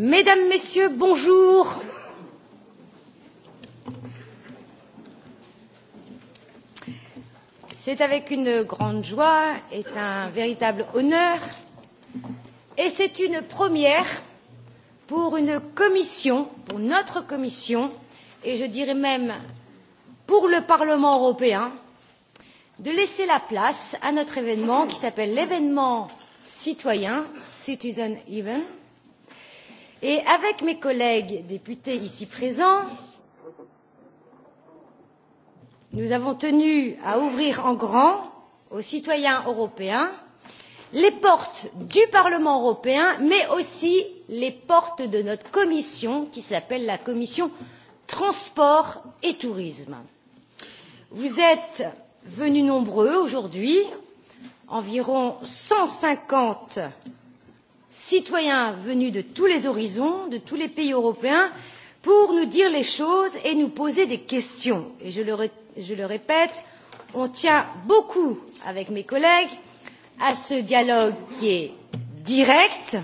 Mesdames, Messieurs, bonjour. C'est avec une grande joie et un véritable honneur et c'est une première pour une commission, pour notre commission et je dirais même pour le Parlement européen de laisser la place à notre événement qui s'appelle l'événement citoyen, Citizen Event, et avec mes collègues députés ici présents, nous avons tenu à ouvrir en grand aux citoyens européens les portes du Parlement européen, mais aussi les portes de notre commission, qui s'appelle la commission transport et tourisme. Vous êtes venus nombreux aujourd'hui, environ 150 citoyens venus de tous les horizons, de tous les pays européens, pour nous dire les choses et nous poser des questions. Et je le, je le répète, on tient beaucoup avec mes collègues à ce dialogue qui est direct.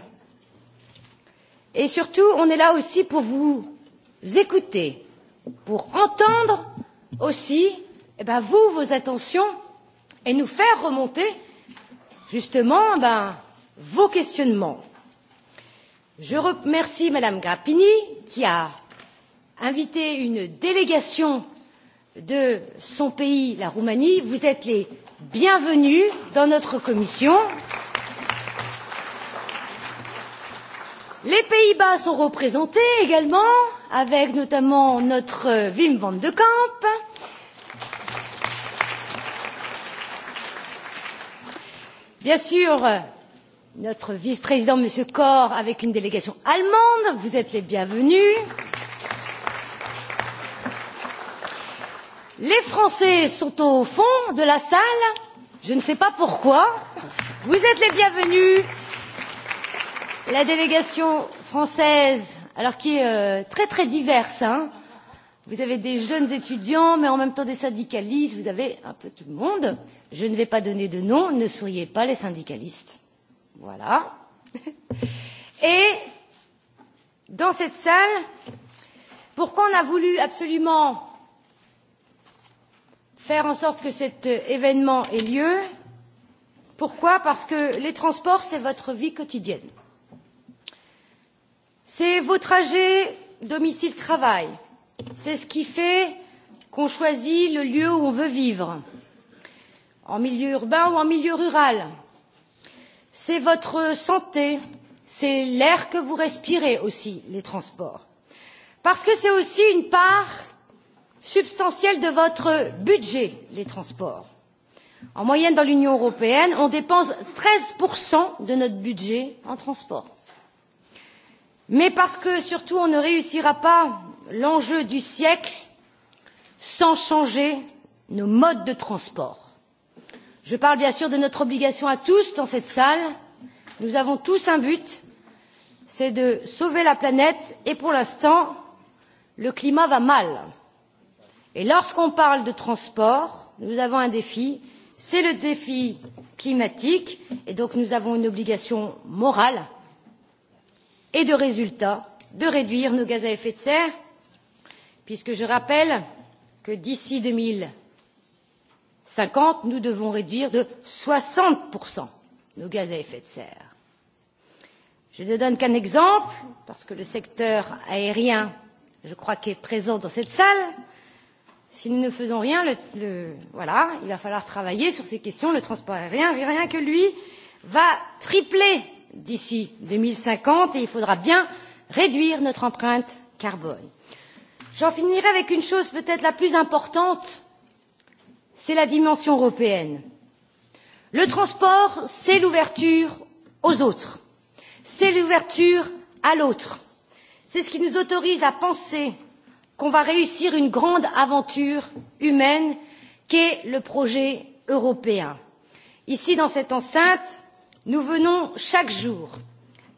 Et surtout, on est là aussi pour vous écouter, pour entendre aussi, eh ben, vous, vos intentions, et nous faire remonter justement ben, vos questionnements. Je remercie Madame Grappini qui a invité une délégation de son pays, la Roumanie. Vous êtes les bienvenus dans notre commission. Les Pays-Bas sont représentés également, avec notamment notre Wim van de Kamp. Bien sûr, notre vice président m. corr avec une délégation allemande vous êtes les bienvenus. les français sont au fond de la salle je ne sais pas pourquoi vous êtes les bienvenus. la délégation française alors qui est euh, très très diverse hein. vous avez des jeunes étudiants mais en même temps des syndicalistes vous avez un peu tout le monde je ne vais pas donner de nom ne souriez pas les syndicalistes. Voilà. Et dans cette salle, pourquoi on a voulu absolument faire en sorte que cet événement ait lieu Pourquoi Parce que les transports, c'est votre vie quotidienne. C'est vos trajets domicile-travail. C'est ce qui fait qu'on choisit le lieu où on veut vivre, en milieu urbain ou en milieu rural c'est votre santé c'est l'air que vous respirez aussi les transports parce que c'est aussi une part substantielle de votre budget les transports. En moyenne dans l'Union européenne, on dépense 13% de notre budget en transport. Mais parce que surtout on ne réussira pas l'enjeu du siècle sans changer nos modes de transport je parle bien sûr de notre obligation à tous dans cette salle nous avons tous un but c'est de sauver la planète et pour l'instant le climat va mal. Et lorsqu'on parle de transport, nous avons un défi, c'est le défi climatique et donc nous avons une obligation morale et de résultat de réduire nos gaz à effet de serre puisque je rappelle que d'ici deux mille cinquante nous devons réduire de soixante nos gaz à effet de serre. je ne donne qu'un exemple parce que le secteur aérien je crois qu'il est présent dans cette salle. Si nous ne faisons rien, le, le, voilà, il va falloir travailler sur ces questions. Le transport aérien, rien que lui, va tripler d'ici 2050 et il faudra bien réduire notre empreinte carbone. J'en finirai avec une chose peut-être la plus importante c'est la dimension européenne. Le transport, c'est l'ouverture aux autres, c'est l'ouverture à l'autre, c'est ce qui nous autorise à penser qu'on va réussir une grande aventure humaine qu'est le projet européen. Ici, dans cette enceinte, nous venons chaque jour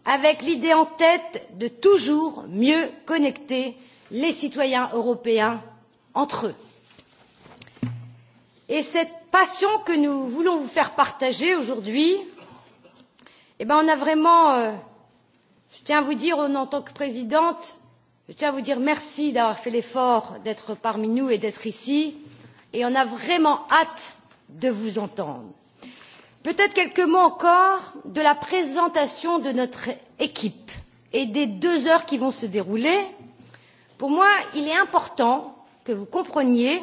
avec l'idée en tête de toujours mieux connecter les citoyens européens entre eux. Et cette passion que nous voulons vous faire partager aujourd'hui, eh ben on a vraiment, euh, je tiens à vous dire en tant que présidente, je tiens à vous dire merci d'avoir fait l'effort d'être parmi nous et d'être ici, et on a vraiment hâte de vous entendre. Peut-être quelques mots encore de la présentation de notre équipe et des deux heures qui vont se dérouler. Pour moi, il est important que vous compreniez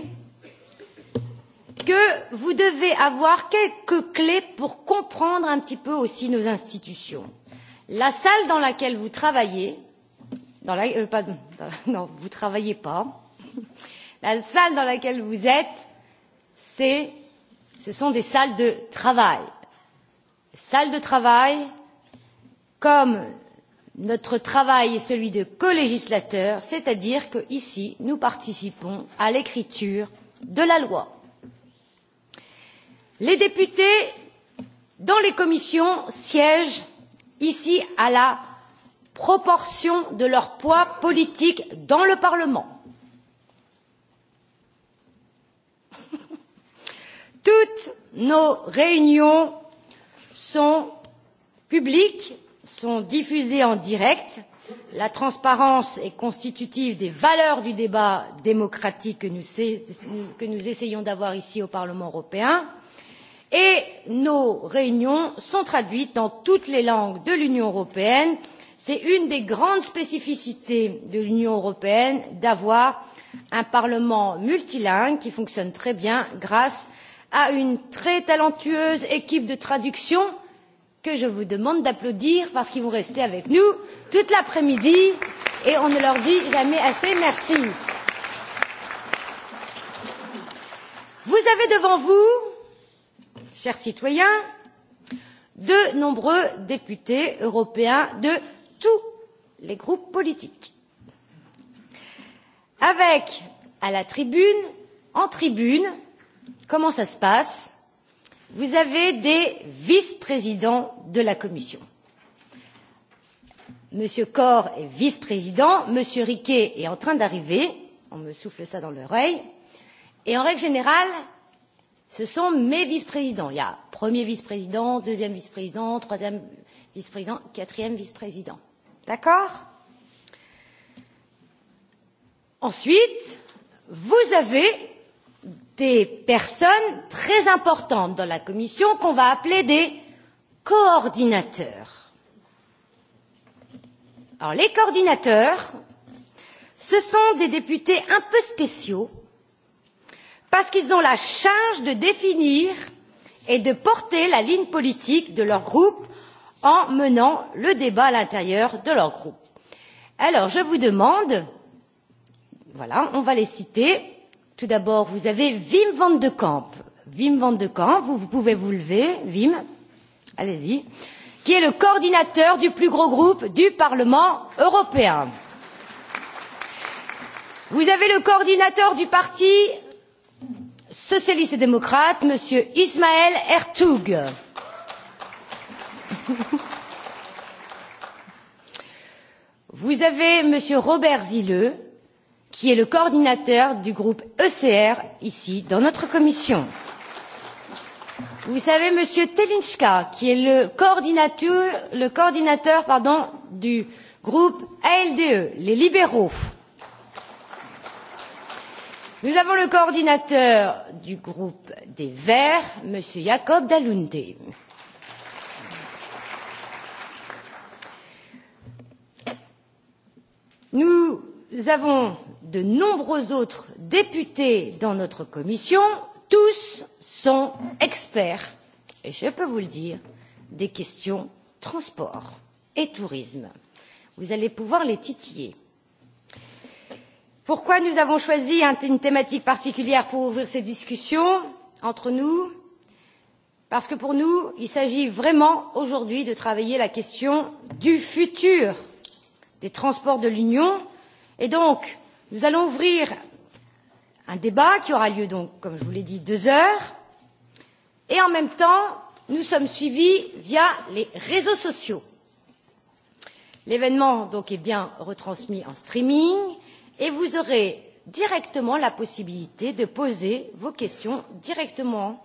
que vous devez avoir quelques clés pour comprendre un petit peu aussi nos institutions. La salle dans laquelle vous travaillez, dans la, euh, pardon, dans, non, vous travaillez pas, la salle dans laquelle vous êtes, c'est, ce sont des salles de travail. Salle de travail, comme notre travail est celui de co-législateur, c'est-à-dire qu'ici, nous participons à l'écriture de la loi les députés dans les commissions siègent ici à la proportion de leur poids politique dans le parlement. toutes nos réunions sont publiques sont diffusées en direct la transparence est constitutive des valeurs du débat démocratique que nous essayons d'avoir ici au parlement européen et nos réunions sont traduites dans toutes les langues de l'union européenne. c'est une des grandes spécificités de l'union européenne d'avoir un parlement multilingue qui fonctionne très bien grâce à une très talentueuse équipe de traduction que je vous demande d'applaudir parce qu'ils vont rester avec nous toute l'après midi et on ne leur dit jamais assez merci. vous avez devant vous chers citoyens de nombreux députés européens de tous les groupes politiques avec à la tribune en tribune comment ça se passe vous avez des vice présidents de la commission m. corr est vice président m. riquet est en train d'arriver on me souffle cela dans l'oreille et en règle générale ce sont mes vice présidents. Il y a premier vice président, deuxième vice président, troisième vice président, quatrième vice président. D'accord? Ensuite, vous avez des personnes très importantes dans la commission qu'on va appeler des coordinateurs. Alors, les coordinateurs, ce sont des députés un peu spéciaux parce qu'ils ont la charge de définir et de porter la ligne politique de leur groupe en menant le débat à l'intérieur de leur groupe. Alors, je vous demande, voilà, on va les citer. Tout d'abord, vous avez Wim van de Kamp. Wim van de Kamp, vous, vous pouvez vous lever, Wim, allez-y, qui est le coordinateur du plus gros groupe du Parlement européen. Vous avez le coordinateur du parti socialiste et démocrate m. ismail ertug vous avez m. robert zle qui est le coordinateur du groupe ecr ici dans notre commission vous avez m. telika qui est le coordinateur du groupe alde les libéraux nous avons le coordinateur du groupe des verts m. jacob dalliunde. nous avons de nombreux autres députés dans notre commission tous sont experts et je peux vous le dire des questions transport et tourisme. vous allez pouvoir les titiller. Pourquoi nous avons choisi une thématique particulière pour ouvrir ces discussions entre nous Parce que pour nous, il s'agit vraiment aujourd'hui de travailler la question du futur des transports de l'Union. Et donc, nous allons ouvrir un débat qui aura lieu, donc, comme je vous l'ai dit, deux heures. Et en même temps, nous sommes suivis via les réseaux sociaux. L'événement donc est bien retransmis en streaming et vous aurez directement la possibilité de poser vos questions directement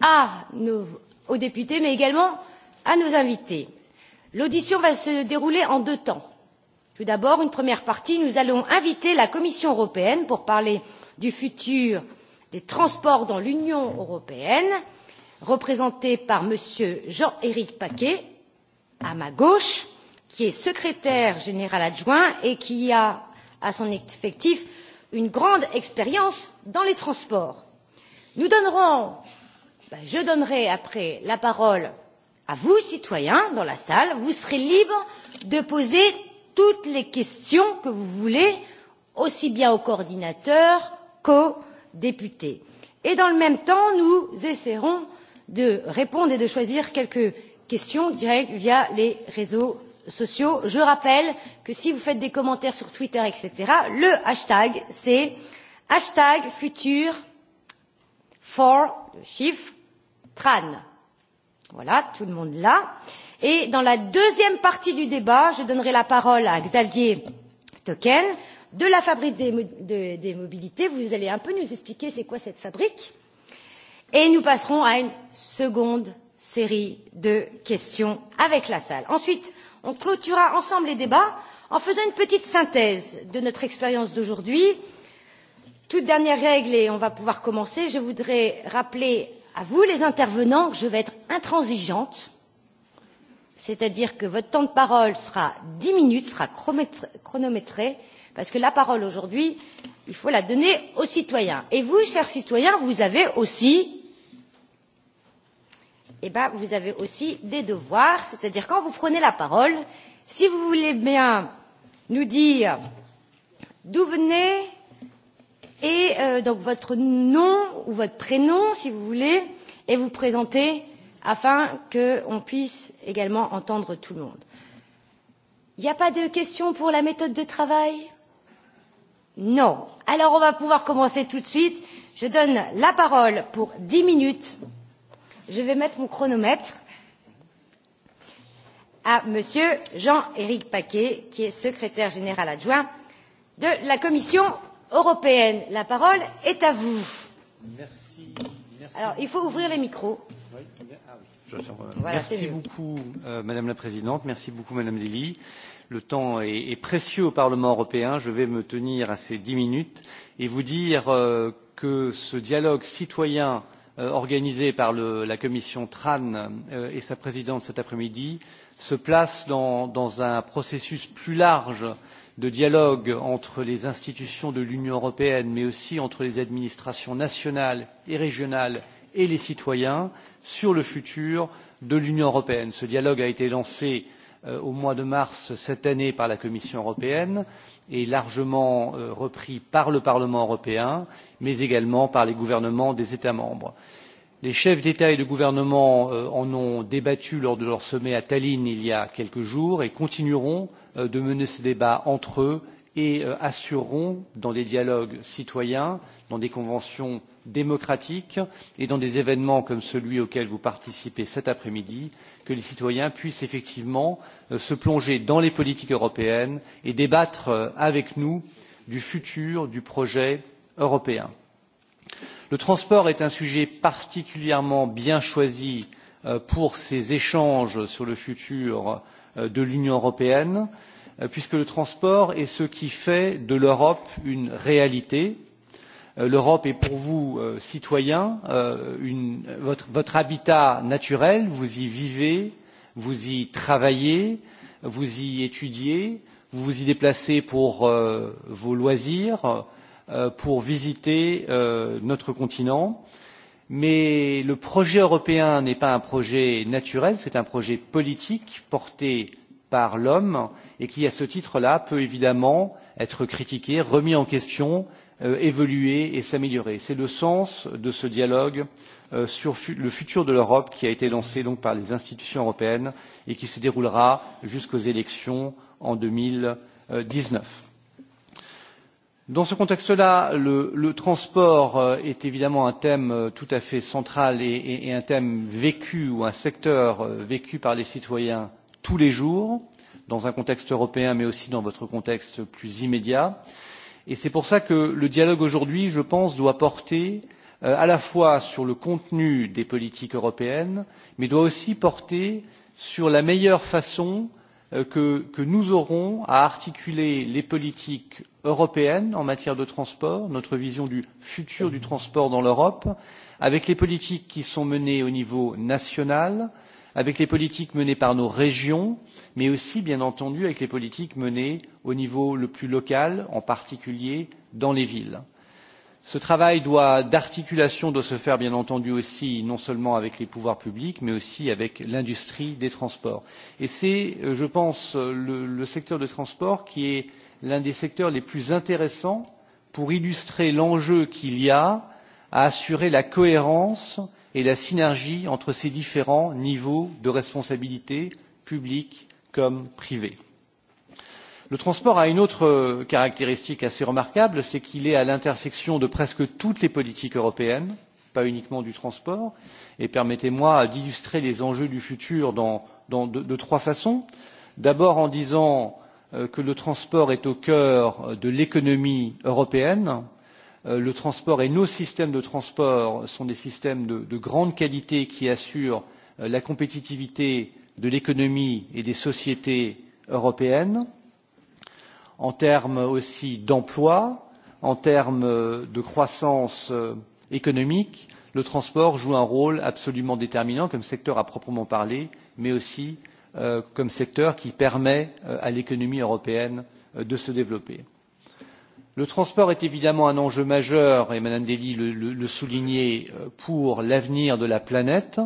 à nos, aux députés, mais également à nos invités. L'audition va se dérouler en deux temps. Tout d'abord, une première partie, nous allons inviter la Commission européenne pour parler du futur des transports dans l'Union européenne, représentée par Monsieur Jean-Éric Paquet, à ma gauche, qui est secrétaire général adjoint et qui a à son effectif une grande expérience dans les transports. Nous donnerons, ben je donnerai après la parole à vous, citoyens, dans la salle, vous serez libres de poser toutes les questions que vous voulez, aussi bien aux coordinateurs qu'aux députés. Et dans le même temps, nous essaierons de répondre et de choisir quelques questions directes via les réseaux sociaux je rappelle que si vous faites des commentaires sur twitter etc. le hashtag c'est hashtag futur for le chiffre tran. voilà tout le monde là. et dans la deuxième partie du débat je donnerai la parole à xavier token de la fabrique des, mo de, des mobilités vous allez un peu nous expliquer c'est quoi cette fabrique et nous passerons à une seconde série de questions avec la salle. ensuite on clôturera ensemble les débats en faisant une petite synthèse de notre expérience d'aujourd'hui. Toute dernière règle et on va pouvoir commencer, je voudrais rappeler à vous les intervenants que je vais être intransigeante, c'est-à-dire que votre temps de parole sera dix minutes, sera chronométré, parce que la parole aujourd'hui, il faut la donner aux citoyens. Et vous, chers citoyens, vous avez aussi eh ben, vous avez aussi des devoirs, c'est-à-dire quand vous prenez la parole, si vous voulez bien nous dire d'où venez et euh, donc votre nom ou votre prénom, si vous voulez, et vous présenter afin qu'on puisse également entendre tout le monde. Il n'y a pas de questions pour la méthode de travail Non. Alors on va pouvoir commencer tout de suite. Je donne la parole pour dix minutes je vais mettre mon chronomètre à m. jean éric paquet qui est secrétaire général adjoint de la commission européenne. la parole est à vous. merci ah euh, beaucoup euh, madame la présidente merci beaucoup madame dalli. le temps est précieux au parlement européen. je vais me tenir à ces dix minutes et vous dire euh, que ce dialogue citoyen Euh, organisée par la commission tran euh, et sa présidente cet après midi se place dans un processus plus large de dialogue entre les institutions de l'union européenne mais aussi entre les administrations nationales et régionales et les citoyens sur le futur de l'union européenne. ce dialogue a été lancé euh, au mois de mars cette année par la commission européenne est largement euh, repris par le Parlement européen, mais également par les gouvernements des États membres. Les chefs d'État et de gouvernement euh, en ont débattu lors de leur sommet à Tallinn il y a quelques jours et continueront euh, de mener ce débat entre eux et euh, assureront dans des dialogues citoyens, dans des conventions démocratiques et dans des événements comme celui auquel vous participez cet après-midi, que les citoyens puissent effectivement euh, se plonger dans les politiques européennes et débattre euh, avec nous du futur du projet européen. Le transport est un sujet particulièrement bien choisi euh, pour ces échanges sur le futur euh, de l'Union européenne. Euh, puisque le transport est ce qui fait de l'Europe une réalité. Euh, L'Europe est pour vous, euh, citoyens, euh, une, votre, votre habitat naturel, vous y vivez, vous y travaillez, vous y étudiez, vous vous y déplacez pour euh, vos loisirs, euh, pour visiter euh, notre continent. Mais le projet européen n'est pas un projet naturel, c'est un projet politique porté par l'homme et qui, à ce titre-là, peut évidemment être critiqué, remis en question, euh, évoluer et s'améliorer. C'est le sens de ce dialogue euh, sur fu le futur de l'Europe qui a été lancé donc, par les institutions européennes et qui se déroulera jusqu'aux élections en 2019. Dans ce contexte-là, le, le transport euh, est évidemment un thème euh, tout à fait central et, et, et un thème vécu ou un secteur euh, vécu par les citoyens tous les jours, dans un contexte européen, mais aussi dans votre contexte plus immédiat. Et c'est pour ça que le dialogue aujourd'hui, je pense, doit porter euh, à la fois sur le contenu des politiques européennes, mais doit aussi porter sur la meilleure façon euh, que, que nous aurons à articuler les politiques européennes en matière de transport, notre vision du futur du transport dans l'Europe, avec les politiques qui sont menées au niveau national, euh, avec les politiques menées par nos régions mais aussi bien entendu avec les politiques menées au niveau le plus local en particulier dans les villes. ce travail d'articulation doit se faire bien entendu aussi non seulement avec les pouvoirs publics mais aussi avec l'industrie des transports et c'est euh, je pense le secteur des transports qui est l'un des secteurs les plus intéressants pour illustrer l'enjeu qu'il y a à assurer la cohérence et et la synergie entre ces différents niveaux de responsabilité publics comme privés. le transport a une autre euh, caractéristique assez remarquable c'est qu'il est à l'intersection de presque toutes les politiques européennes pas uniquement du transport et permettez moi d'illustrer les enjeux du futur dans, dans de, de trois façons d'abord en disant euh, que le transport est au cœur euh, de l'économie européenne Euh, le transport et nos systèmes de transport sont des systèmes de, de grande qualité qui assurent euh, la compétitivité de l'économie et des sociétés européennes, en termes aussi d'emploi, en termes euh, de croissance économique, le transport joue un rôle absolument déterminant comme secteur à proprement parler, mais aussi comme secteur qui permet à l'économie européenne de se développer. Le transport est évidemment un enjeu majeur, et Madame Dely le, le, le soulignait, euh, pour l'avenir de la planète.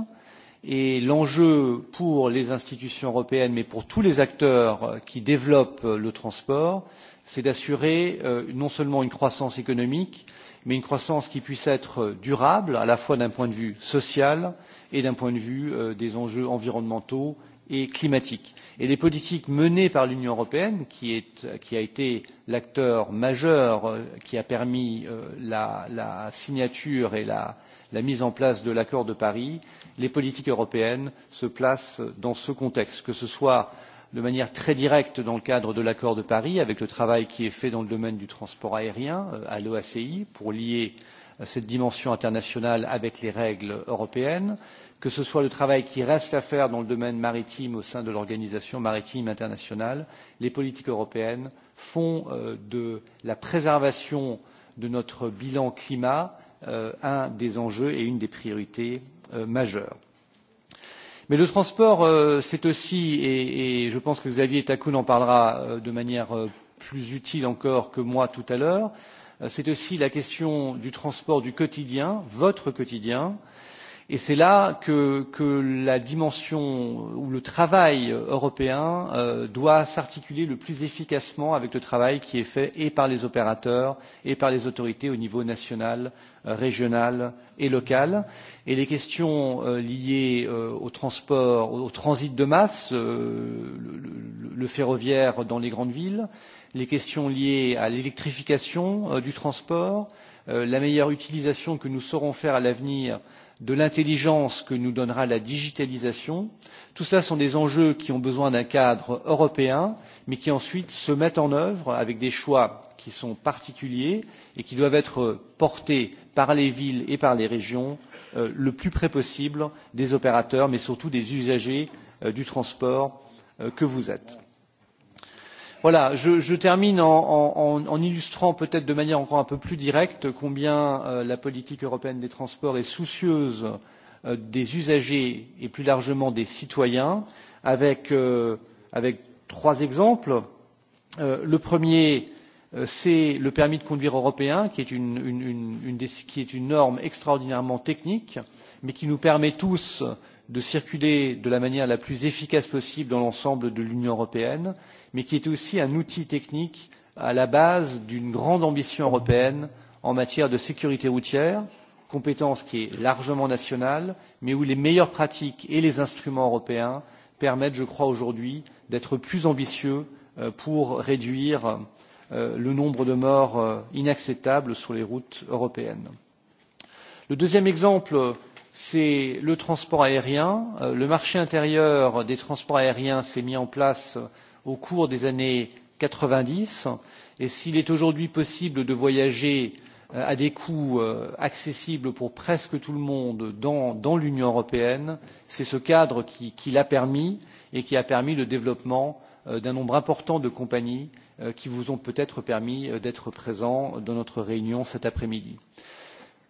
Et l'enjeu pour les institutions européennes, mais pour tous les acteurs euh, qui développent euh, le transport, c'est d'assurer non seulement une croissance économique, mais une croissance qui puisse être durable, à la fois d'un point de vue social et d'un point de vue des enjeux environnementaux et climatique. Et les politiques menées par l'Union européenne, qui, est, qui a été l'acteur majeur euh, qui a permis euh, la, la signature et la, la mise en place de l'accord de Paris, les politiques européennes se placent dans ce contexte, que ce soit de manière très directe dans le cadre de l'accord de Paris, avec le travail qui est fait dans le domaine du transport aérien euh, à l'OACI pour lier cette dimension internationale avec les règles européennes, euh, que ce soit le travail qui reste à faire dans le domaine maritime au sein de l'organisation maritime internationale les politiques européennes font euh, de la préservation de notre bilan climat euh, un des enjeux et une des priorités euh, majeures. Mais le transport, c'est aussi et je pense que Xavier Takoun en parlera de manière plus utile encore que moi tout à l'heure c'est aussi la question du transport du quotidien votre quotidien euh, Et c'est là que, que la dimension ou le travail européen euh, doit s'articuler le plus efficacement avec le travail qui est fait et par les opérateurs et par les autorités au niveau national, euh, régional et local. Et les questions euh, liées euh, au transport, au transit de masse, euh, le, le, le ferroviaire dans les grandes villes, les questions liées à l'électrification euh, du transport, euh, la meilleure utilisation que nous saurons faire à l'avenir euh, de l'intelligence que nous donnera la digitalisation tout cela sont des enjeux qui ont besoin d'un cadre européen mais qui ensuite se mettent en œuvre avec des choix qui sont particuliers et qui doivent être portés par les villes et par les régions euh, le plus près possible des opérateurs mais surtout des usagers euh, du transport euh, que vous êtes je termine en illustrant peut être de manière encore un peu plus directe combien euh, la politique européenne des transports est soucieuse euh, des usagers et plus largement des citoyens avec euh, trois exemples le premier c'est le permis de conduire européen qui est une norme extraordinairement technique mais qui nous permet tous de circuler de la manière la plus efficace possible dans l'ensemble de l'Union européenne, mais qui est aussi un outil technique à la base d'une grande ambition européenne en matière de sécurité routière, compétence qui est largement nationale, mais où les meilleures pratiques et les instruments européens permettent, je crois, aujourd'hui d'être plus ambitieux euh, pour réduire euh, le nombre de morts euh, inacceptables sur les routes européennes. Le deuxième exemple c'est le transport aérien. Euh, le marché intérieur des transports aériens s'est mis en place euh, au cours des années quatre vingt dix et s'il est aujourd'hui possible de voyager euh, à des coûts accessibles pour presque tout le monde dans, dans l'union européenne c'est ce cadre qui, qui l'a permis et qui a permis le développement d'un nombre important de compagnies qui vous ont peut être permis d'être présents dans notre réunion cet après midi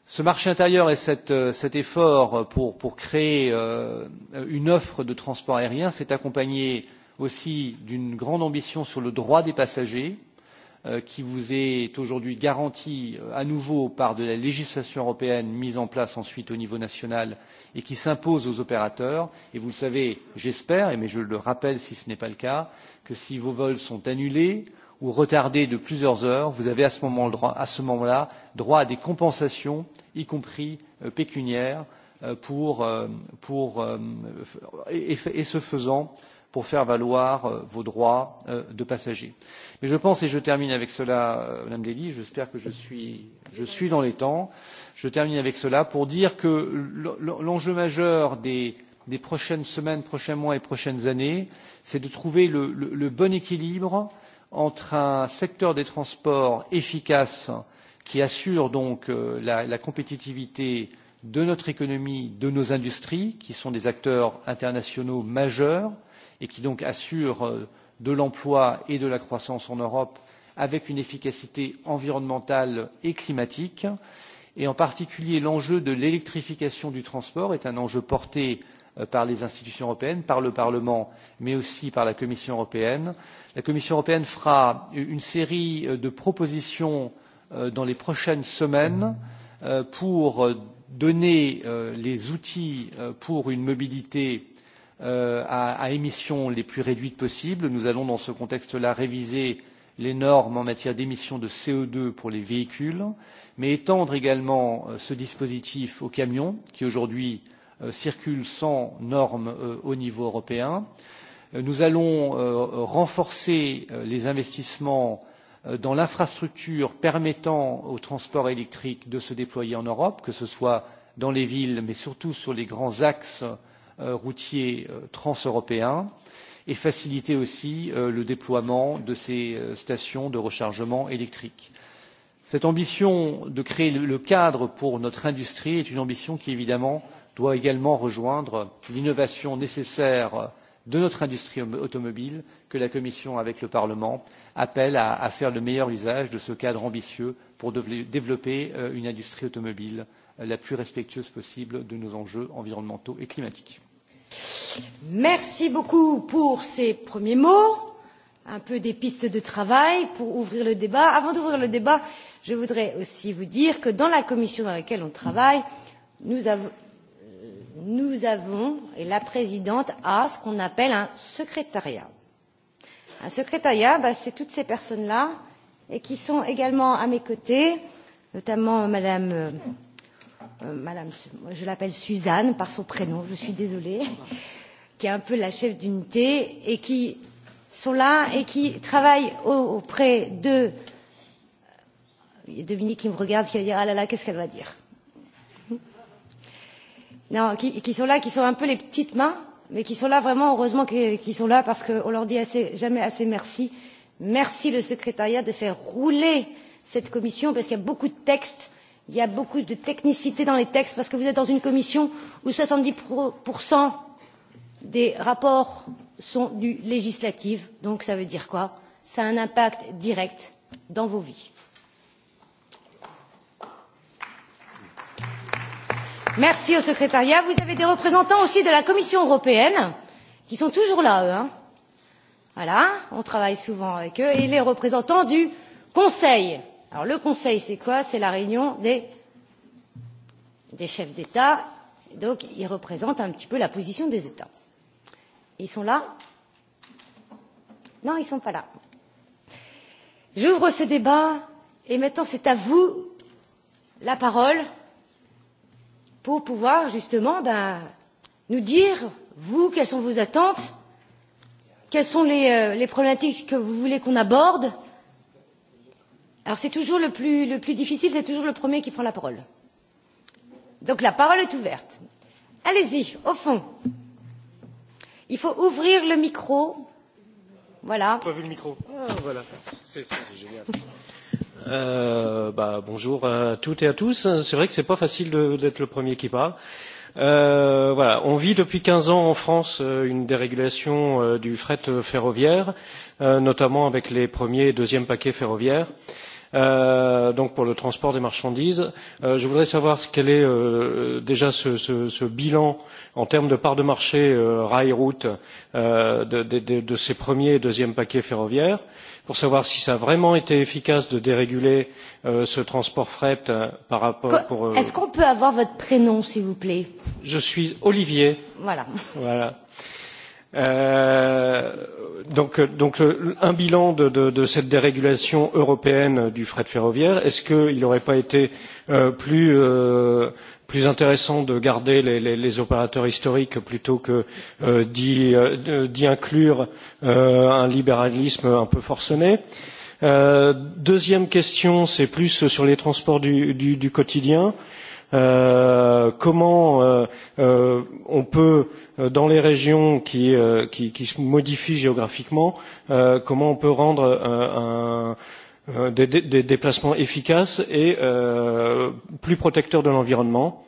ce marché intérieur et cette, euh, cet effort pour, pour créer euh, une offre de transport aérien s'est accompagné aussi d'une grande ambition sur le droit des passagers euh, qui vous est aujourd'hui garanti euh, à nouveau par de la législation européenne mise en place ensuite au niveau national et qui s'impose aux opérateurs. Et vous le savez, j'espère, mais je le rappelle si ce n'est pas le cas, que si vos vols sont annulés, ou retardée de plusieurs heures, vous avez à ce moment là droit à des compensations, y compris euh, pécuniaires, euh, pour, euh, pour, euh, et, et ce faisant, pour faire valoir euh, vos droits euh, de passagers. Mais je pense et je termine avec cela, euh, Madame Lely, j'espère que je suis, je suis dans les temps, je termine avec cela pour dire que l'enjeu majeur des des prochaines semaines, prochains mois et prochaines années, c'est de trouver le, le, le bon équilibre euh, entre un secteur des transports efficace qui assure donc euh, la, la compétitivité de notre économie, de nos industries, qui sont des acteurs internationaux majeurs et qui donc assurent euh, de l'emploi et de la croissance en Europe avec une efficacité environnementale et climatique. Et en particulier, l'enjeu de l'électrification du transport est un enjeu porté Euh, par les institutions européennes par le parlement mais aussi par la commission européenne. la commission européenne fera une série euh, de propositions euh, dans les prochaines semaines pour donner les outils pour une mobilité à émissions les plus réduites possible. nous allons dans ce contexte là réviser les normes en matière d'émissions de co deux pour les véhicules mais étendre également ce dispositif aux camions qui aujourd'hui Euh, circulent sans normes euh, au niveau européen. Euh, nous allons renforcer les investissements dans l'infrastructure permettant au transport électrique de se déployer en Europe, que ce soit dans les villes, mais surtout sur les grands axes routiers transeuropéens, et faciliter aussi le déploiement de ces stations de rechargement électrique. Cette ambition de créer le cadre pour notre industrie est une ambition qui, évidemment, doit également rejoindre l'innovation nécessaire de notre industrie automobile que la commission avec le parlement appelle à faire le meilleur usage de ce cadre ambitieux pour développer euh, une industrie automobile euh, la plus respectueuse possible de nos enjeux environnementaux et climatiques. Merci beaucoup pour ces premiers mots, un peu des pistes de travail pour ouvrir le débat. Avant d'ouvrir le débat, je voudrais aussi vous dire que dans la commission dans laquelle on travaille, nous avons, nous avons et la présidente a ce qu'on appelle un secrétariat. un secrétariat c'est toutes ces personnes là qui sont également à mes côtés notamment madame euh, euh, madame je l'appelle suzanne par son prénom je suis désolée qui est un peu la chef d'unité et qui sont là et qui travaillent auprès de euh, il y a Dominique qui me regarde qui va dire ah là là qu'est-ce qu'elle va dire Non, qui, qui sont là, qui sont un peu les petites mains, mais qui sont là vraiment, heureusement qu'ils sont là, parce qu'on leur dit assez, jamais assez merci. Merci le secrétariat de faire rouler cette commission, parce qu'il y a beaucoup de textes, il y a beaucoup de technicité dans les textes, parce que vous êtes dans une commission où 70% des rapports sont du législatif, donc ça veut dire quoi Ça a un impact direct dans vos vies. merci au secrétariat vous avez des représentants aussi de la commission européenne qui sont toujours là eux hein. voilà on travaille souvent avec eux et les représentants du conseil alors le conseil c'est quoi c'est la réunion des des chefs d'état donc ils représentent un petit peu la position des états ils sont là non ils sont pas là j'ouvre ce débat et maintenant c'est à vous la parole pour pouvoir justement ben, nous dire, vous, quelles sont vos attentes, quelles sont les, euh, les problématiques que vous voulez qu'on aborde. Alors c'est toujours le plus, le plus difficile, c'est toujours le premier qui prend la parole. Donc la parole est ouverte. Allez-y, au fond. Il faut ouvrir le micro. Voilà. Pas vu le micro. Ah, voilà. C'est génial. Euh, bah, bonjour à toutes et à tous. C'est vrai que c'est pas facile d'être le premier qui parle. Euh, voilà, on vit depuis 15 ans en France euh, une dérégulation euh, du fret ferroviaire, notamment avec les premiers et deuxièmes paquets ferroviaires. Euh, donc pour le transport des marchandises. Euh, je voudrais savoir ce quel est euh, déjà ce, ce, ce bilan en termes de part de marché euh, rail-route euh, de, de, de, de ces premiers et deuxièmes paquets ferroviaires pour savoir si ça a vraiment été efficace de déréguler euh, ce transport fret euh, par rapport Qu pour euh... Est-ce qu'on peut avoir votre prénom s'il vous plaît Je suis Olivier. Voilà. Voilà. Euh, donc, euh, donc euh, un bilan de, de, de cette dérégulation européenne du fret ferroviaire, est-ce qu'il n'aurait pas été euh, plus euh, plus intéressant de garder les, les, les opérateurs historiques plutôt que euh, d'y, euh, d'y inclure euh, un libéralisme un peu forcené. Euh, deuxième question, c'est plus sur les transports du, du, du quotidien. Euh, comment euh, euh, on peut, euh, dans les régions qui, euh, qui, qui se modifient géographiquement, euh, comment on peut rendre euh, un Euh, des, des déplacements efficaces et euh, plus protecteurs de l'environnement.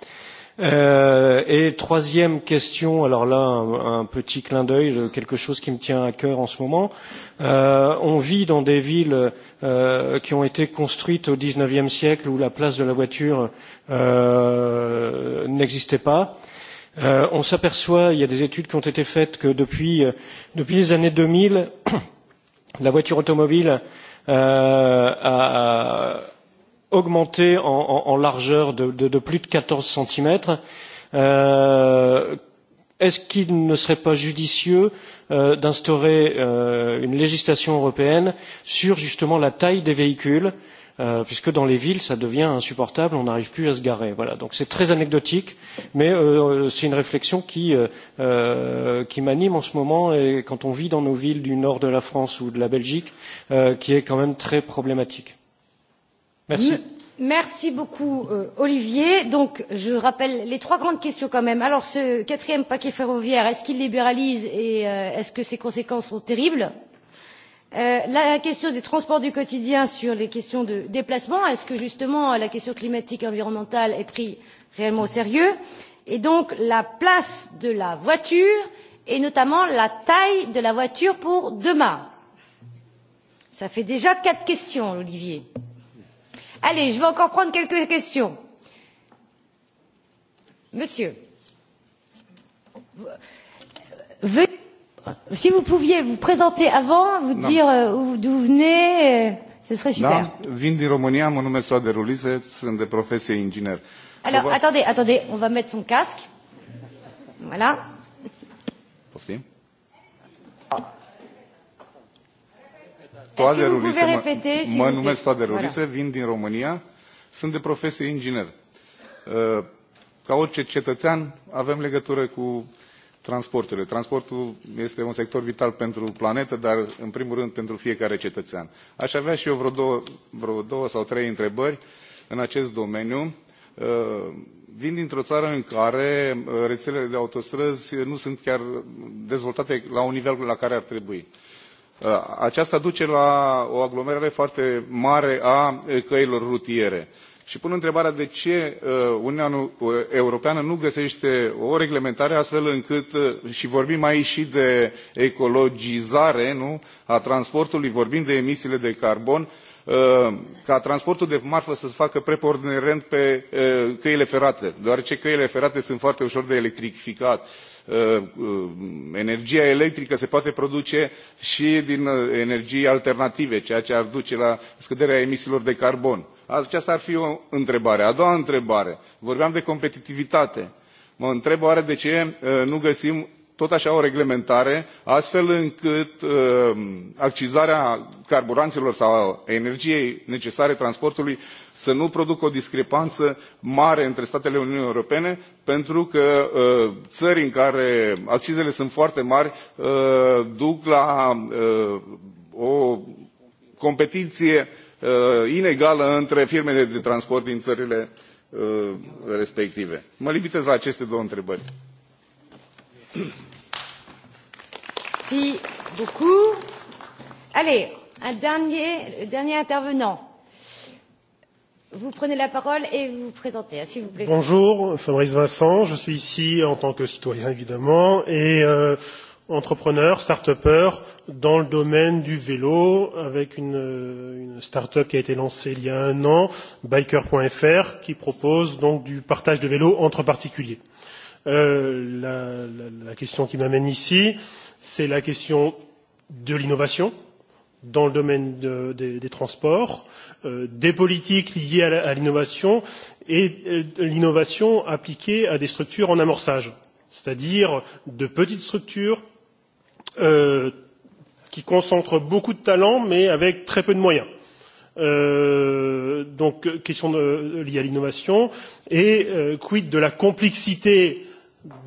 Euh, et troisième question, alors là, un, un petit clin d'œil, euh, quelque chose qui me tient à cœur en ce moment. Euh, on vit dans des villes euh, qui ont été construites au XIXe siècle où la place de la voiture euh, n'existait pas. Euh, on s'aperçoit, il y a des études qui ont été faites, que depuis, euh, depuis les années 2000, la voiture automobile euh, a augmenté en, en, en largeur de, de, de plus de 14 cm. Euh, est-ce qu'il ne serait pas judicieux euh, d'instaurer euh, une législation européenne sur justement la taille des véhicules euh, puisque dans les villes, ça devient insupportable, on n'arrive plus à se garer. Voilà. Donc c'est très anecdotique, mais euh, euh c'est une réflexion qui, euh, euh, qui m'anime en ce moment, et quand on vit dans nos villes du nord de la France ou de la Belgique, euh, qui est quand même très problématique. Merci. Oui. Merci beaucoup euh, Olivier. Donc je rappelle les trois grandes questions quand même. Alors ce quatrième paquet ferroviaire, est-ce qu'il libéralise et euh, est-ce que ses conséquences sont terribles euh, Euh, la question des transports du quotidien sur les questions de déplacement est ce que justement la question climatique et environnementale est prise réellement au sérieux et donc la place de la voiture et notamment la taille de la voiture pour demain ça fait déjà quatre questions olivier allez je vais encore prendre quelques questions monsieur veut Si vous pouviez vous présenter avant, vous dire euh, d'où vous venez, euh, ce serait super. Vin din România, mon nom est Soade Rulise, sunt de profesie ingineer. Alors, attendez, attendez, on va mettre son casque. Voilà. Poftim. Toade Rulise, mă numesc Toade Rulise, vin din România, sunt de profesie inginer. Uh, ca orice cetățean, avem legătură cu uh, transporturile. Transportul este un sector vital pentru planetă, dar în primul rând pentru fiecare cetățean. Aș avea și eu vreo două, vreo două sau trei întrebări în acest domeniu. Uh, vin dintr-o țară în care uh, rețelele de autostrăzi nu sunt chiar dezvoltate la un nivel la care ar trebui. Uh, aceasta duce la o aglomerare foarte mare a căilor rutiere și pun întrebarea de ce uh, Uniunea uh, Europeană nu găsește o reglementare astfel încât, uh, și vorbim aici și de ecologizare nu? a transportului, vorbim de emisiile de carbon, ca transportul de marfă să se facă preponderent pe căile ferate, deoarece căile ferate sunt foarte ușor de electrificat. Energia electrică se poate produce și din energii alternative, ceea ce ar duce la scăderea emisiilor de carbon. Aceasta ar fi o întrebare. A doua întrebare. Vorbeam de competitivitate. Mă întreb oare de ce uh, nu găsim tot așa o reglementare, astfel încât uh, accizarea carburanților sau energiei necesare transportului să nu producă o discrepanță mare între statele Uniunii Europene, pentru că uh, țări în care accizele sunt foarte mari uh, duc la uh, o competiție uh, Uh, inegală între firmele de transport din țările uh, respective. Mă limitez la aceste două întrebări. Si beaucoup. Allez, un dernier, dernier intervenant. Vous prenez la parole et vous vous présentez, s'il vous plaît. Bonjour, Fabrice Vincent. Je suis ici en tant que citoyen, évidemment, et euh, entrepreneur, start-upper dans le domaine du vélo avec une, une start-up qui a été lancée il y a un an, biker.fr, qui propose donc du partage de vélos entre particuliers. Euh, la, la, la question qui m'amène ici, c'est la question de l'innovation dans le domaine de, des, des transports, euh, des politiques liées à l'innovation et euh, l'innovation appliquée à des structures en amorçage, c'est-à-dire de petites structures Euh, qui concentre beaucoup de talents mais avec très peu de moyens. Euh, donc question de, liée à l'innovation et euh, quid de la complexité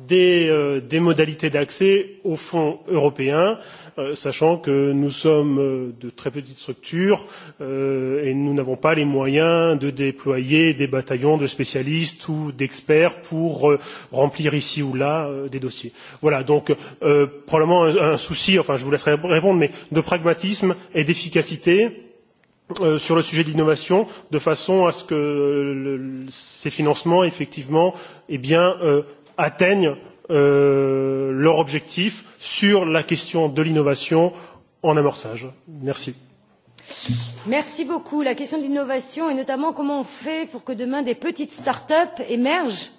des, euh, des modalités d'accès aux fonds européens. Euh, sachant que nous sommes euh, de très petites structures euh, et nous n'avons pas les moyens de déployer des bataillons de spécialistes ou d'experts pour euh, remplir ici ou là euh, des dossiers. Voilà, donc euh, probablement un, un souci, enfin je vous laisserai répondre, mais de pragmatisme et d'efficacité. Euh, sur le sujet de l'innovation, de façon à ce que le, euh, le, ces financements, effectivement, eh bien, euh, atteignent Euh, leur objectif sur la question de l'innovation en amorçage. Merci. Merci beaucoup. La question de l'innovation et notamment comment on fait pour que demain des petites start-up émergent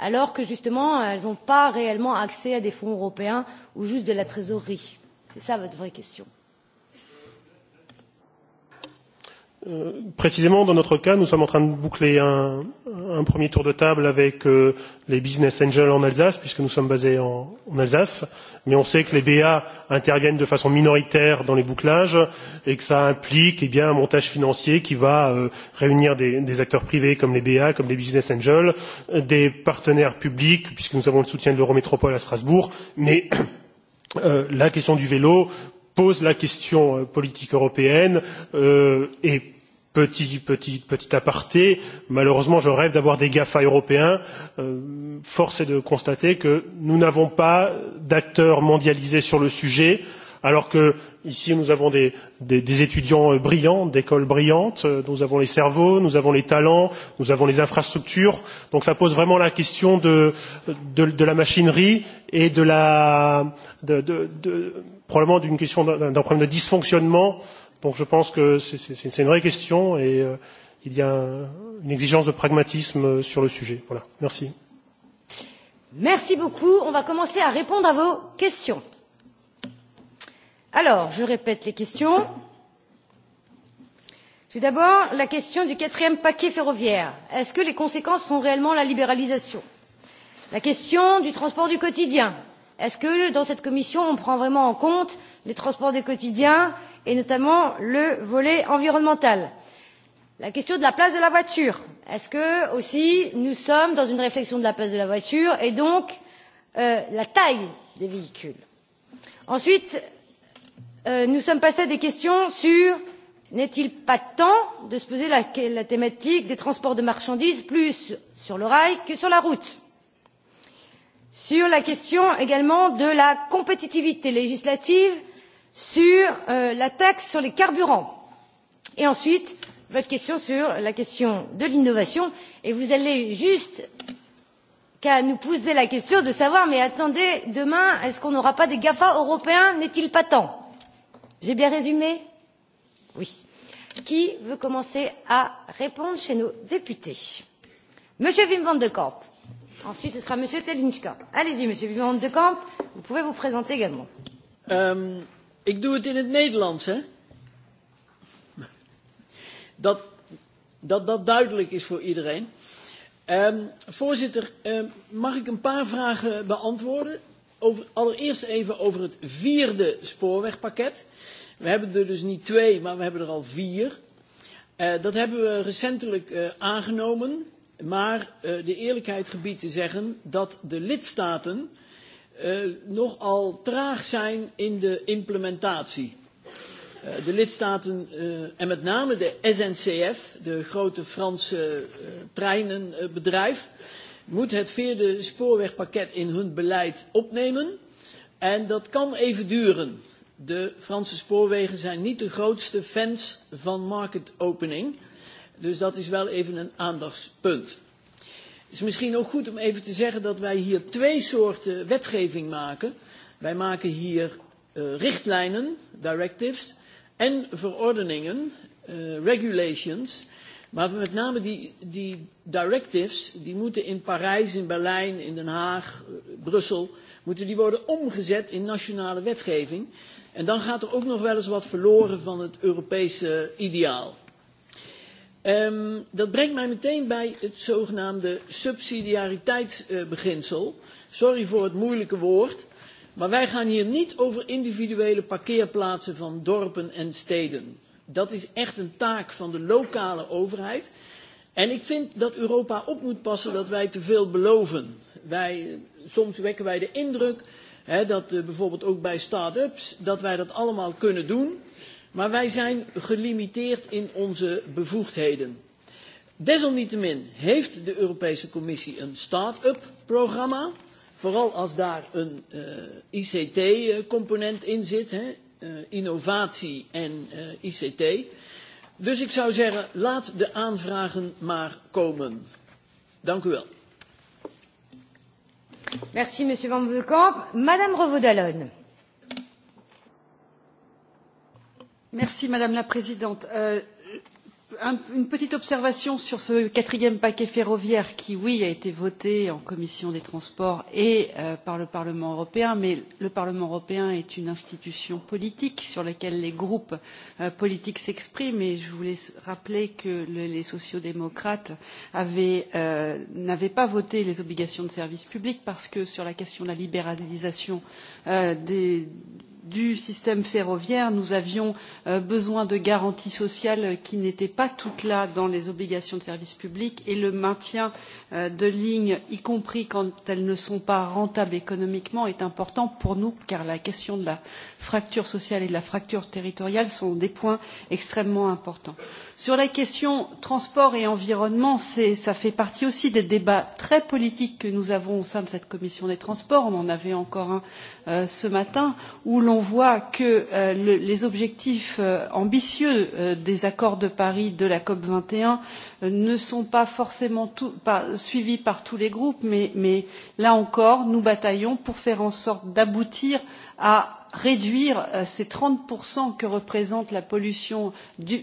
alors que justement elles n'ont pas réellement accès à des fonds européens ou juste de la trésorerie. C'est ça votre vraie question. Euh, précisément, dans notre cas, nous sommes en train de boucler un, un premier tour de table avec euh, les business angels en Alsace, puisque nous sommes basés en, en Alsace. Mais on sait que les BA interviennent de façon minoritaire dans les bouclages et que ça implique eh bien, un montage financier qui va euh, réunir des, des acteurs privés comme les BA, comme les business angels, des partenaires publics, puisque nous avons le soutien de l'Eurométropole à Strasbourg. Mais euh, la question du vélo pose la question euh, politique européenne euh, et petit petit petit aparté malheureusement je rêve d'avoir des GAFA européens euh, force est de constater que nous n'avons pas d'acteurs mondialisés sur le sujet alors que ici nous avons des, des, des étudiants brillants, d'écoles brillantes, euh, nous avons les cerveaux, nous avons les talents, nous avons les infrastructures. Donc ça pose vraiment la question de, de, de la machinerie et de la de, de, de, probablement d'une question d'un problème de dysfonctionnement. Donc je pense que c'est une vraie question et euh, il y a un, une exigence de pragmatisme euh, sur le sujet. Voilà. Merci. Merci beaucoup. On va commencer à répondre à vos questions. Alors, je répète les questions. Tout d'abord, la question du quatrième paquet ferroviaire. Est-ce que les conséquences sont réellement la libéralisation La question du transport du quotidien. Est-ce que dans cette commission, on prend vraiment en compte les transports des quotidiens et notamment le volet environnemental La question de la place de la voiture. Est-ce que aussi nous sommes dans une réflexion de la place de la voiture et donc euh, la taille des véhicules Ensuite, euh, nous sommes passés à des questions sur n'est-il pas temps de se poser la, la thématique des transports de marchandises plus sur le rail que sur la route sur la question également de la compétitivité législative sur euh, la taxe sur les carburants et ensuite votre question sur la question de l'innovation et vous allez juste qu'à nous poser la question de savoir mais attendez demain est-ce qu'on n'aura pas des GAFA européens n'est-il pas temps j'ai bien résumé oui qui veut commencer à répondre chez nos députés monsieur wim van de camp Ensuite, ce sera M. Telinska. Allez-y, M. Bimond de Kamp, vous pouvez vous présenter également. Euh, ik doe het in het Nederlands, hè? Dat, dat dat duidelijk is voor iedereen. Um, voorzitter, um, mag ik een paar vragen beantwoorden? Over, allereerst even over het vierde spoorwegpakket. We hebben er dus niet twee, maar we hebben er al vier. Uh, dat hebben we recentelijk uh, aangenomen maar uh, de eerlijkheid gebied te zeggen dat de lidstaten uh, nogal traag zijn in de implementatie. Uh, de lidstaten uh, en met name de SNCF, de grote Franse uh, treinenbedrijf, moet het vierde spoorwegpakket in hun beleid opnemen. En dat kan even duren. De Franse spoorwegen zijn niet de grootste fans van market opening. Uh, Dus dat is wel even een aandachtspunt. Het is misschien ook goed om even te zeggen dat wij hier twee soorten wetgeving maken. Wij maken hier uh, richtlijnen, directives, en verordeningen, uh, regulations. Maar met name die, die directives, die moeten in Parijs, in Berlijn, in Den Haag, uh, Brussel, moeten die worden omgezet in nationale wetgeving. En dan gaat er ook nog wel eens wat verloren van het Europese ideaal. Um, dat brengt mij meteen bij het zogenaamde subsidiariteitsbeginsel. Sorry voor het moeilijke woord. Maar wij gaan hier niet over individuele parkeerplaatsen van dorpen en steden. Dat is echt een taak van de lokale overheid. En ik vind dat Europa op moet passen dat wij te veel beloven. Wij, soms wekken wij de indruk hè, dat uh, bijvoorbeeld ook bij start-ups dat wij dat allemaal kunnen doen maar wij zijn gelimiteerd in onze bevoegdheden. Desalniettemin heeft de Europese Commissie een start-up programma, vooral als daar een uh, eh, ICT-component in zit, hè? Uh, innovatie en uh, eh, ICT. Dus ik zou zeggen, laat de aanvragen maar komen. Dank u wel. Merci, meneer Van Bekamp. Madame Revaud-Dallon. madame la présidente euh, une petite observation sur ce quatrième paquet ferroviaire qui oui a été voté en commission des transports et euh, par le parlement européen mais le parlement européen est une institution politique sur laquelle les groupes euh, politiques s'expriment et je voulais rappeler que les sociaux démocrates n'avaient pas voté les obligations de service public parce que sur la question de la libéralisation des du système ferroviaire, nous avions euh, besoin de garanties sociales qui n'étaient pas toutes là dans les obligations de service public et le maintien euh, de lignes, y compris quand elles ne sont pas rentables économiquement, est important pour nous car la question de la fracture sociale et de la fracture territoriale sont des points extrêmement importants. Sur la question transport et environnement, ça fait partie aussi des débats très politiques que nous avons au sein de cette commission des transports, on en avait encore un euh, ce matin, où l'on l'on voit que euh, le, les objectifs euh, ambitieux euh, des accords de Paris de la COP21 euh, ne sont pas forcément tout, pas, suivis par tous les groupes, mais, mais là encore, nous bataillons pour faire en sorte d'aboutir à réduire euh, ces 30% que représente la pollution du,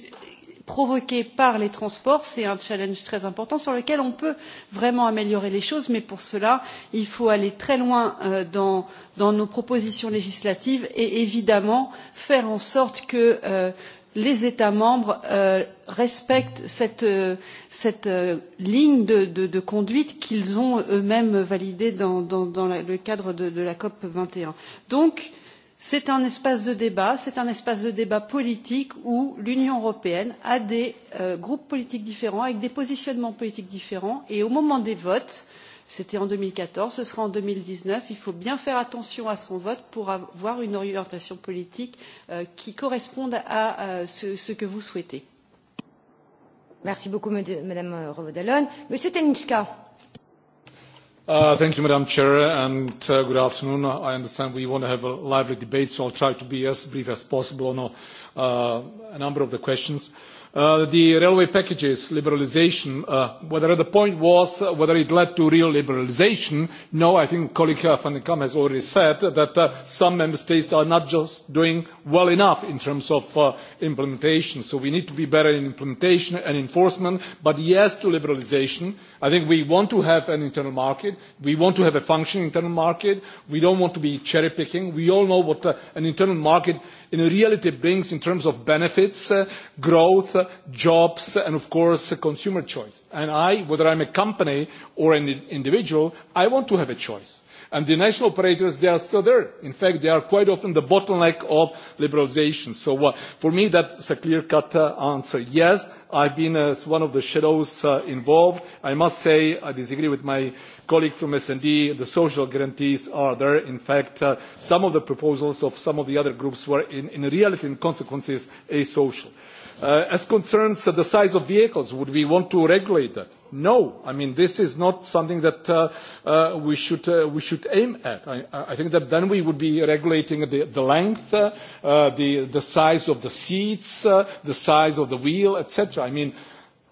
provoquée par les transports. C'est un challenge très important sur lequel on peut vraiment améliorer les choses, mais pour cela, il faut aller très loin euh, dans, dans nos propositions législatives et évidemment faire en sorte que euh, les États membres euh, respectent cette, euh, cette euh, ligne de, de, de conduite qu'ils ont eux-mêmes validée dans, dans, dans la, le cadre de, de la COP 21. Donc, euh, c'est un espace de débat c'est un espace de débat politique où l'union européenne a des euh, groupes politiques différents avec des positionnements politiques différents et au moment des votes c'était en deux mille quatorze ce sera en deux mille dix neuf il faut bien faire attention à son vote pour avoir une orientation politique euh, qui corresponde à euh, ce que vous souhaitez. merci beaucoup madame rovd. monsieur telika Uh, thank you madam president and uh, good afternoon. i understand we want to have a lively debate so i will try to be as brief as possible on uh, a number of the questions. Uh, the railway packages liberalization, uh, whether the point was uh, whether it led to real liberalization. No, I think colleague uh, Van Kam has already said that uh, some member states are not just doing well enough in terms of uh, implementation. So we need to be better in implementation and enforcement. But yes to liberalization. I think we want to have an internal market. We want to have a functioning internal market. We don't want to be cherry picking. We all know what uh, an internal market is in reality brings in terms of benefits, uh, growth, uh, jobs, uh, and of course, uh, consumer choice. And I, whether I'm a company or an individual, I want to have a choice and the national operators they are still there in fact they are quite often the bottleneck of liberalisation so uh, for me that's a clear cut uh, answer yes i've been as one of the shadows uh, involved i must say i disagree with my colleague from sd the social guarantees are there in fact uh, some of the proposals of some of the other groups were in, in reality in consequences asocial uh, as concerns uh, the size of vehicles would we want to regulate that? no. I mean, this is not something that uh, uh, we should uh, we should aim at. I, I think that then we would be regulating the, the length, uh, uh, the the size of the seats, uh, the size of the wheel, etc. I mean.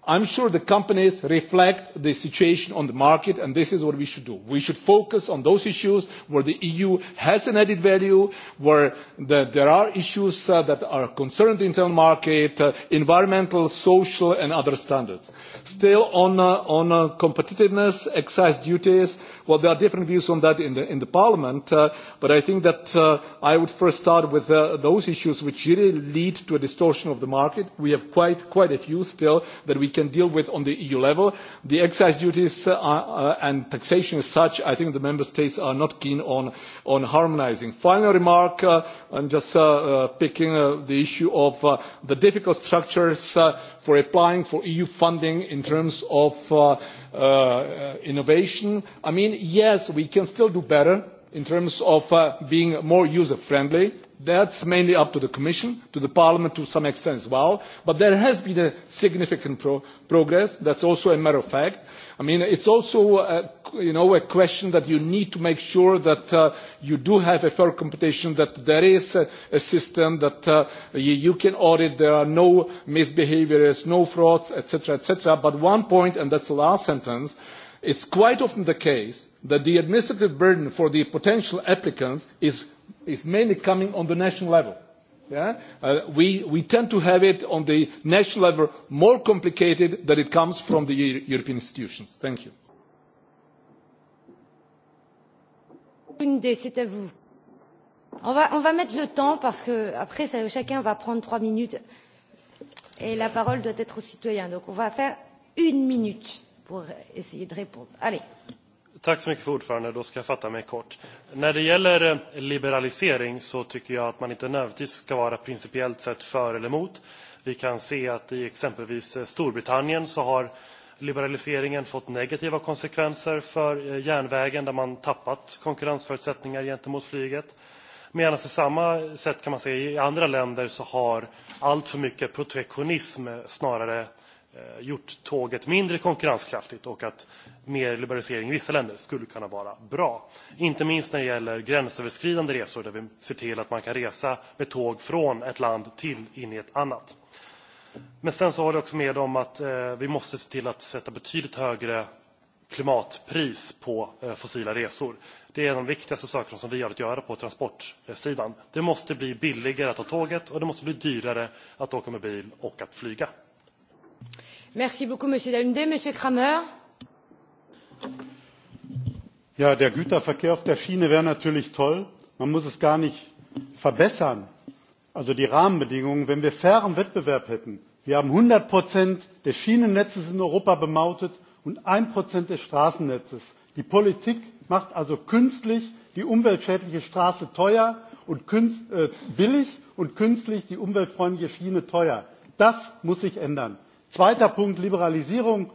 I'm sure the companies reflect the situation on the market, and this is what we should do. We should focus on those issues where the EU has an added value, where there are issues uh, that are concerned the internal market, uh, environmental, social, and other standards. Still on uh, competitiveness, excise duties, well, there are different views on that in the parliament, but I think that I would first start with those issues which really lead to a distortion of the market. We have quite a few still that we can deal with on the EU level. The excise duties uh, are, uh, and taxation as such, I think the member states are not keen on, on harmonizing. Final remark, uh, I'm just uh, uh, picking uh, the issue of uh, the difficult structures uh, for applying for EU funding in terms of uh, uh, innovation. I mean, yes, we can still do better in terms of uh, being more user friendly. That's mainly up to the Commission, to the Parliament to some extent as well. But there has been a significant pro- progress. That's also a matter of fact. I mean, it's also, a, uh, you know, a question that you need to make sure that uh, you do have a fair competition, that there is a, a system that uh, you, you can audit. There are no misbehaviors, no frauds, etc., etc. But one point, and that's the last sentence, it's quite often the case that the administrative burden for the potential applicants is, is mainly coming on the national level. Yeah? Uh, we, we tend to have it on the national level more complicated than it comes from the European institutions. Thank you. Une idée, c'est à vous. On va, on va mettre le temps parce que après, ça, chacun va prendre trois minutes et la parole doit être aux citoyens. Donc, on va faire une minute pour essayer de répondre. Allez. Euh, Tack så mycket för ordförande. Då ska jag fatta mig kort. När det gäller eh, liberalisering så tycker jag att man inte nödvändigtvis ska vara principiellt sett för eller emot. Vi kan se att i exempelvis eh, Storbritannien så har liberaliseringen fått negativa konsekvenser för eh, järnvägen där man tappat konkurrensförutsättningar gentemot flyget. Medan på samma sätt kan man säga i andra länder så har allt för mycket protektionism snarare eh, Eh, gjort tåget mindre konkurrenskraftigt och att mer liberalisering i vissa länder skulle kunna vara bra. Inte minst när det gäller gränsöverskridande resor där vi ser till att man kan resa med tåg från ett land till in i ett annat. Men sen så håller jag också med om att eh, vi måste se till att sätta betydligt högre klimatpris på eh, fossila resor. Det är en av de viktigaste sakerna som vi har att göra på transportsidan. Det måste bli billigare att ta tåget och det måste bli dyrare att åka med bil och att flyga monsieur le président monsieur cramer ja, der güterverkehr auf der schiene wäre natürlich toll man muss es gar nicht verbessern also die rahmenbedingungen wenn wir fairen wettbewerb hätten. wir haben einhundert des schienennetzes in europa bemautet und eins des straßennetzes. die politik macht also künstlich die umweltschädliche straße äh, billig und künstlich die umweltfreundliche schiene teuer. das muss sich ändern! Zweiter Punkt Liberalisierung.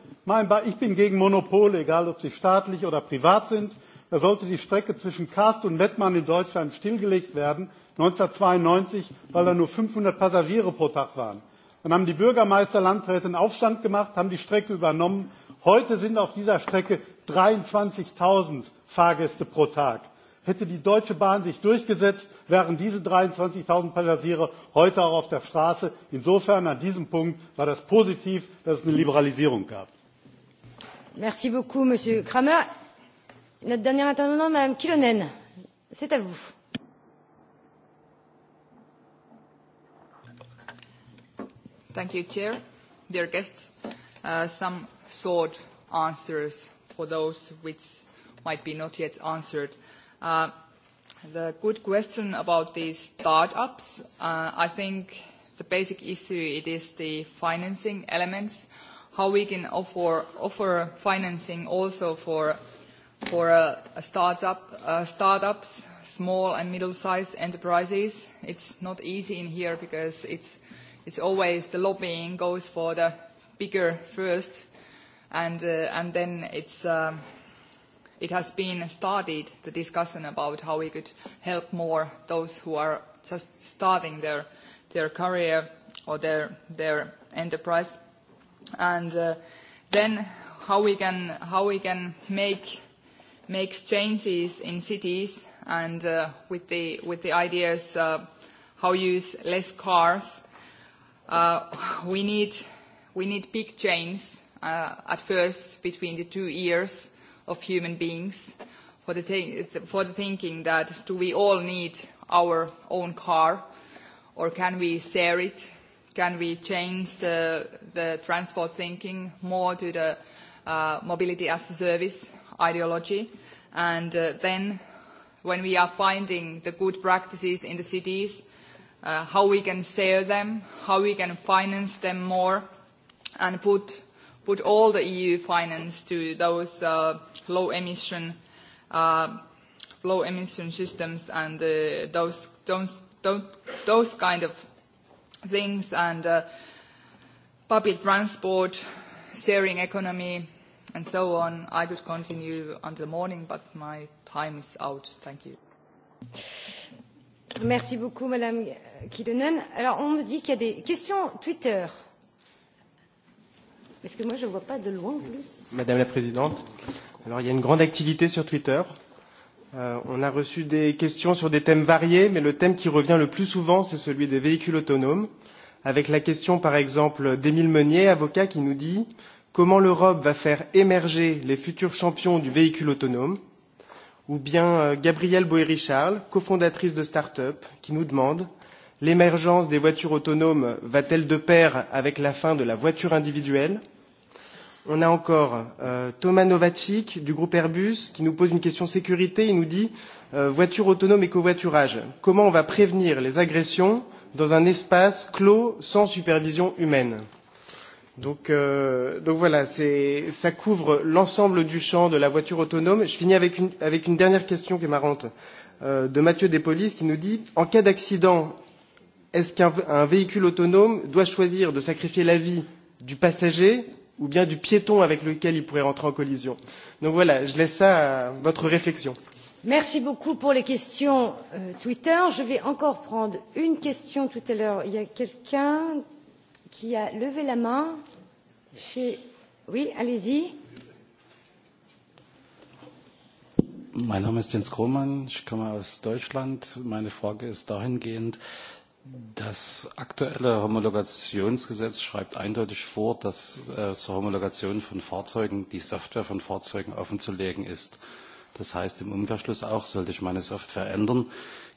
Ich bin gegen Monopole, egal ob sie staatlich oder privat sind. Da sollte die Strecke zwischen Karst und Mettmann in Deutschland stillgelegt werden, 1992, weil da nur 500 Passagiere pro Tag waren. Dann haben die Bürgermeister, Landräte einen Aufstand gemacht, haben die Strecke übernommen. Heute sind auf dieser Strecke 23.000 Fahrgäste pro Tag. Hätte die Deutsche Bahn sich durchgesetzt, wären diese 23.000 Passagiere heute auch auf der Straße. Insofern an diesem Punkt war das positiv, dass es eine Liberalisierung gab. Merci beaucoup, Monsieur Kramer. Notre dernière intervenante, Madame Kilonen, c'est à vous. Thank you, Chair. Dear guests, uh, some short answers for those which might be not yet answered. Uh, the good question about these startups, uh, I think the basic issue, it is the financing elements, how we can offer financing also for uh, startups, small and middle-sized enterprises. It's not easy in here because it's always the lobbying goes for the bigger first, and then it's um, it has been started the discussion about how we could help more those who are just starting their their career or their their enterprise and uh, then how we can how we can make make changes in cities and uh, with the with the ideas uh, how use less cars uh, we need we need big change uh, at first between the two ears of human beings for the, th for the thinking that do we all need our own car or can we share it? Can we change the, the transport thinking more to the uh, mobility as a service ideology? And uh, then when we are finding the good practices in the cities, uh, how we can share them, how we can finance them more and put put all the EU finance to those uh, low emission uh, low emission systems and uh, those those those those kind of things and uh, public transport sharing economy and so on I could continue until morning but my time is out thank you Merci beaucoup madame Kidonen. Alors on me dit qu'il y a des questions Twitter. Euh, Parce que moi, je ne vois pas de loin en plus. Madame la Présidente, alors il y a une grande activité sur Twitter. Euh, on a reçu des questions sur des thèmes variés, mais le thème qui revient le plus souvent, c'est celui des véhicules autonomes. Avec la question, par exemple, d'Émile Meunier, avocat, qui nous dit comment l'Europe va faire émerger les futurs champions du véhicule autonome. Ou bien euh, Gabrielle Boéry-Charles, cofondatrice de start-up, qui nous demande l'émergence des voitures autonomes va-t-elle de pair avec la fin de la voiture individuelle On a encore euh, Thomas Novacic du groupe Airbus qui nous pose une question sécurité. Il nous dit euh, voiture autonome et covoiturage. Comment on va prévenir les agressions dans un espace clos sans supervision humaine donc, euh, donc voilà, ça couvre l'ensemble du champ de la voiture autonome. Je finis avec une, avec une dernière question qui est marrante euh, de Mathieu Despolis qui nous dit En cas d'accident, est-ce qu'un véhicule autonome doit choisir de sacrifier la vie du passager ou bien du piéton avec lequel il pourrait rentrer en collision. Donc voilà, je laisse ça à votre réflexion. Merci beaucoup pour les questions euh, Twitter. Je vais encore prendre une question tout à l'heure. Il y a quelqu'un qui a levé la main. Chez... Oui, allez-y. Mein Name ist Jens Krohmann, ich komme aus Deutschland. Meine Frage ist dahingehend, äh, Das aktuelle Homologationsgesetz schreibt eindeutig vor, dass äh, zur Homologation von Fahrzeugen die Software von Fahrzeugen offenzulegen ist. Das heißt im Umkehrschluss auch, sollte ich meine Software ändern,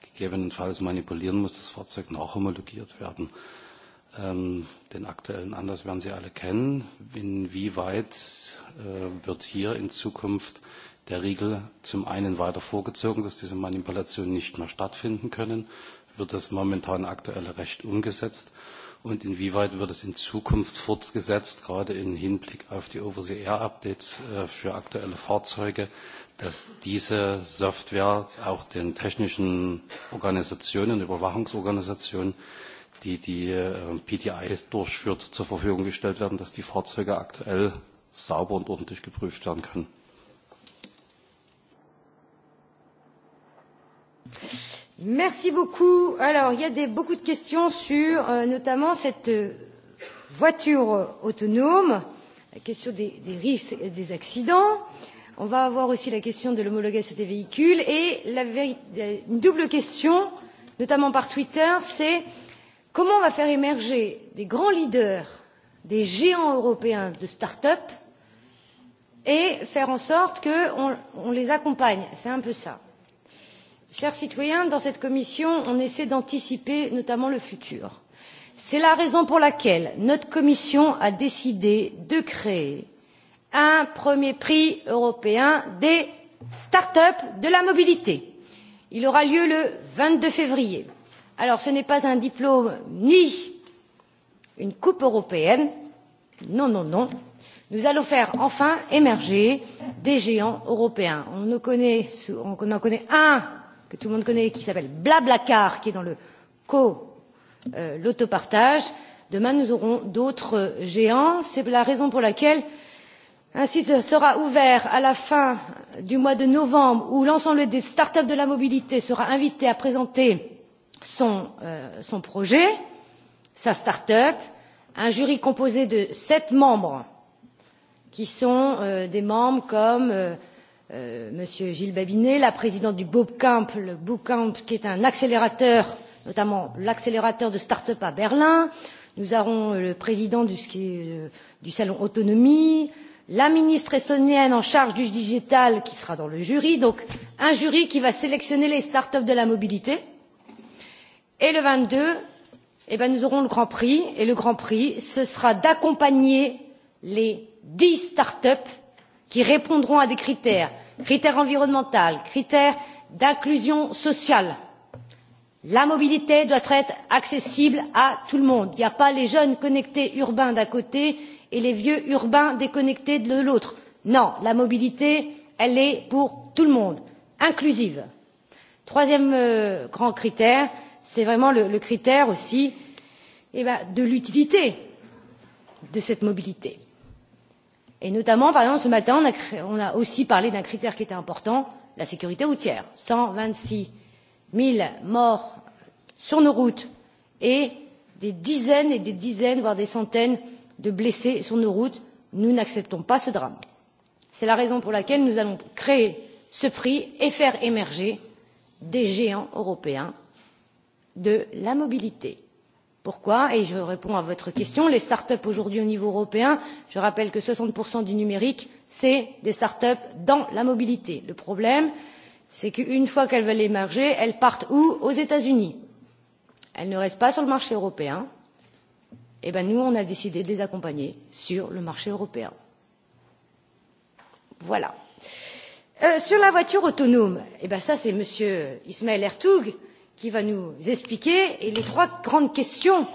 gegebenenfalls manipulieren, muss das Fahrzeug nachhomologiert werden. Ähm, den aktuellen Anlass werden Sie alle kennen. Inwieweit äh, wird hier in Zukunft der Riegel zum einen weiter vorgezogen, dass diese Manipulationen nicht mehr stattfinden können, wird das momentan aktuelle Recht umgesetzt und inwieweit wird es in Zukunft fortgesetzt, gerade im Hinblick auf die Overseer-Updates äh, für aktuelle Fahrzeuge, dass diese Software auch den technischen Organisationen, Überwachungsorganisationen, die die äh, PTI durchführt, zur Verfügung gestellt werden, dass die Fahrzeuge aktuell sauber und ordentlich geprüft werden können. Okay. Merci beaucoup. Alors, il y a des, beaucoup de questions sur euh, notamment cette euh, voiture autonome, la question des, des risques et des accidents. On va avoir aussi la question de l'homologation des véhicules et la euh, une double question, notamment par Twitter, c'est comment on va faire émerger des grands leaders, des géants européens de start-up et faire en sorte qu'on on les accompagne. C'est un peu ça. Chers citoyens, dans cette commission, on essaie d'anticiper notamment le futur. C'est la raison pour laquelle notre commission a décidé de créer un premier prix européen des start-up de la mobilité. Il aura lieu le 22 février. Alors ce n'est pas un diplôme ni une coupe européenne. Non, non, non. Nous allons faire enfin émerger des géants européens. On en connaît, on en connaît un que tout le monde connaît, qui s'appelle Blablacar, qui est dans le co euh, l'autopartage. Demain, nous aurons d'autres euh, géants. C'est la raison pour laquelle un site sera ouvert à la fin du mois de novembre, où l'ensemble des startups de la mobilité sera invité à présenter son, euh, son projet, sa startup. Un jury composé de sept membres, qui sont euh, des membres comme euh, Euh, monsieur gilles babinet la présidente du bobcamp le bobcamp qui est un accélérateur notamment l'accélérateur de start up à berlin nous avons euh, le président euh, du salon autonomie la ministre estonienne en charge du digital qui sera dans le jury donc un jury qui va sélectionner les start up de la mobilité et le vingt deux eh nous aurons le grand prix et le grand prix ce sera d'accompagner les dix start up qui répondront à des critères critères environnementaux critères d'inclusion sociale. la mobilité doit être accessible à tout le monde. il n'y a pas les jeunes connectés urbains d'un côté et les vieux urbains déconnectés de l'autre. non la mobilité elle est pour tout le monde inclusive. troisième euh, grand critère c'est vraiment le critère aussi eh de l'utilité de cette mobilité. Et notamment, par exemple, ce matin, on a, créé, on a aussi parlé d'un critère qui était important, la sécurité routière. 126 000 morts sur nos routes et des dizaines et des dizaines, voire des centaines de blessés sur nos routes. Nous n'acceptons pas ce drame. C'est la raison pour laquelle nous allons créer ce prix et faire émerger des géants européens de la mobilité. Pourquoi Et je réponds à votre question. Les start-up aujourd'hui au niveau européen, je rappelle que 60% du numérique, c'est des start-up dans la mobilité. Le problème, c'est qu'une fois qu'elles veulent émerger, elles partent où Aux États-Unis. Elles ne restent pas sur le marché européen. Eh bien, nous, on a décidé de les accompagner sur le marché européen. Voilà. Euh, sur la voiture autonome, eh bien, ça, c'est M. Ismaël Ertug, euh, qui va nous expliquer et les trois grandes questions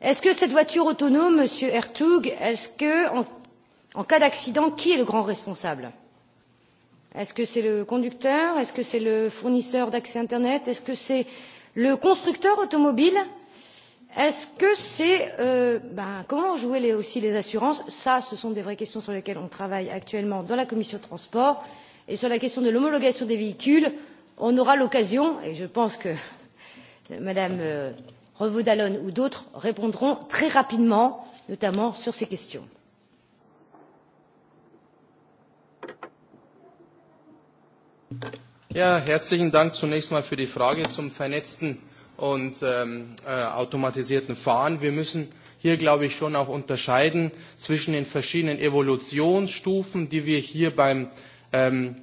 est ce que cette voiture autonome monsieur ertug est ce que en cas d'accident qui est le grand responsable? est ce que c'est le conducteur? est ce que c'est le fournisseur d'accès internet? est ce que c'est le constructeur automobile? est ce que c'est euh, ben, comment jouer les, aussi les assurances? ça ce sont des vraies questions sur lesquelles on travaille actuellement dans la commission de transport et sur la question de l'homologation des véhicules on aura l'occasion et je pense que mme euh, revaudallon ou d'autres répondront très rapidement notamment sur ces questions. Ja, herzlichen Dank zunächst mal für die Frage zum vernetzten und ähm, äh, automatisierten Fahren. Wir müssen hier, glaube ich, schon auch unterscheiden zwischen den verschiedenen Evolutionsstufen, die wir hier beim ähm,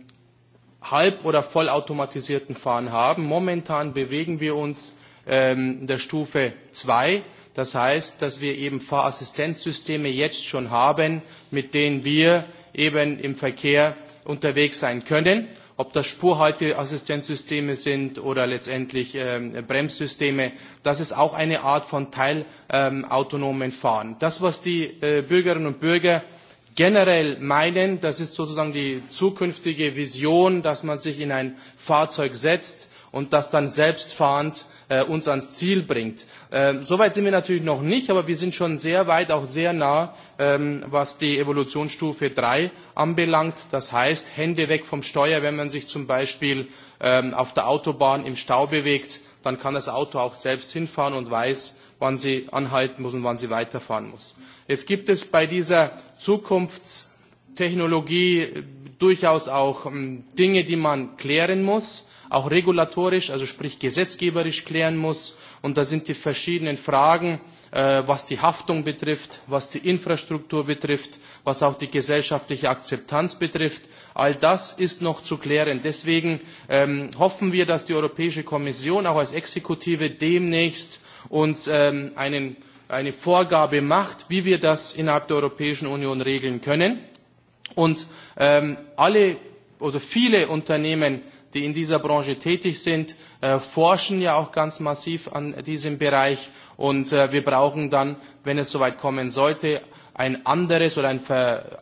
halb- oder vollautomatisierten Fahren haben. Momentan bewegen wir uns ähm, der Stufe 2. Das heißt, dass wir eben Fahrassistenzsysteme jetzt schon haben, mit denen wir eben im Verkehr unterwegs sein können. Ob das Spurhalteassistenzsysteme sind oder letztendlich ähm, Bremssysteme, das ist auch eine Art von teilautonomen ähm, Fahren. Das, was die äh, Bürgerinnen und Bürger generell meinen, das ist sozusagen die zukünftige Vision, dass man sich in ein Fahrzeug setzt und das dann selbstfahrend äh, uns ans Ziel bringt. Ähm, Soweit sind wir natürlich noch nicht, aber wir sind schon sehr weit, auch sehr nah, ähm, was die Evolutionsstufe 3 anbelangt. Das heißt, Hände weg vom Steuer, wenn man sich zum Beispiel ähm, auf der Autobahn im Stau bewegt, dann kann das Auto auch selbst hinfahren und weiß, äh, wann sie anhalten muss und wann sie weiterfahren muss. Jetzt gibt es bei dieser Zukunftstechnologie äh, durchaus auch ähm, Dinge, die man klären muss, auch regulatorisch, also sprich gesetzgeberisch klären muss. Und da sind die verschiedenen Fragen, äh, was die Haftung betrifft, was die Infrastruktur betrifft, was auch die gesellschaftliche Akzeptanz betrifft. All das ist noch zu klären. Deswegen ähm, hoffen wir, dass die Europäische Kommission auch als Exekutive demnächst uns ähm, einen, eine Vorgabe macht, wie wir das innerhalb der Europäischen Union regeln können. Und ähm, alle oder also viele Unternehmen, die in dieser Branche tätig sind, äh, forschen ja auch ganz massiv an diesem Bereich. Und äh, wir brauchen dann, wenn es soweit kommen sollte, ein anderes oder ein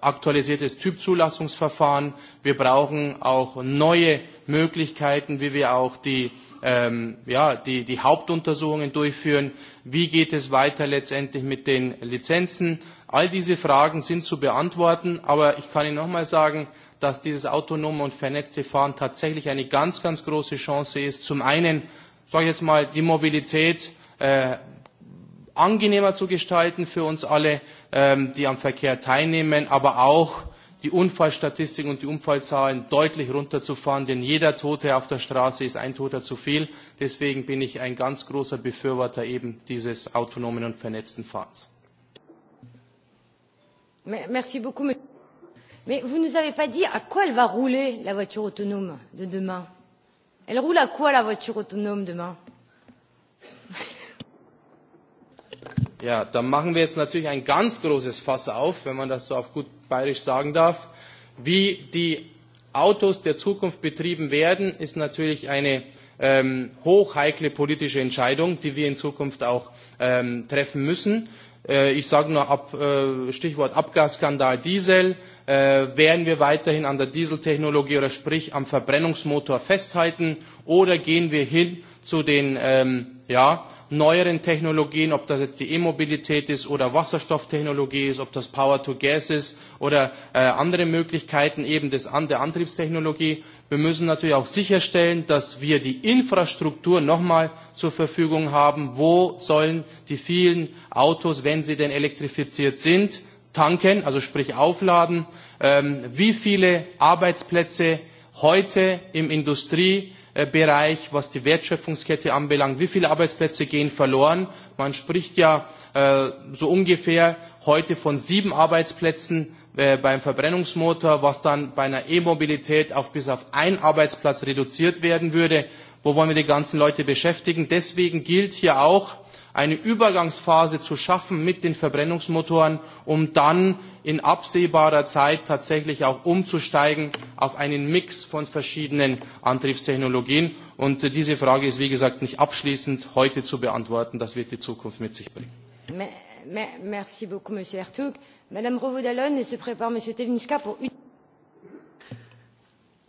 aktualisiertes Typzulassungsverfahren. Wir brauchen auch neue Möglichkeiten, wie wir auch die äh, ähm, ja, die, die Hauptuntersuchungen durchführen, wie geht es weiter letztendlich mit den Lizenzen. All diese Fragen sind zu beantworten, aber ich kann Ihnen nochmal sagen, dass dieses autonome und vernetzte Fahren tatsächlich eine ganz, ganz große Chance ist, zum einen, sage ich jetzt mal, die Mobilität äh, angenehmer zu gestalten für uns alle, ähm, die am Verkehr teilnehmen, aber auch die Unfallstatistiken und die Unfallzahlen deutlich runterzufahren, denn jeder Tote auf der Straße ist ein Toter zu viel. Deswegen bin ich ein ganz großer Befürworter eben dieses autonomen und vernetzten Fahrens. Merci beaucoup. Mais vous ne nous avez pas dit à quoi elle va rouler la voiture autonome de demain. Elle roule à quoi la voiture autonome demain? ja, da machen wir jetzt natürlich ein ganz großes Fass auf, wenn man das so auf gut bayerisch sagen darf. Wie die Autos der Zukunft betrieben werden, ist natürlich eine ähm, hochheikle politische Entscheidung, die wir in Zukunft auch ähm, treffen müssen. Äh, ich sage nur ab, äh, Stichwort Abgasskandal Diesel. Äh, werden wir weiterhin an der Dieseltechnologie oder sprich am Verbrennungsmotor festhalten oder gehen wir hin zu den ähm, ja, neueren Technologien, ob das jetzt die E-Mobilität ist oder Wasserstofftechnologie ist, ob das Power-to-Gas ist oder äh, andere Möglichkeiten eben des, der Antriebstechnologie. Wir müssen natürlich auch sicherstellen, dass wir die Infrastruktur nochmal zur Verfügung haben. Wo sollen die vielen Autos, wenn sie denn elektrifiziert sind, tanken, also sprich aufladen? Ähm, wie viele Arbeitsplätze heute im Industriebereich, was die Wertschöpfungskette anbelangt, wie viele Arbeitsplätze gehen verloren. Man spricht ja äh, so ungefähr heute von sieben Arbeitsplätzen äh, beim Verbrennungsmotor, was dann bei einer E-Mobilität auf bis auf einen Arbeitsplatz reduziert werden würde. Wo wollen wir die ganzen Leute beschäftigen? Deswegen gilt hier auch, eine Übergangsphase zu schaffen mit den Verbrennungsmotoren, um dann in absehbarer Zeit tatsächlich auch umzusteigen auf einen Mix von verschiedenen Antriebstechnologien. Und äh, diese Frage ist, wie gesagt, nicht abschließend heute zu beantworten. Das wird die Zukunft mit sich bringen. Merci beaucoup, Monsieur Madame Revaud-Dallon et se prépare Monsieur Telinska pour une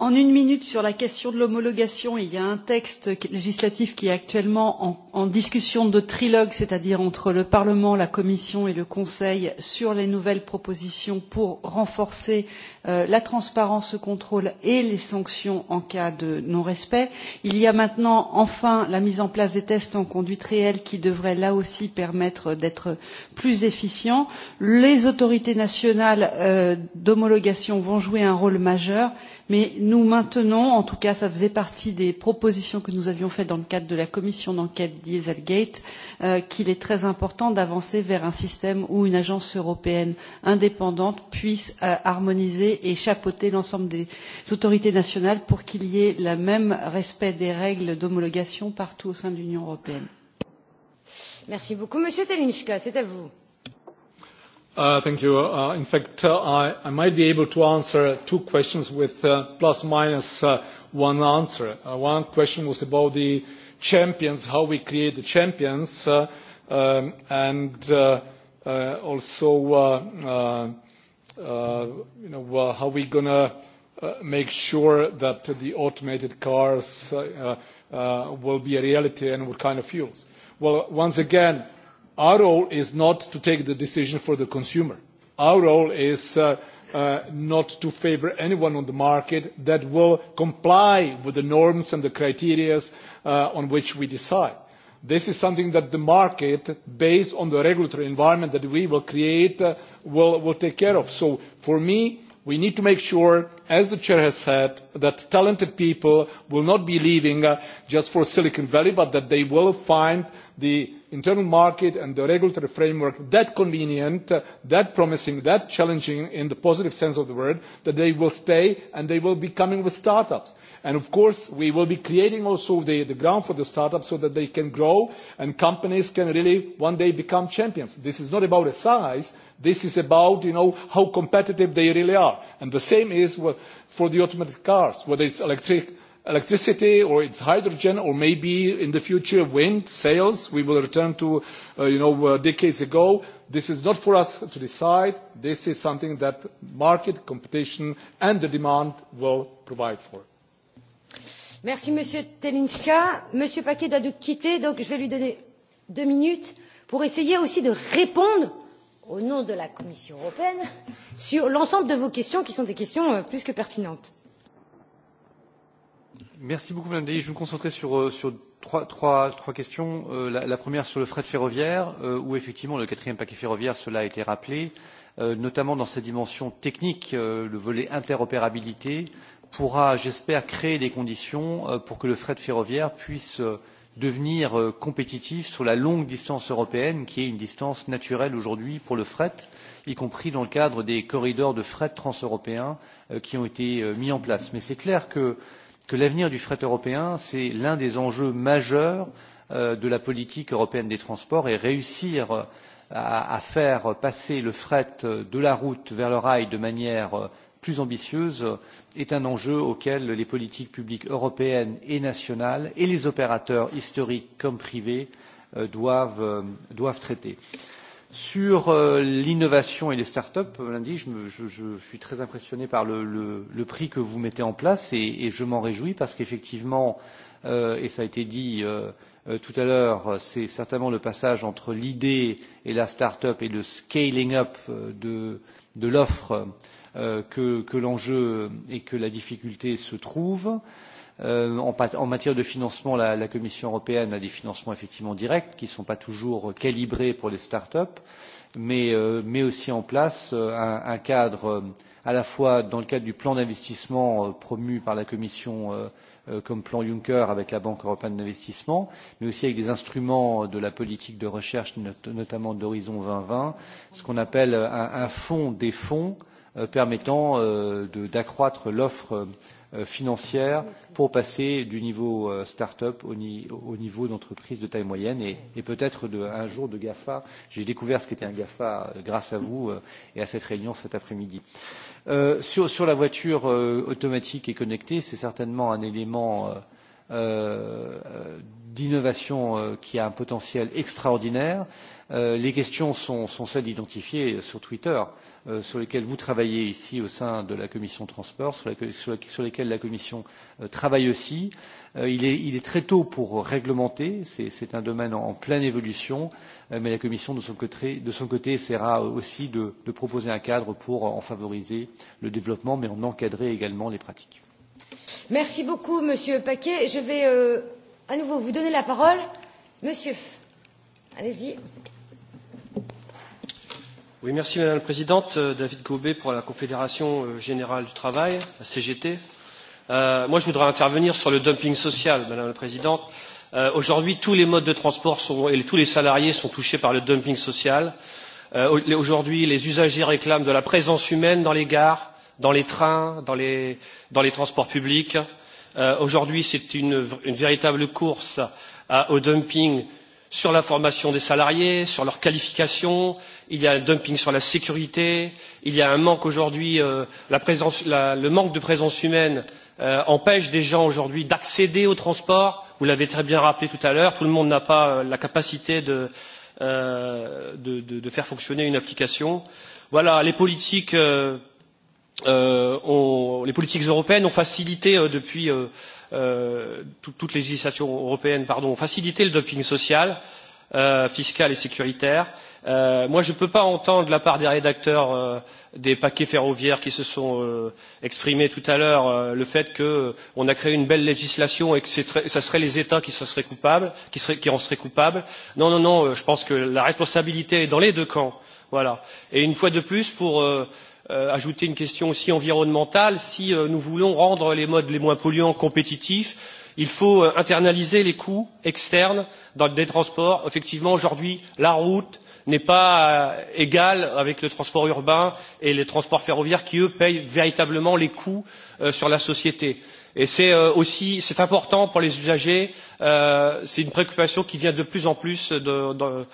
en une minute sur la question de l'homologation il y a un texte législatif qui est actuellement en discussion de trilogue c'est à dire entre le parlement la commission et le conseil sur les nouvelles propositions pour renforcer euh, la transparence le contrôle et les sanctions en cas de non respect. il y a maintenant enfin la mise en place des tests en conduite réelle qui devrait là aussi permettre d'être plus efficient. les autorités nationales euh, d'homologation vont jouer un rôle majeur mais nous maintenons en tout cas ça faisait partie des propositions que nous avions faites dans le cadre de la commission d'enquête dieselgate euh, qu'il est très important d'avancer vers un système où une agence européenne indépendante puisse euh, harmoniser et chapeauter l'ensemble des autorités nationales pour qu'il y ait le même respect des règles d'homologation partout au sein de l'union européenne. merci beaucoup monsieur telinska c'est à vous. Uh, thank you. Uh, in fact, uh, I might be able to answer two questions with plus minus one answer. One question was about the champions, how we create the champions, and also how we're gonna make sure that the automated cars will be a reality and what kind of fuels. Well, once again, our role is not to take the decision for the consumer. Our role is uh, uh, not to favour anyone on the market that will comply with the norms and the criteria uh, on which we decide. This is something that the market, based on the regulatory environment that we will create, uh, will, will take care of. So for me, we need to make sure, as the chair has said, that talented people will not be leaving uh, just for Silicon Valley, but that they will find the internal market and the regulatory framework that convenient, uh, that promising, that challenging in the positive sense of the word, that they will stay and they will be coming with startups. And of course, we will be creating also the, the ground for the startups so that they can grow and companies can really one day become champions. This is not about a size. This is about, you know, how competitive they really are. And the same is for the automatic cars, whether it's electric electricity or it's hydrogen or maybe in the future wind sails. We will return to, uh, you know, uh, decades ago. This is not for us to decide. This is something that market competition and the demand will provide for. Merci, Monsieur Telinska. Monsieur Paquet doit nous quitter, donc je vais lui donner deux minutes pour essayer aussi de répondre au nom de la Commission européenne sur l'ensemble de vos questions, qui sont des questions euh, plus que pertinentes. Merci beaucoup, Mme Dely. Je vais me concentrer sur, euh, sur trois, trois, trois questions. Euh, la, la première sur le fret ferroviaire, euh, où effectivement le quatrième paquet ferroviaire, cela a été rappelé, euh, notamment dans sa dimension technique, euh, le volet interopérabilité, pourra, j'espère, créer des conditions euh, pour que le fret ferroviaire puisse euh, devenir euh, compétitif sur la longue distance européenne, qui est une distance naturelle aujourd'hui pour le fret, y compris dans le cadre des corridors de fret transeuropéens euh, qui ont été euh, mis en place. Mais c'est clair que euh, que l'avenir du fret européen c'est l'un des enjeux majeurs euh, de la politique européenne des transports et réussir euh, à faire passer le fret euh, de la route vers le rail de manière plus ambitieuse est un enjeu auquel les politiques publiques européennes et nationales et les opérateurs historiques comme privés doivent, doivent traiter. Sur euh, l'innovation et les start-up, euh, lundi, je, me, je, je suis très impressionné par le, le, le prix que vous mettez en place et, et je m'en réjouis parce qu'effectivement, euh, et ça a été dit euh, euh tout à l'heure, c'est certainement le passage entre l'idée et la start-up et le scaling up de, de l'offre euh, que, que l'enjeu et que la difficulté se trouvent. Euh, en matière de financement, la Commission européenne a des financements effectivement directs qui ne sont pas toujours calibrés pour les start-up, mais euh, met aussi en place euh, un cadre à la fois dans le cadre du plan d'investissement promu par la Commission comme plan Juncker avec la Banque européenne d'investissement, mais aussi avec des instruments de la politique de recherche, notamment d'Horizon 2020, ce qu'on appelle un fonds des fonds permettant d'accroître l'offre Euh, financière pour passer du niveau euh, start up au niveau d'entreprise de taille moyenne et, et peut être de, un jour de GAFA. J'ai découvert ce qu'était un GAFA euh, grâce à vous et à cette réunion cet après midi. Euh, sur, sur la voiture euh, automatique et connectée, c'est certainement un élément euh, euh, d'innovation euh, qui a un potentiel extraordinaire. Euh, Euh, les questions sont, sont celles identifiées sur Twitter, euh, sur lesquelles vous travaillez ici au sein de la commission transport, sur, la, sur, la, sur lesquelles la commission euh, travaille aussi. Euh, il, est, il est très tôt pour réglementer, c'est un domaine en, en pleine évolution, euh, mais la commission de son côté, de son côté essaiera aussi de, de proposer un cadre pour en favoriser le développement, mais en encadrer également les pratiques. Merci beaucoup Monsieur Paquet. Je vais euh, à nouveau vous donner la parole. Monsieur, allez-y. Oui, merci Madame la Présidente. Euh, David Gobet pour la Confédération euh, Générale du Travail, la CGT. Euh, moi, je voudrais intervenir sur le dumping social, Madame la Présidente. Euh, Aujourd'hui, tous les modes de transport sont, et tous les salariés sont touchés par le dumping social. Euh, Aujourd'hui, les usagers réclament de la présence humaine dans les gares, dans les trains, dans les, dans les transports publics. Euh, Aujourd'hui, c'est une, une véritable course à, euh, au dumping euh, sur la formation des salariés, sur leur qualification, il y a un dumping sur la sécurité, il y a un manque aujourd'hui, euh, la présence, la, le manque de présence humaine euh, empêche des gens aujourd'hui d'accéder au transport, vous l'avez très bien rappelé tout à l'heure, tout le monde n'a pas euh, la capacité de, euh, de, de, de faire fonctionner une application. Voilà, les politiques euh, euh, ont, les politiques européennes ont facilité euh, depuis euh, euh, tout, toute législation européenne pardon, ont facilité le dumping social, euh, fiscal et sécuritaire. Euh, moi, je ne peux pas entendre la part des rédacteurs euh, des paquets ferroviaires qui se sont euh, exprimés tout à l'heure euh, le fait qu'on euh, a créé une belle législation et que ce serait les États qui, se seraient coupables, qui, seraient, qui en seraient coupables. Non, non, non, euh, je pense que la responsabilité est dans les deux camps. Voilà. Et une fois de plus, pour. Euh, Euh, ajouter une question aussi environnementale si euh, nous voulons rendre les modes les moins polluants compétitifs il faut euh, internaliser les coûts externes dans des transports. effectivement aujourd'hui la route n'est pas égale avec le transport urbain et les transports ferroviaires qui eux paient véritablement les coûts sur la société. Et c'est aussi c'est important pour les usagers euh, c'est une préoccupation qui vient de plus en plus de, de,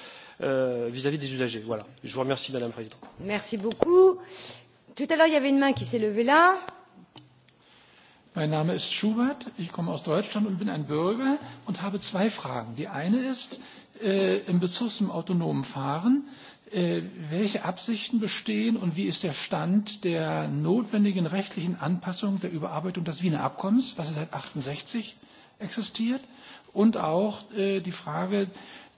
euh, vis à vis des usagers. Voilà. je vous remercie madame la présidente. merci beaucoup. Tout à l'heure, il y avait une main qui s'est levée là. Mein Name ist Schubert, ich komme aus Deutschland und bin ein Bürger und habe zwei Fragen. Die eine ist, äh, in Bezug zum autonomen Fahren, äh, welche Absichten bestehen und wie ist der Stand der notwendigen rechtlichen Anpassung der Überarbeitung des Wiener Abkommens, was seit 68 existiert? Und auch äh, die Frage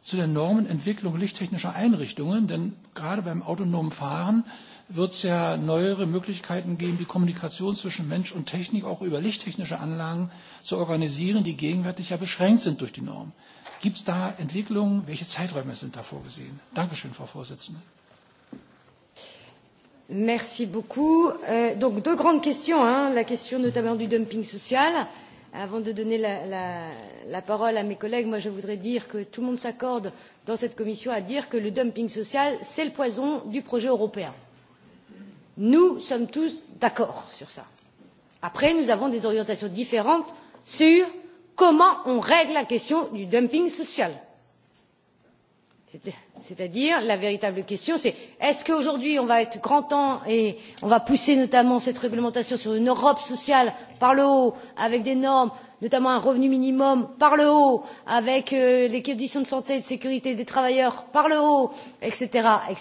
zu der Normenentwicklung lichttechnischer Einrichtungen, denn gerade beim autonomen Fahren äh, wird es ja neuere Möglichkeiten geben, die Kommunikation zwischen Mensch und Technik auch über lichttechnische Anlagen zu organisieren, die gegenwärtig ja beschränkt sind durch die Norm. Gibt es da Entwicklungen? Welche Zeiträume sind da vorgesehen? Dankeschön, Frau Vorsitzende. Merci beaucoup. Uh, donc deux grandes questions, hein. la question notamment du dumping social. Avant de donner la, la, la parole à mes collègues, moi je voudrais dire que tout le monde s'accorde dans cette commission à dire que le dumping social, c'est le poison du projet européen nous sommes tous d'accord sur ce point. après nous avons des orientations différentes sur comment on règle la question du dumping social c'est à dire la véritable question est ce est ce qu'aujourd'hui on va être grand temps et on va pousser notamment cette réglementation sur une europe sociale par le haut avec des normes notamment un revenu minimum par le haut avec euh, les conditions de santé et de sécurité des travailleurs par le haut etc. est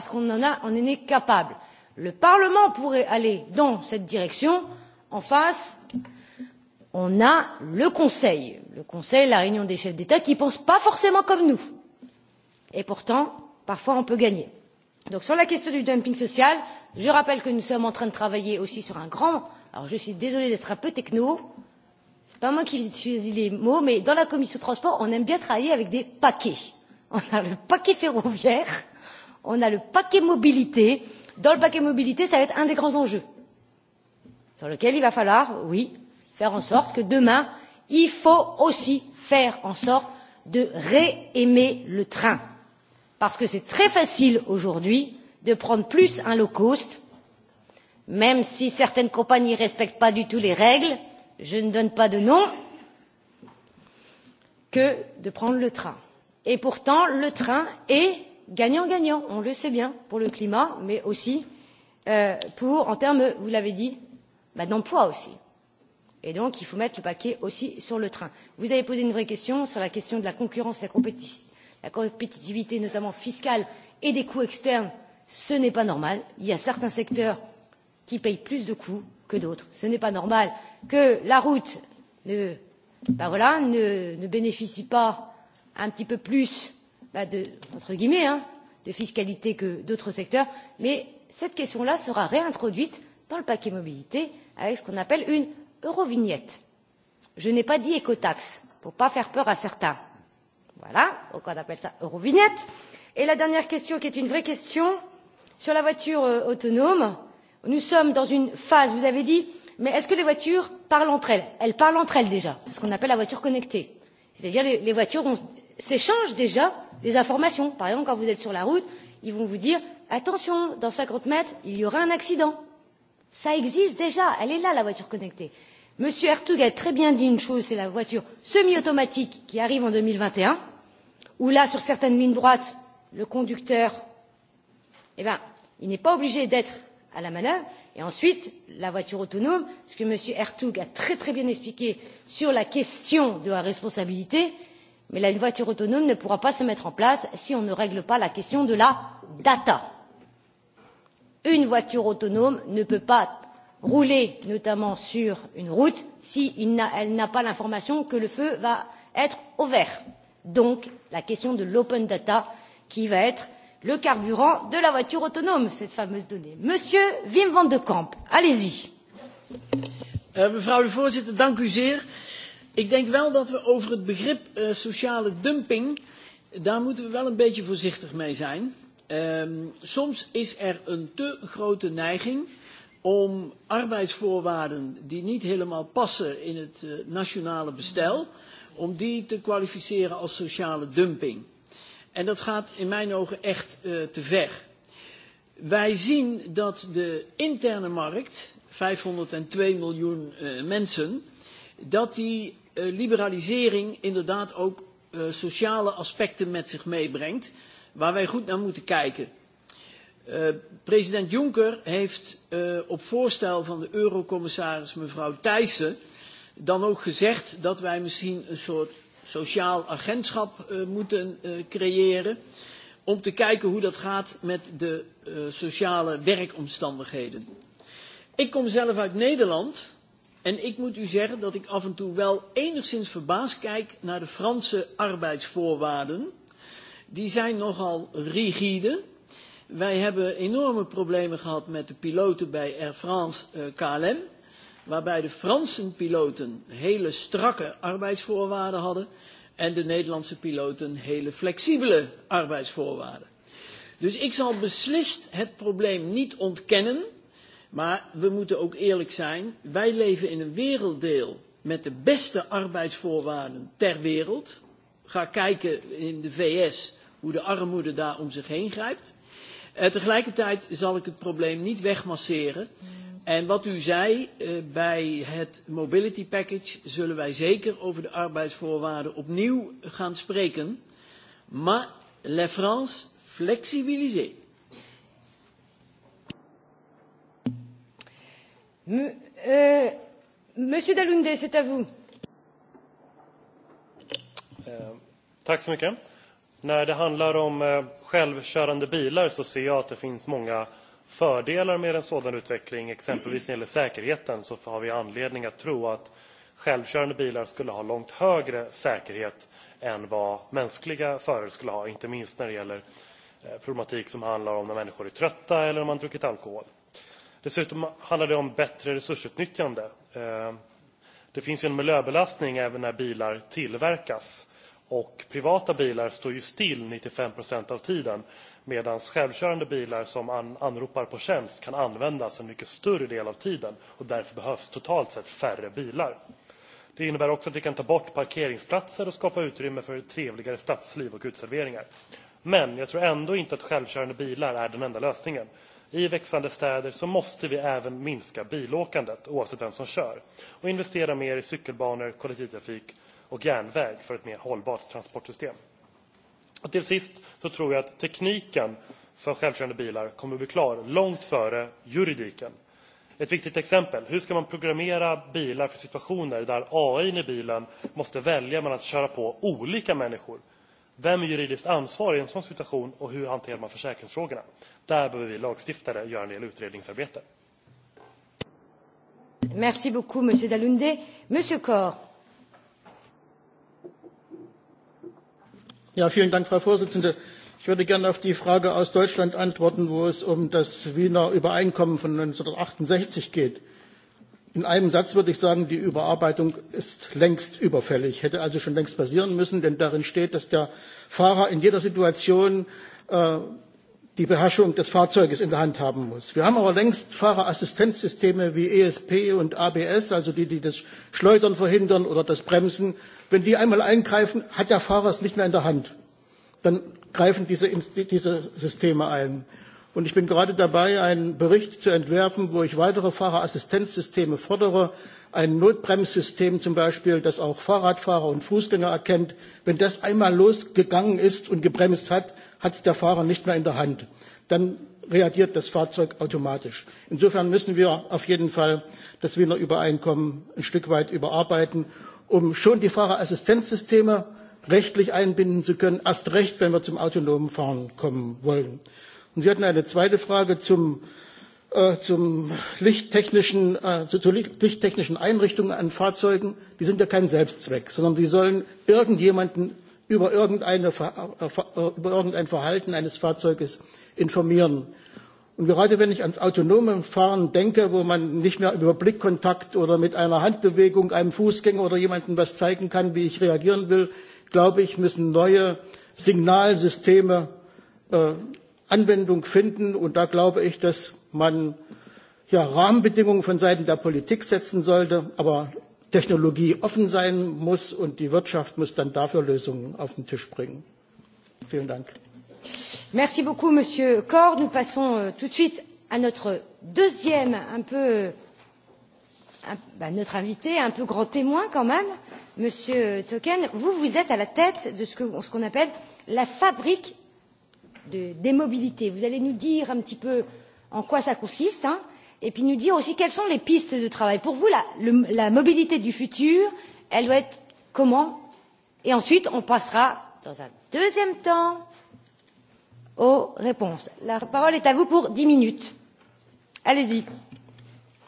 ce qu'on en est capable? le parlement pourrait aller dans cette direction en face on a le conseil le conseil la réunion des chefs d'état qui ne pensent pas forcément comme nous et pourtant parfois on peut gagner. donc sur la question du dumping social je rappelle que nous sommes en train de travailler aussi sur un grand alors je suis désolée d'être un peu techno ce n'est pas moi qui choisis les mots mais dans la commission des transports on aime bien travailler avec des paquets on a le paquet ferroviaire on a le paquet mobilité dans le paquet mobilité ça va être un des grands enjeux sur lequel il va falloir oui faire en sorte que demain il faut aussi faire en sorte de réaimer le train parce que c'est très facile aujourd'hui de prendre plus un low cost même si certaines compagnies ne respectent pas du tout les règles je ne donne pas de nom que de prendre le train. et pourtant le train est gagnant gagnant on le sait bien pour le climat mais aussi euh, en termes vous l'avez dit d'emploi aussi et donc il faut mettre le paquet aussi sur le train. vous avez posé une vraie question sur la question de la concurrence la compétitivité notamment fiscale et des coûts externes ce n'est pas normal il y a certains secteurs qui paient plus de coûts que d'autres ce n'est pas normal que la route ne bénéficie pas un petit peu plus entre guillemets hein, de fiscalité que d'autres secteurs, mais cette question là sera réintroduite dans le paquet mobilité avec ce qu'on appelle une eurovignette. Je n'ai pas dit écotaxe pour ne pas faire peur à certains. Voilà, pourquoi on appelle ça eurovignette. Et la dernière question qui est une vraie question sur la voiture euh, autonome. Nous sommes dans une phase, vous avez dit, mais est-ce que les voitures parlent entre elles Elles parlent entre elles déjà, c'est ce qu'on appelle la voiture connectée. C'est-à-dire les, les voitures s'échangent déjà des informations. Par exemple, quand vous êtes sur la route, ils vont vous dire Attention, dans 50 mètres, il y aura un accident. Ça existe déjà, elle est là, la voiture connectée. Monsieur Hertug a très bien dit une chose c'est la voiture semi-automatique qui arrive en 2021, où là, sur certaines lignes droites, le conducteur, eh ben, il n'est pas obligé d'être à la manœuvre. Et ensuite, la voiture autonome, ce que Monsieur Hertug a très très bien expliqué sur la question de la responsabilité, mais une voiture autonome ne pourra pas se mettre en place si on ne règle pas la question de la data. une voiture autonome ne peut pas rouler notamment sur une route si elle n'a pas l'information que le feu va être au vert. donc la question de l'open data qui va être le carburant de la voiture autonome cette fameuse donnée. monsieur wim van de camp allez y! Ik denk wel dat we over het begrip uh, sociale dumping, daar moeten we wel een beetje voorzichtig mee zijn. Um, soms is er een te grote neiging om arbeidsvoorwaarden die niet helemaal passen in het uh, nationale bestel, om die te kwalificeren als sociale dumping. En dat gaat in mijn ogen echt uh, te ver. Wij zien dat de interne markt, 502 miljoen uh, mensen, dat die Eh, liberalisering inderdaad ook uh, sociale aspecten met zich meebrengt, waar wij goed naar moeten kijken. Uh, president Juncker heeft uh, op voorstel van de eurocommissaris mevrouw Thijssen dan ook gezegd dat wij misschien een soort sociaal agentschap uh, moeten uh, creëren om te kijken hoe dat gaat met de uh, sociale werkomstandigheden. Ik kom zelf uit Nederland En ik moet u zeggen dat ik af en toe wel enigszins verbaasd kijk naar de Franse arbeidsvoorwaarden. Die zijn nogal rigide. Wij hebben enorme problemen gehad met de piloten bij Air France eh, KLM, waarbij de Franse piloten hele strakke arbeidsvoorwaarden hadden en de Nederlandse piloten hele flexibele arbeidsvoorwaarden. Dus ik zal beslist het probleem niet ontkennen. Maar we moeten ook eerlijk zijn. Wij leven in een werelddeel met de beste arbeidsvoorwaarden ter wereld. Ga kijken in de VS hoe de armoede daar om zich heen grijpt. En eh, tegelijkertijd zal ik het probleem niet wegmasseren. En wat u zei, eh, bij het mobility package zullen wij zeker over de arbeidsvoorwaarden opnieuw gaan spreken. Maar, la France flexibiliseert. Euh, monsieur dalunde c'est à vous. Eh, när det handlar om eh, självkörande bilar ser jag att det finns många fördelar med en sådan utveckling exempelvis när det gäller säkerheten. vi har anledning att tro att självkörande bilar skulle ha långt högre säkerhet än vad mänskliga förare skulle ha inte minst när det gäller eh, problematik som handlar om när människor är trötta eller när man har druckit alkohol. Dessutom handlar det om bättre resursutnyttjande. Eh, det finns ju en miljöbelastning även när bilar tillverkas. Och privata bilar står ju still 95 av tiden medan självkörande bilar som anropar på tjänst kan användas en mycket större del av tiden och därför behövs totalt sett färre bilar. Det innebär också att vi kan ta bort parkeringsplatser och skapa utrymme för trevligare stadsliv och utserveringar. Men jag tror ändå inte att självkörande bilar är den enda lösningen. I växande städer måste vi även minska bilåkandet, oavsett vem som kör och investera mer i cykelbanor, kollektivtrafik och järnväg för ett mer hållbart transportsystem. Och till sist så tror jag att tekniken för självkörande bilar kommer att bli klar långt före juridiken. Ett viktigt exempel. Hur ska man programmera bilar för situationer där AI i bilen måste välja mellan att köra på olika människor vem juridiskt ansvar i en sån situation och hur hanterar man försäkringsfrågorna? Där behöver vi lagstiftare göra en del utredningsarbete. Merci beaucoup, Monsieur Dalunde. Monsieur Kor. Ja, vielen Dank, Frau Vorsitzende. Ich würde gerne auf die Frage aus Deutschland antworten, wo es um das Wiener Übereinkommen von 1968 geht. In einem Satz würde ich sagen, die Überarbeitung ist längst überfällig, hätte also schon längst passieren müssen, denn darin steht, dass der Fahrer in jeder Situation äh, die Beherrschung des Fahrzeuges in der Hand haben muss. Wir haben aber längst Fahrerassistenzsysteme wie ESP und ABS, also die, die das Schleudern verhindern oder das Bremsen. Wenn die einmal eingreifen, hat der Fahrer es nicht mehr in der Hand. Dann greifen diese, diese Systeme ein. Und ich bin gerade dabei, einen Bericht zu entwerfen, wo ich weitere Fahrerassistenzsysteme fordere, ein Notbremssystem zum Beispiel, das auch Fahrradfahrer und Fußgänger erkennt. Wenn das einmal losgegangen ist und gebremst hat, hat es der Fahrer nicht mehr in der Hand. Dann reagiert das Fahrzeug automatisch. Insofern müssen wir auf jeden Fall das Wiener Übereinkommen ein Stück weit überarbeiten, um schon die Fahrerassistenzsysteme rechtlich einbinden zu können, erst recht, wenn wir zum autonomen Fahren kommen wollen. Und Sie hatten eine zweite Frage zum, äh, zum lichttechnischen, äh, zur lichttechnischen Einrichtung an Fahrzeugen. Die sind ja kein Selbstzweck, sondern sie sollen irgendjemanden über, irgendeine, äh, äh, über irgendein Verhalten eines Fahrzeuges informieren. Und gerade wenn ich ans autonome Fahren denke, wo man nicht mehr über Blickkontakt oder mit einer Handbewegung einem Fußgänger oder jemandem was zeigen kann, wie ich reagieren will, glaube ich, müssen neue Signalsysteme äh, Anwendung finden. Und da glaube ich, dass man ja, Rahmenbedingungen von Seiten der Politik setzen sollte, aber Technologie offen sein muss und die Wirtschaft muss dann dafür Lösungen auf den Tisch bringen. Vielen Dank. Merci beaucoup, Monsieur Kor. Nous passons euh, tout de suite à notre deuxième, un peu, un, bah, notre invité, un peu grand témoin quand même, Monsieur Token. Vous, vous êtes à la tête de ce qu'on ce qu appelle la fabrique de, des mobilités. Vous allez nous dire un petit peu en quoi ça consiste, hein, et puis nous dire aussi quelles sont les pistes de travail. Pour vous, la, le, la mobilité du futur, elle doit être comment Et ensuite, on passera dans un deuxième temps aux réponses. La parole est à vous pour dix minutes. Allez-y.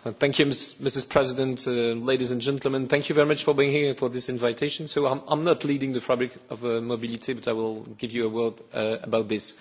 Thank you, Mrs. President, uh, ladies and gentlemen. Thank you very much for being here for this invitation. So I'm, I'm not leading the fabric of uh, mobility, but I will give you a word uh, about this.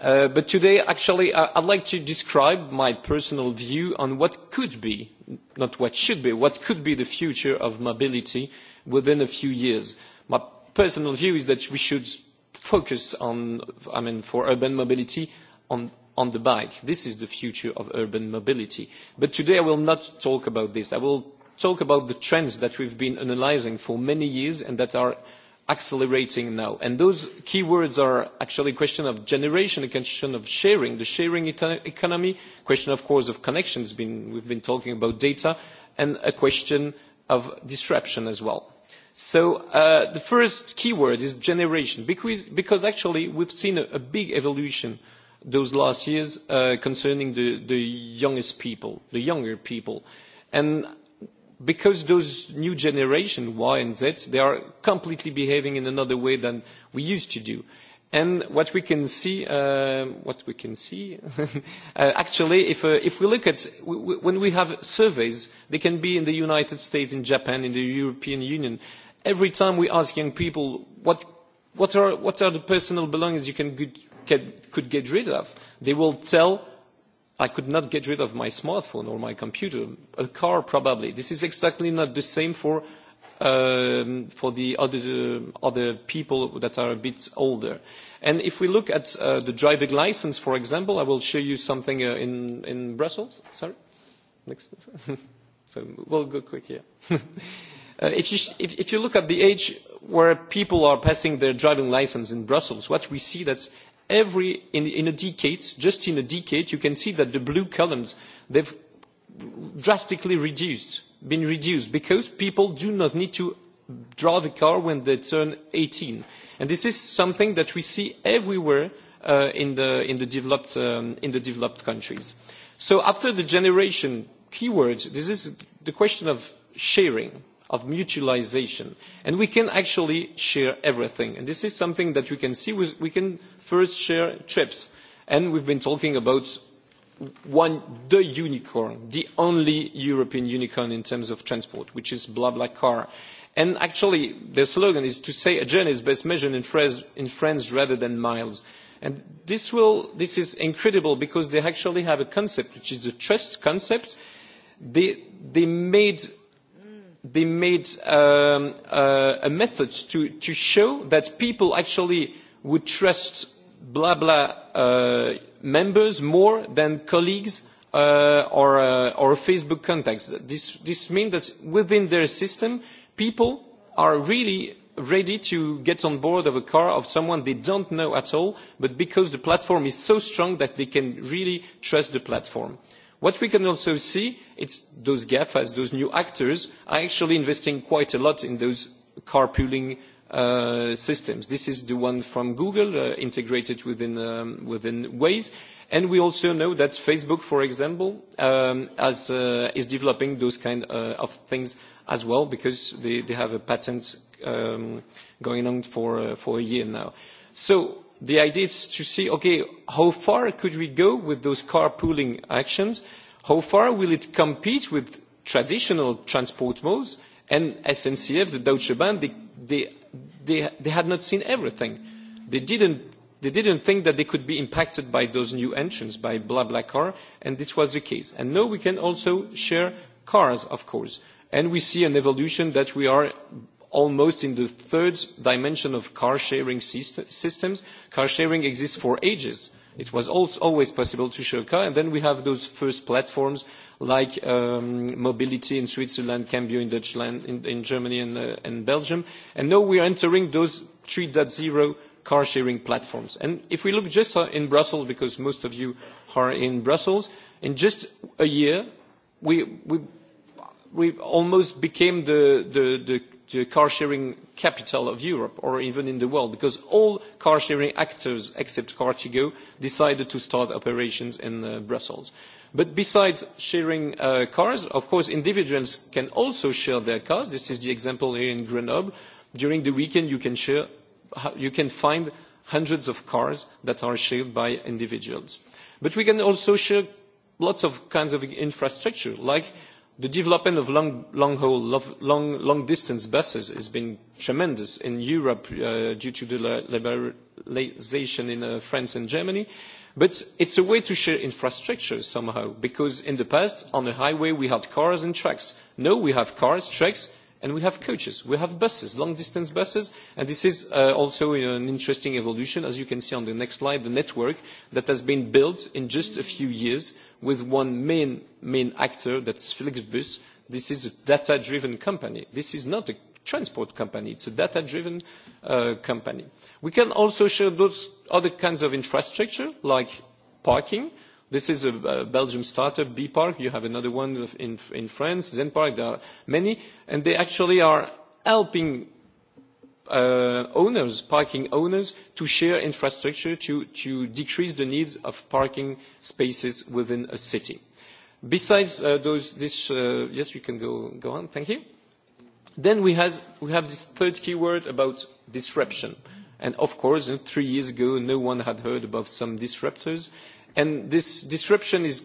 Uh, but today, actually, I'd like to describe my personal view on what could be, not what should be, what could be the future of mobility within a few years. My personal view is that we should focus on, I mean, for urban mobility, on on the bike. this is the future of urban mobility. but today i will not talk about this. i will talk about the trends that we have been analysing for many years and that are accelerating now. and those key words are actually a question of generation, a question of sharing, the sharing economy, a question of course of connections, we have been talking about data, and a question of disruption as well. So uh, the first keyword is generation, because, because actually we've seen a, a big evolution those last years uh, concerning the, the youngest people, the younger people. And because those new generation, Y and Z, they are completely behaving in another way than we used to do. And what we can see, uh, what we can see, uh, actually, if, uh, if we look at, when we have surveys, they can be in the United States, in Japan, in the European Union. Every time we ask young people, what, what, are, what are the personal belongings you can good, could get rid of. They will tell, I could not get rid of my smartphone or my computer, a car probably. This is exactly not the same for, um, for the other, other people that are a bit older. And if we look at uh, the driving license, for example, I will show you something uh, in, in Brussels. Sorry. Next. so we'll go quick here. Uh, if, you sh if, if you look at the age where people are passing their driving license in Brussels, what we see that in a decade just in a decade you can see that the blue columns have drastically been reduced because people do not need to drive a car when they turn eighteen and this is something that we see everywhere uh, in the developed um, in the developed countries. so after the generation keyword this is the question of sharing of mutualisation and we can actually share everything and this is something that we can see with, we can first share trips and we've been talking about one the unicorn the only european unicorn in terms of transport which is blah blah car and actually their slogan is to say a journey is best measured in friends, in friends rather than miles and this will this is incredible because they actually have a concept which is a trust concept they they made they made um, uh, a method to, to show that people actually would trust blah blah uh, members more than colleagues uh, or, uh, or Facebook contacts. This, this means that within their system, people are really ready to get on board of a car of someone they don't know at all, but because the platform is so strong that they can really trust the platform. Uh, what we can also see is that those gafas those new actors are actually investing quite a lot in those carpooling uh, systems. this is the one from google uh, integrated um, within waze and we also know that facebook for example um, uh, is developing those kinds of things as well because they have a patent um, going on for a year now the idea is to see how far we could go with those carpooling actions how far will it compete with traditional transport modes and sncf the deutsche bahn they had not seen everything they didn't they didn't think that they could be impacted by those new entrants by blah blah car and this was the case and now we can also share cars of course and we see an evolution that we are almost in the third dimension of car sharing systems. car sharing exists for ages. it was always possible to share a car and then we have those first platforms like um, mobility in switzerland cambio in deutschland in, in germany and, uh, and belgium and now we are entering those 3.0 car sharing platforms. and if we look just uh, in brussels because most of you are in brussels in just a year we, we, we almost became the, the, the the car sharing capital of europe or even in the world because all car sharing actors except car to go decided to start operations in uh, brussels. but besides sharing uh, cars of course individuals can also share their cars this is the example here in grenoble during the weekend you can find hundreds of cars that are shared by individuals. but we can also share lots of kinds of infrastructure the development of long long haul long long distance buses has been tremendous in europe uh, due to the liberalization in uh, france and germany but it's a way to share infrastructure somehow because in the past on the highway we had cars and trucks now we have cars trucks and we have coaches we have buses long distance buses and this is uh, also an interesting evolution as you can see on the next slide the network that has been built in just a few years with one main main actor that's flixbus this is a data driven company this is not a transport company it's a data driven uh, company we can also share those other kinds of infrastructure like parking uh, This is a Belgium startup, B-Park. You have another one in, in France, Zenpark. There are many. And they actually are helping uh, owners, parking owners, to share infrastructure to, to decrease the needs of parking spaces within a city. Besides uh, those, this, uh, yes, you can go, go on. Thank you. Then we, has, we have this third keyword about disruption. And of course, uh, three years ago, no one had heard about some disruptors and this disruption is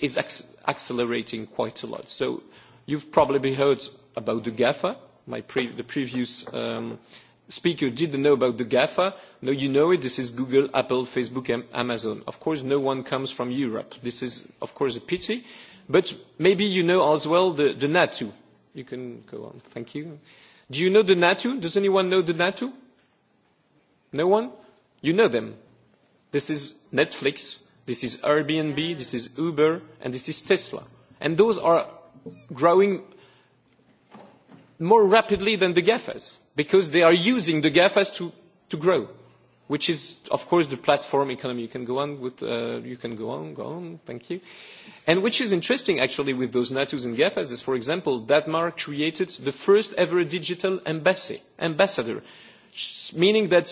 is accelerating quite a lot. So you've probably heard about the GAFA. My pre the previous um, speaker didn't know about the GAFA. No, you know it. This is Google, Apple, Facebook, and Amazon. Of course, no one comes from Europe. This is, of course, a pity. But maybe you know as well the, the NATO. You can go on. Thank you. Do you know the NATO? Does anyone know the NATO? No one? You know them this is netflix this is airbnb this is uber and this is tesla and those are growing more rapidly than the gafas because they are using the gafas to, to grow which is of course the platform economy you can go on with uh, you can go on go on thank you and which is interesting actually with those natus and gafas is for example denmark created the first ever digital embassy, ambassador meaning that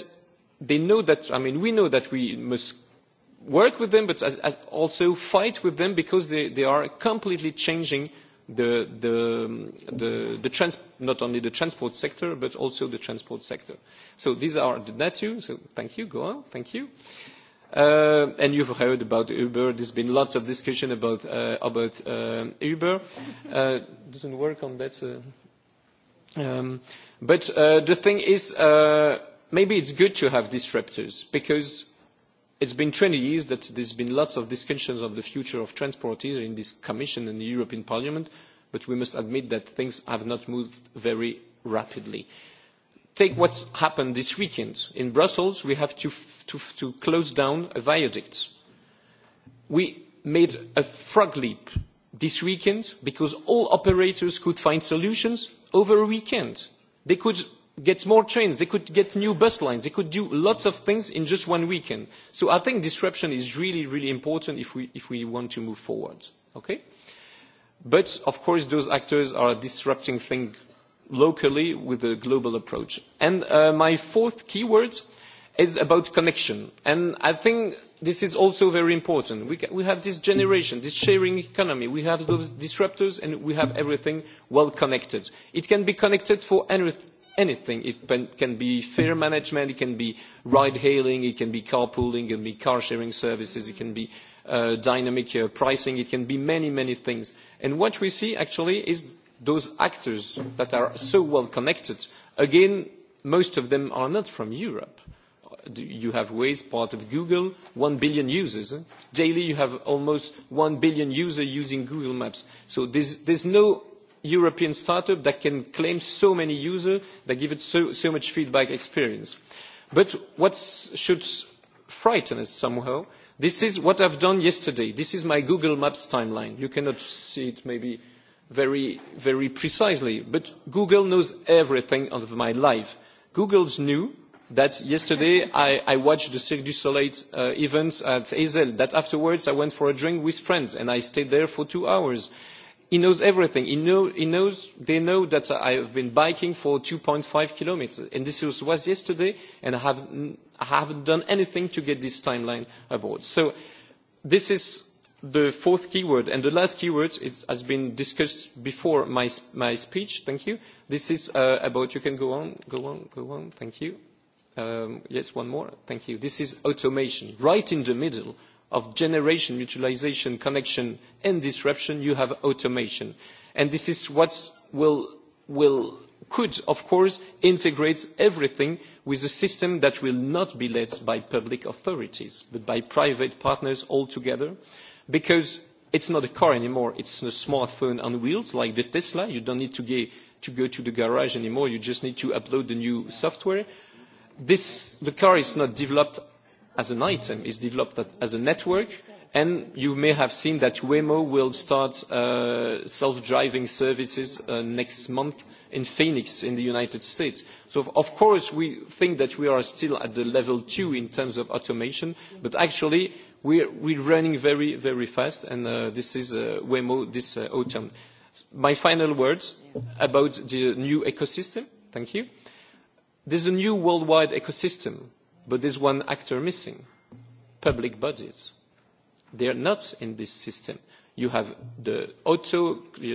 they know that i mean we know that we must work with them but also fight with them because they are completely changing not only the transport sector but also the transport sector. so these are the nettu so thank you go on thank you uh, and you've heard about uber there's been lots of discussion about uh, about uh, uber doesn't work on that um, but the thing is maybe it's good to have disruptors because it's been 20 years that there's been lots of discussions on the future of transport either in this commission and the european parliament but we must admit that things have not moved very rapidly take what's happened this weekend in brussels we have to to, to close down a viaduct we made a frog leap this weekend because all operators could find solutions over a weekend they could get more trains they could get new bus lines they could do lots of things in just one weekend so i think disruption is really really important if we if we want to move forward okay but of course those actors are disrupting things locally with a global approach and uh, my fourth keyword is about connection and i think this is also very important we, we have this generation this sharing economy we have those disruptors and we have everything well connected it can be connected for anything anything. It can be fare management, it can be ride hailing, it can be carpooling, it can be car sharing services, it can be uh, dynamic uh, pricing, it can be many, many things. And what we see actually is those actors that are so well connected, again, most of them are not from Europe. You have Waze, part of Google, 1 billion users. Daily you have almost 1 billion users using Google Maps. So there's, there's no european startup that can claim so many users that give it so much feedback experience. but what should frighten us somehow this is what i've done yesterday this is my google maps timeline you cannot see it maybe very very precisely but google knows everything of my life google knew that yesterday I, I watched the Cirque du Soleil uh, event at Azel, that afterwards I went for a drink with friends and I stayed there for two hours he knows everything he knows they know that i have been biking for. two five kilometres and this was yesterday and i haven't done anything to get this timeline aboard. so this is the fourth keyword and the last keyword has been discussed before my speech thank you this is uh, about you can go on go on go on thank you um, yes one more thank you this is automation right in the middle of generation mutualisation connection and disruption you have automation and this is what will will could of course integrate everything with a system that will not be led by public authorities but by private partners all together because it's not a car anymore it's a smartphone on wheels like the tesla you don't need to get to go to the garage anymore you just need to upload the new software this the car is not developed as an item. It's developed as a network. And you may have seen that Waymo will start uh, self-driving services uh, next month in Phoenix in the United States. So of course we think that we are still at the level two in terms of automation, but actually we're, we're running very, very fast and uh, this is uh, Waymo this uh, autumn. My final words about the new ecosystem. Thank you. There's a new worldwide ecosystem but there is one actor missing public bodies. they are not in this system. you have the auto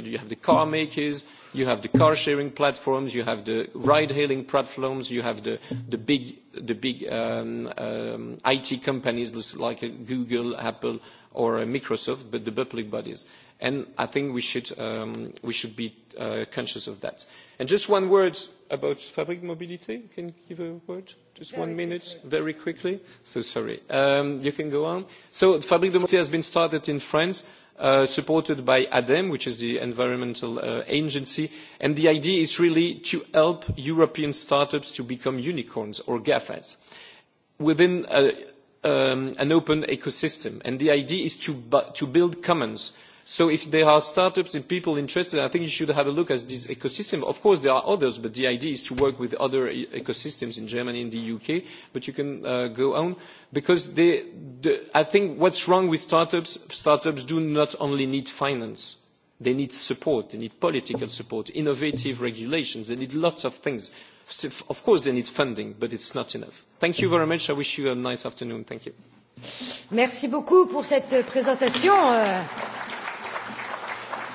you have the car makers you have the car sharing platforms you have the ride hailing platforms you have the, the big, the big um, um, it companies like google apple or uh, microsoft but the public bodies and i think we should, um, we should be uh, conscious of that. and just one word about public mobility. can you give a word? just one minute very quickly so sorry um, you can go on so fabrique de mortier has been started in france uh, supported by adem which is the environmental uh, agency and the idea is really to help european startups to become unicorns or gafas within a, uh, um, an open ecosystem and the idea is to, bu- to build commons so if there are start ups and people interested i think you should have a look at this ecosystem. of course there are others but the idea is to work with other e, ecosystems in germany and the uk but you can uh, go on because they, the, i think what's wrong with start ups start ups do not only need finance they need support they need political support innovative regulations they need lots of things of course they need funding but it's not enough. thank you very much i wish you a nice afternoon thank you. Merci beaucoup pour cette présentation. Euh...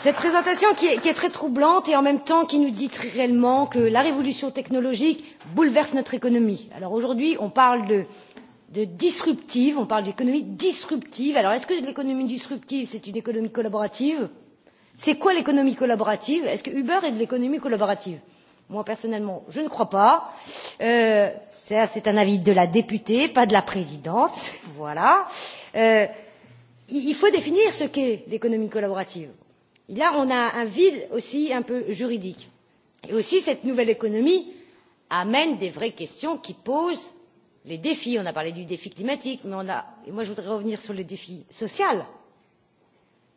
Cette présentation qui est, qui est très troublante et en même temps qui nous dit très réellement que la révolution technologique bouleverse notre économie. Alors aujourd'hui, on parle de, de disruptive, on parle d'économie disruptive. Alors est-ce que l'économie disruptive, c'est une économie collaborative C'est quoi l'économie collaborative Est-ce que Uber est de l'économie collaborative Moi, personnellement, je ne crois pas. Euh, ça, c'est un avis de la députée, pas de la présidente. voilà. Euh, il faut définir ce qu'est l'économie collaborative là on a un vide aussi un peu juridique et aussi cette nouvelle économie amène des vraies questions qui posent les défis on a parlé du défi climatique mais on a et moi je voudrais revenir sur le défi social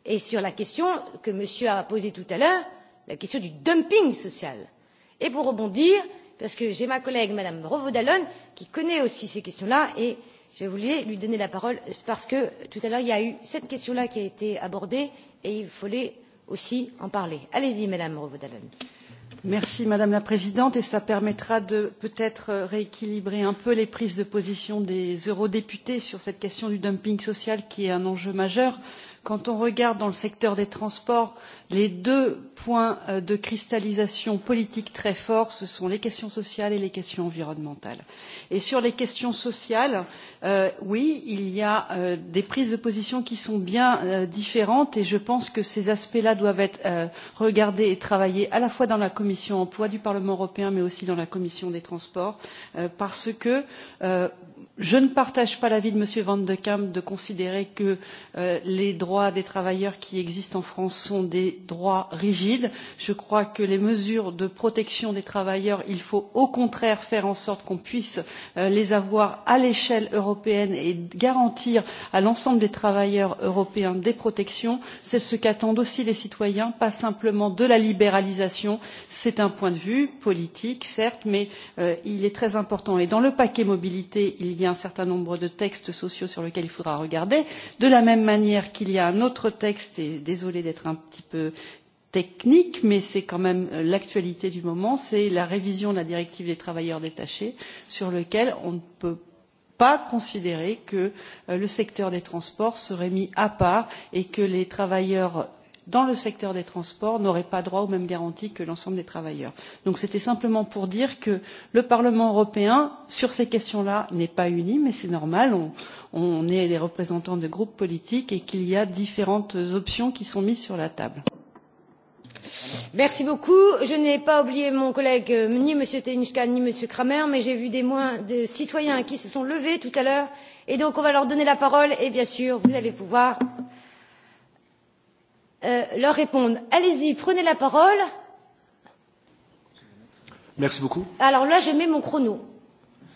et sur la question que monsieur a posée tout à l'heure la question du dumping social et pour rebondir parce que j'ai ma collègue madame rovodalone qui connaît aussi ces questions là et je voulais lui donner la parole parce que tout à l'heure il y a eu cette question là qui a été abordée et il fallait aussi en parler. allez y madame rovdalen. merci madame la présidente et cela permettra de peut être rééquilibrer un peu les prises de position des eurodéputés sur cette question du dumping social qui est un enjeu majeur quand on regarde dans le secteur des transports les deux points euh, de cristallisation politique très forts ce sont les questions sociales et les questions environnementales. et sur les questions sociales euh, oui il y a euh, des prises de position qui sont bien euh, différentes et je pense que ces aspects là doivent être euh, regardés et travaillés à la fois dans la commission emploi du parlement européen mais aussi dans la commission des transports euh, parce que euh, je ne partage pas l'avis de m. van de camp de considérer que euh, les droits des travailleurs qui existent en france sont des droits rigides. je crois que les mesures de protection des travailleurs il faut au contraire faire en sorte qu'on puisse euh, les avoir à l'échelle européenne et garantir à l'ensemble des travailleurs européens des protections. c'est ce qu'attendent aussi les citoyens pas simplement de la libéralisation. c'est un point de vue politique certes mais euh, il est très important. dans le paquet mobilité il y a un certain nombre de textes sociaux sur lesquels il faudra regarder, de la même manière qu'il y a un autre texte, et désolé d'être un petit peu technique, mais c'est quand même euh, l'actualité du moment, c'est la révision de la directive des travailleurs détachés, sur lequel on ne peut pas considérer que euh, le secteur des transports serait mis à part et que les travailleurs dans le secteur des transports n'auraient pas droit aux mêmes garanties que l'ensemble des travailleurs. Donc c'était simplement pour dire que le Parlement européen, sur ces questions-là, n'est pas uni, mais c'est normal, on, on est des représentants de groupes politiques et qu'il y a différentes options qui sont mises sur la table. Merci beaucoup. Je n'ai pas oublié mon collègue, euh, ni M. Tenishka, ni M. Kramer, mais j'ai vu des moins de citoyens qui se sont levés tout à l'heure. Et donc, on va leur donner la parole et bien sûr, vous allez pouvoir Euh, leur répondre allez y prenez la parole alors là je mets mon chrono.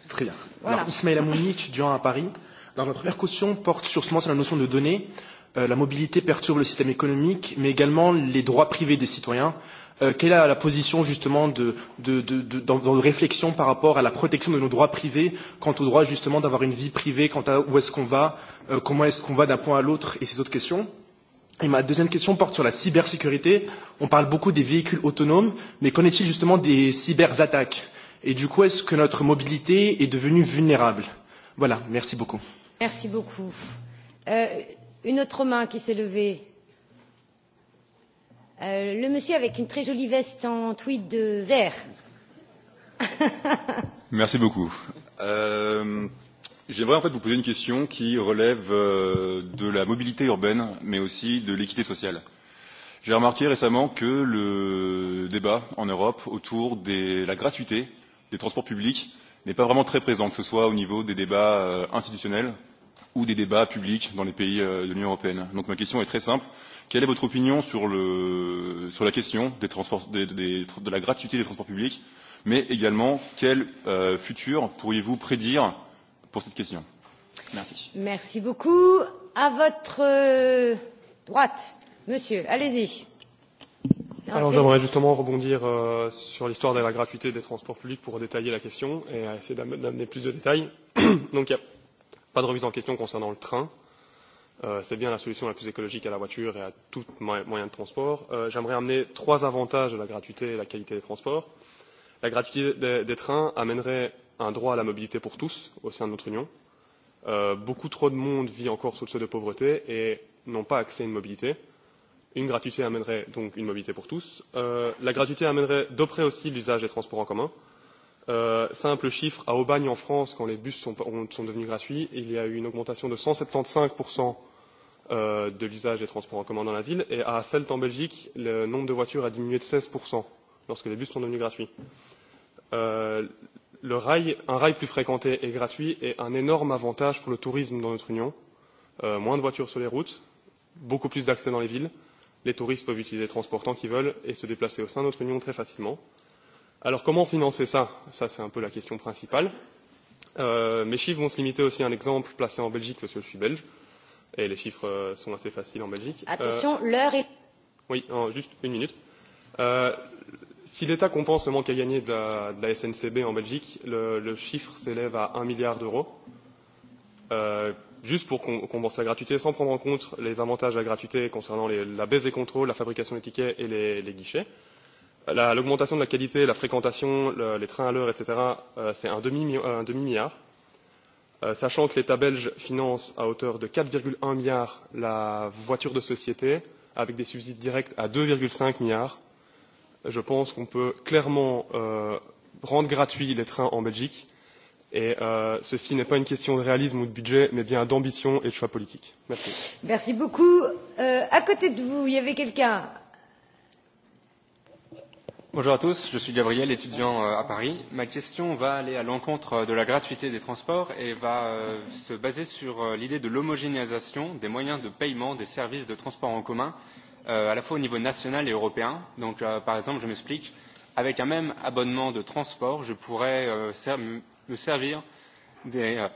Très bien. Alors, voilà. Ismaël Amouni, étudiant à Paris. Alors, notre première question porte sur ce moment, sur la notion de données. Euh, la mobilité perturbe le système économique, mais également les droits privés des citoyens. Euh, quelle est la position, justement, de, de, de, de, dans, dans de réflexion par rapport à la protection de nos droits privés quant au droit, justement, d'avoir une vie privée, quant à où est-ce qu'on va, euh, comment est-ce qu'on va d'un point à l'autre, et ces autres questions euh, Et ma deuxième question porte sur la cybersécurité. On parle beaucoup des véhicules autonomes, mais qu'en est-il justement des cyberattaques Et du coup, est-ce que notre mobilité est devenue vulnérable Voilà, merci beaucoup. Merci beaucoup. Euh, une autre main qui s'est levée. Euh, le monsieur avec une très jolie veste en tweed de vert. Merci beaucoup. Euh, J'aimerais en fait vous poser une question qui relève euh, de la mobilité urbaine, mais aussi de l'équité sociale. J'ai remarqué récemment que le débat en Europe autour de la gratuité des transports publics n'est pas vraiment très présent, que ce soit au niveau des débats euh, institutionnels ou des débats publics dans les pays euh, de l'Union européenne. Donc ma question est très simple. Quelle est votre opinion sur, le, sur la question des transports, des, des, de la gratuité des transports publics, mais également quel euh, futur pourriez-vous prédire pour cette question. Merci. Merci beaucoup. À votre euh, droite, monsieur, allez-y. Alors j'aimerais justement rebondir euh, sur l'histoire de la gratuité des transports publics pour détailler la question et essayer d'amener plus de détails. Donc il n'y a pas de remise en question concernant le train. Euh, C'est bien la solution la plus écologique à la voiture et à tout moyen de transport. Euh, j'aimerais amener trois avantages de la gratuité et la qualité des transports. La gratuité des, des trains amènerait un droit à la mobilité pour tous au sein de notre Union. Euh, beaucoup trop de monde vit encore sous le seuil de pauvreté et n'ont pas accès à une mobilité. Une gratuité amènerait donc une mobilité pour tous. Euh, la gratuité amènerait d'auprès aussi l'usage des transports en commun. Euh, simple chiffre, à Aubagne en France, quand les bus sont, ont, sont devenus gratuits, il y a eu une augmentation de 175% euh, de l'usage des transports en commun dans la ville. Et à Celt en Belgique, le nombre de voitures a diminué de 16% lorsque les bus sont devenus gratuits. Euh, le rail, un rail plus fréquenté et gratuit est un énorme avantage pour le tourisme dans notre Union. Euh, moins de voitures sur les routes, beaucoup plus d'accès dans les villes. Les touristes peuvent utiliser les transportants qu'ils veulent et se déplacer au sein de notre Union très facilement. Alors comment financer ça Ça c'est un peu la question principale. Euh, mes chiffres vont se limiter aussi à un exemple placé en Belgique parce que je suis belge et les chiffres euh, sont assez faciles en Belgique. Attention, euh, l'heure est. Oui, en juste une minute. Euh, si l'État compense le manque à gagner de la, de la SNCB en Belgique, le, le chiffre s'élève à 1 milliard d'euros, euh, juste pour compenser la gratuité, sans prendre en compte les avantages à la gratuité concernant les, la baisse des contrôles, la fabrication des tickets et les, les guichets. L'augmentation la, de la qualité, la fréquentation, le, les trains à l'heure, etc., euh, c'est un demi-milliard. Euh, demi sachant que l'État belge finance à hauteur de 4,1 milliards la voiture de société, avec des subsides directs à 2,5 milliards, je pense qu'on peut clairement euh, rendre gratuits les trains en Belgique. Et euh, ceci n'est pas une question de réalisme ou de budget, mais bien d'ambition et de choix politique. Merci. Merci beaucoup. Euh, à côté de vous, il y avait quelqu'un. Bonjour à tous, je suis Gabriel, étudiant euh, à Paris. Ma question va aller à l'encontre de la gratuité des transports et va euh, se baser sur euh, l'idée de l'homogénéisation des moyens de paiement des services de transport en commun Euh, à la fois au niveau national et européen. Donc, euh, par exemple, je m'explique, avec un même abonnement de transport, je pourrais euh, ser me servir des, euh,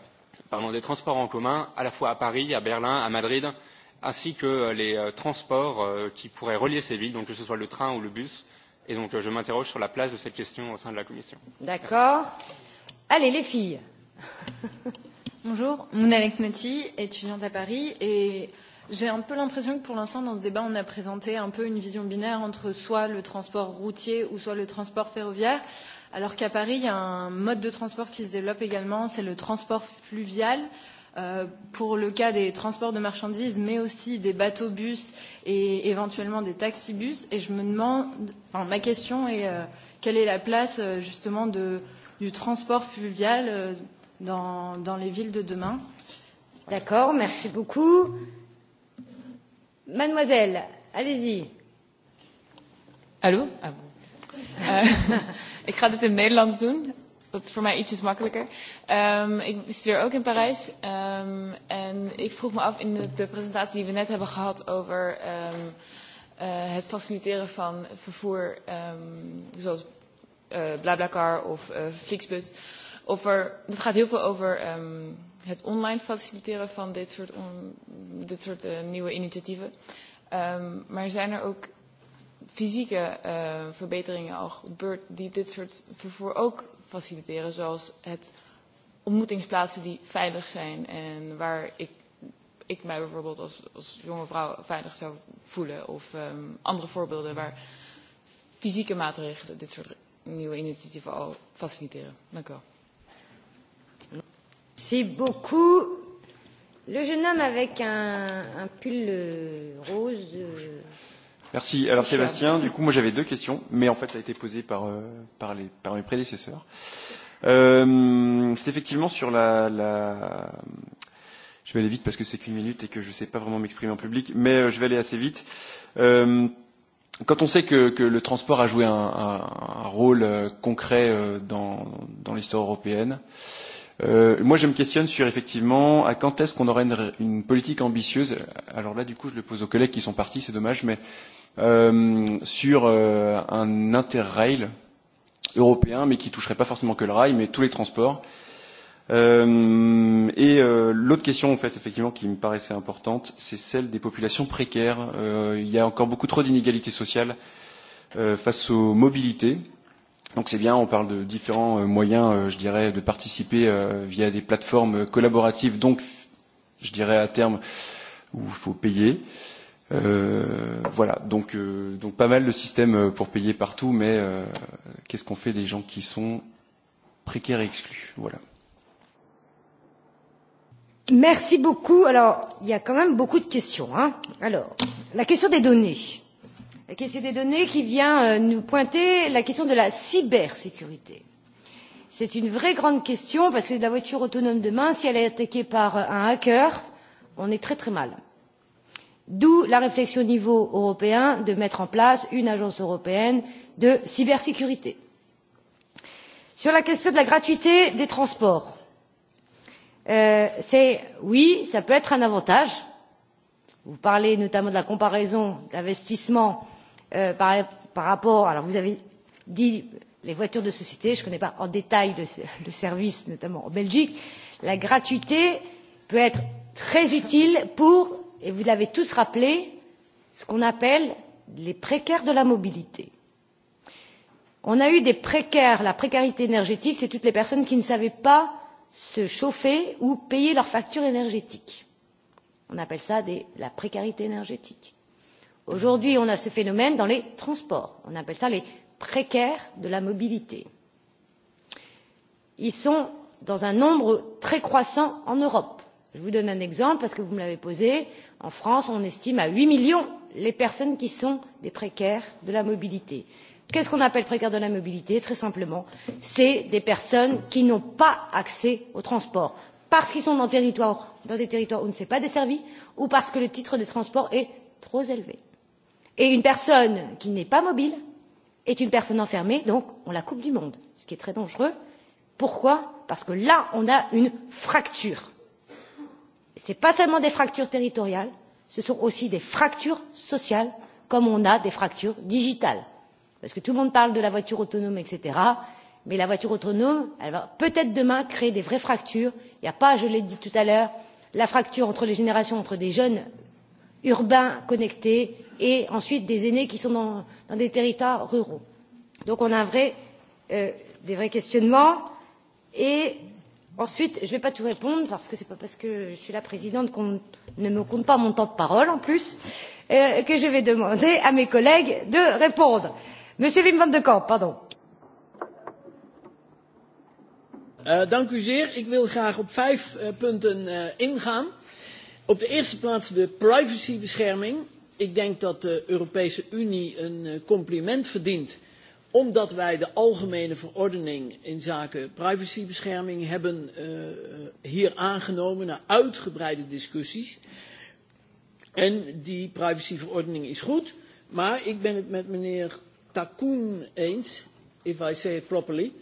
pardon, des transports en commun à la fois à Paris, à Berlin, à Madrid, ainsi que euh, les euh, transports euh, qui pourraient relier ces villes, donc que ce soit le train ou le bus. Et donc, euh, je m'interroge sur la place de cette question au sein de la Commission. D'accord. Allez, les filles. Bonjour, Mounalek Nati, étudiante à Paris. Et... J'ai un peu l'impression que pour l'instant, dans ce débat, on a présenté un peu une vision binaire entre soit le transport routier ou soit le transport ferroviaire. Alors qu'à Paris, il y a un mode de transport qui se développe également, c'est le transport fluvial. Euh, pour le cas des transports de marchandises, mais aussi des bateaux-bus et éventuellement des taxibus. Et je me demande, enfin, ma question est, euh, quelle est la place euh, justement de, du transport fluvial euh, dans, dans les villes de demain D'accord, merci beaucoup. Euh, mademoiselle allez y allo ah euh, ik ga dit in het nederlands doen dat is voor mij ietsjes makkelijker ehm, ik studeer ook in parijs ehm, en ik vroeg me af in de presentatie die we net hebben gehad over ehm, eh, het faciliteren van vervoer zoals eh, blablacar of eh, flixbus of er het gaat heel veel over het online faciliteren van dit soort, on, dit soort uh, nieuwe initiatieven. Um, maar zijn er ook fysieke uh, verbeteringen al gebeurd die dit soort vervoer ook faciliteren? Zoals het ontmoetingsplaatsen die veilig zijn en waar ik, ik mij bijvoorbeeld als, als jonge vrouw veilig zou voelen. Of um, andere voorbeelden waar fysieke maatregelen dit soort nieuwe initiatieven al faciliteren. Dank u wel. Merci beaucoup. Le jeune homme avec un, un pull euh, rose. Euh, Merci. Alors Sébastien, du coup, moi j'avais deux questions, mais en fait ça a été posé par, euh, par, les, par mes prédécesseurs. Euh, c'est effectivement sur la, la... Je vais aller vite parce que c'est qu'une minute et que je ne sais pas vraiment m'exprimer en public, mais je vais aller assez vite. Euh, quand on sait que, que le transport a joué un, un, un rôle concret dans, dans l'histoire européenne, euh, Euh, moi, je me questionne sur effectivement à quand est-ce qu'on aura une, une politique ambitieuse. Alors là, du coup, je le pose aux collègues qui sont partis, c'est dommage, mais euh, sur euh, un interrail européen, mais qui toucherait pas forcément que le rail, mais tous les transports. Euh, et euh, l'autre question, en fait, effectivement, qui me paraissait importante, c'est celle des populations précaires. Euh, il euh, y a encore beaucoup trop d'inégalités sociales euh, face aux mobilités. Euh, Donc c'est bien, on parle de différents euh, moyens, euh, je dirais, de participer euh, via des plateformes collaboratives. Donc, je dirais à terme, où il faut payer. Euh, voilà, donc, euh, donc pas mal de systèmes pour payer partout, mais euh, qu'est-ce qu'on fait des gens qui sont précaires et exclus Voilà. Merci beaucoup. Alors, il y a quand même beaucoup de questions. Hein Alors, la question des données la question des données qui vient euh, nous pointer la question de la cybersécurité. c'est une vraie grande question parce que la voiture autonome demain si elle est attaquée par euh, un hacker on est très très mal. d'où la réflexion au niveau européen de mettre en place une agence européenne de cybersécurité. sur la question de la gratuité des transports euh, c'est oui ça peut être un avantage vous parlez notamment de la comparaison d'investissements euh, par, par rapport, alors vous avez dit les voitures de société, je ne connais pas en détail le, le service, notamment en Belgique, la gratuité peut être très utile pour, et vous l'avez tous rappelé, ce qu'on appelle les précaires de la mobilité. On a eu des précaires, la précarité énergétique, c'est toutes les personnes qui ne savaient pas se chauffer ou payer leurs factures énergétiques. On appelle ça des, la précarité énergétique aujourd'hui on a ce phénomène dans les transports on appelle cela les précaires de la mobilité. ils sont dans un nombre très croissant en europe. je vous donne un exemple parce que vous me l'avez posé en france on estime à huit millions les personnes qui sont des précaires de la mobilité. qu'est ce qu'on appelle précaires de la mobilité? très simplement ce sont des personnes qui n'ont pas accès aux transports parce qu'ils sont dans des territoires où ils ne sont pas desservis ou parce que le titre de transport est trop élevé et une personne qui n'est pas mobile est une personne enfermée donc on la coupe du monde ce qui est très dangereux. pourquoi? parce que là on a une fracture. ce ne sont pas seulement des fractures territoriales ce sont aussi des fractures sociales comme on a des fractures digitales parce que tout le monde parle de la voiture autonome etc. mais la voiture autonome elle va peut être demain créer de vraies fractures. il n'y a pas je l'ai dit tout à l'heure la fracture entre les générations entre des jeunes urbains connectés et ensuite des aînés qui sont dans des territoires ruraux. Donc on a un vrai, euh, des vrais questionnements. Et ensuite, je ne vais pas tout répondre parce que ce n'est pas parce que je suis la présidente qu'on ne me compte pas mon temps de parole en plus, euh, que je vais demander à mes collègues de répondre. Monsieur Wim van de Kamp, pardon. Euh, dank u zeer. Ik wil graag op vijf euh, punten euh, ingaan. Op de eerste plaats de privacybescherming. Ik denk dat de Europese Unie een eh, compliment verdient omdat wij de algemene verordening in zaken privacybescherming hebben uh, hier aangenomen na uitgebreide discussies. En die privacyverordening is goed, maar ik ben het met meneer Takoen eens, if I say it properly,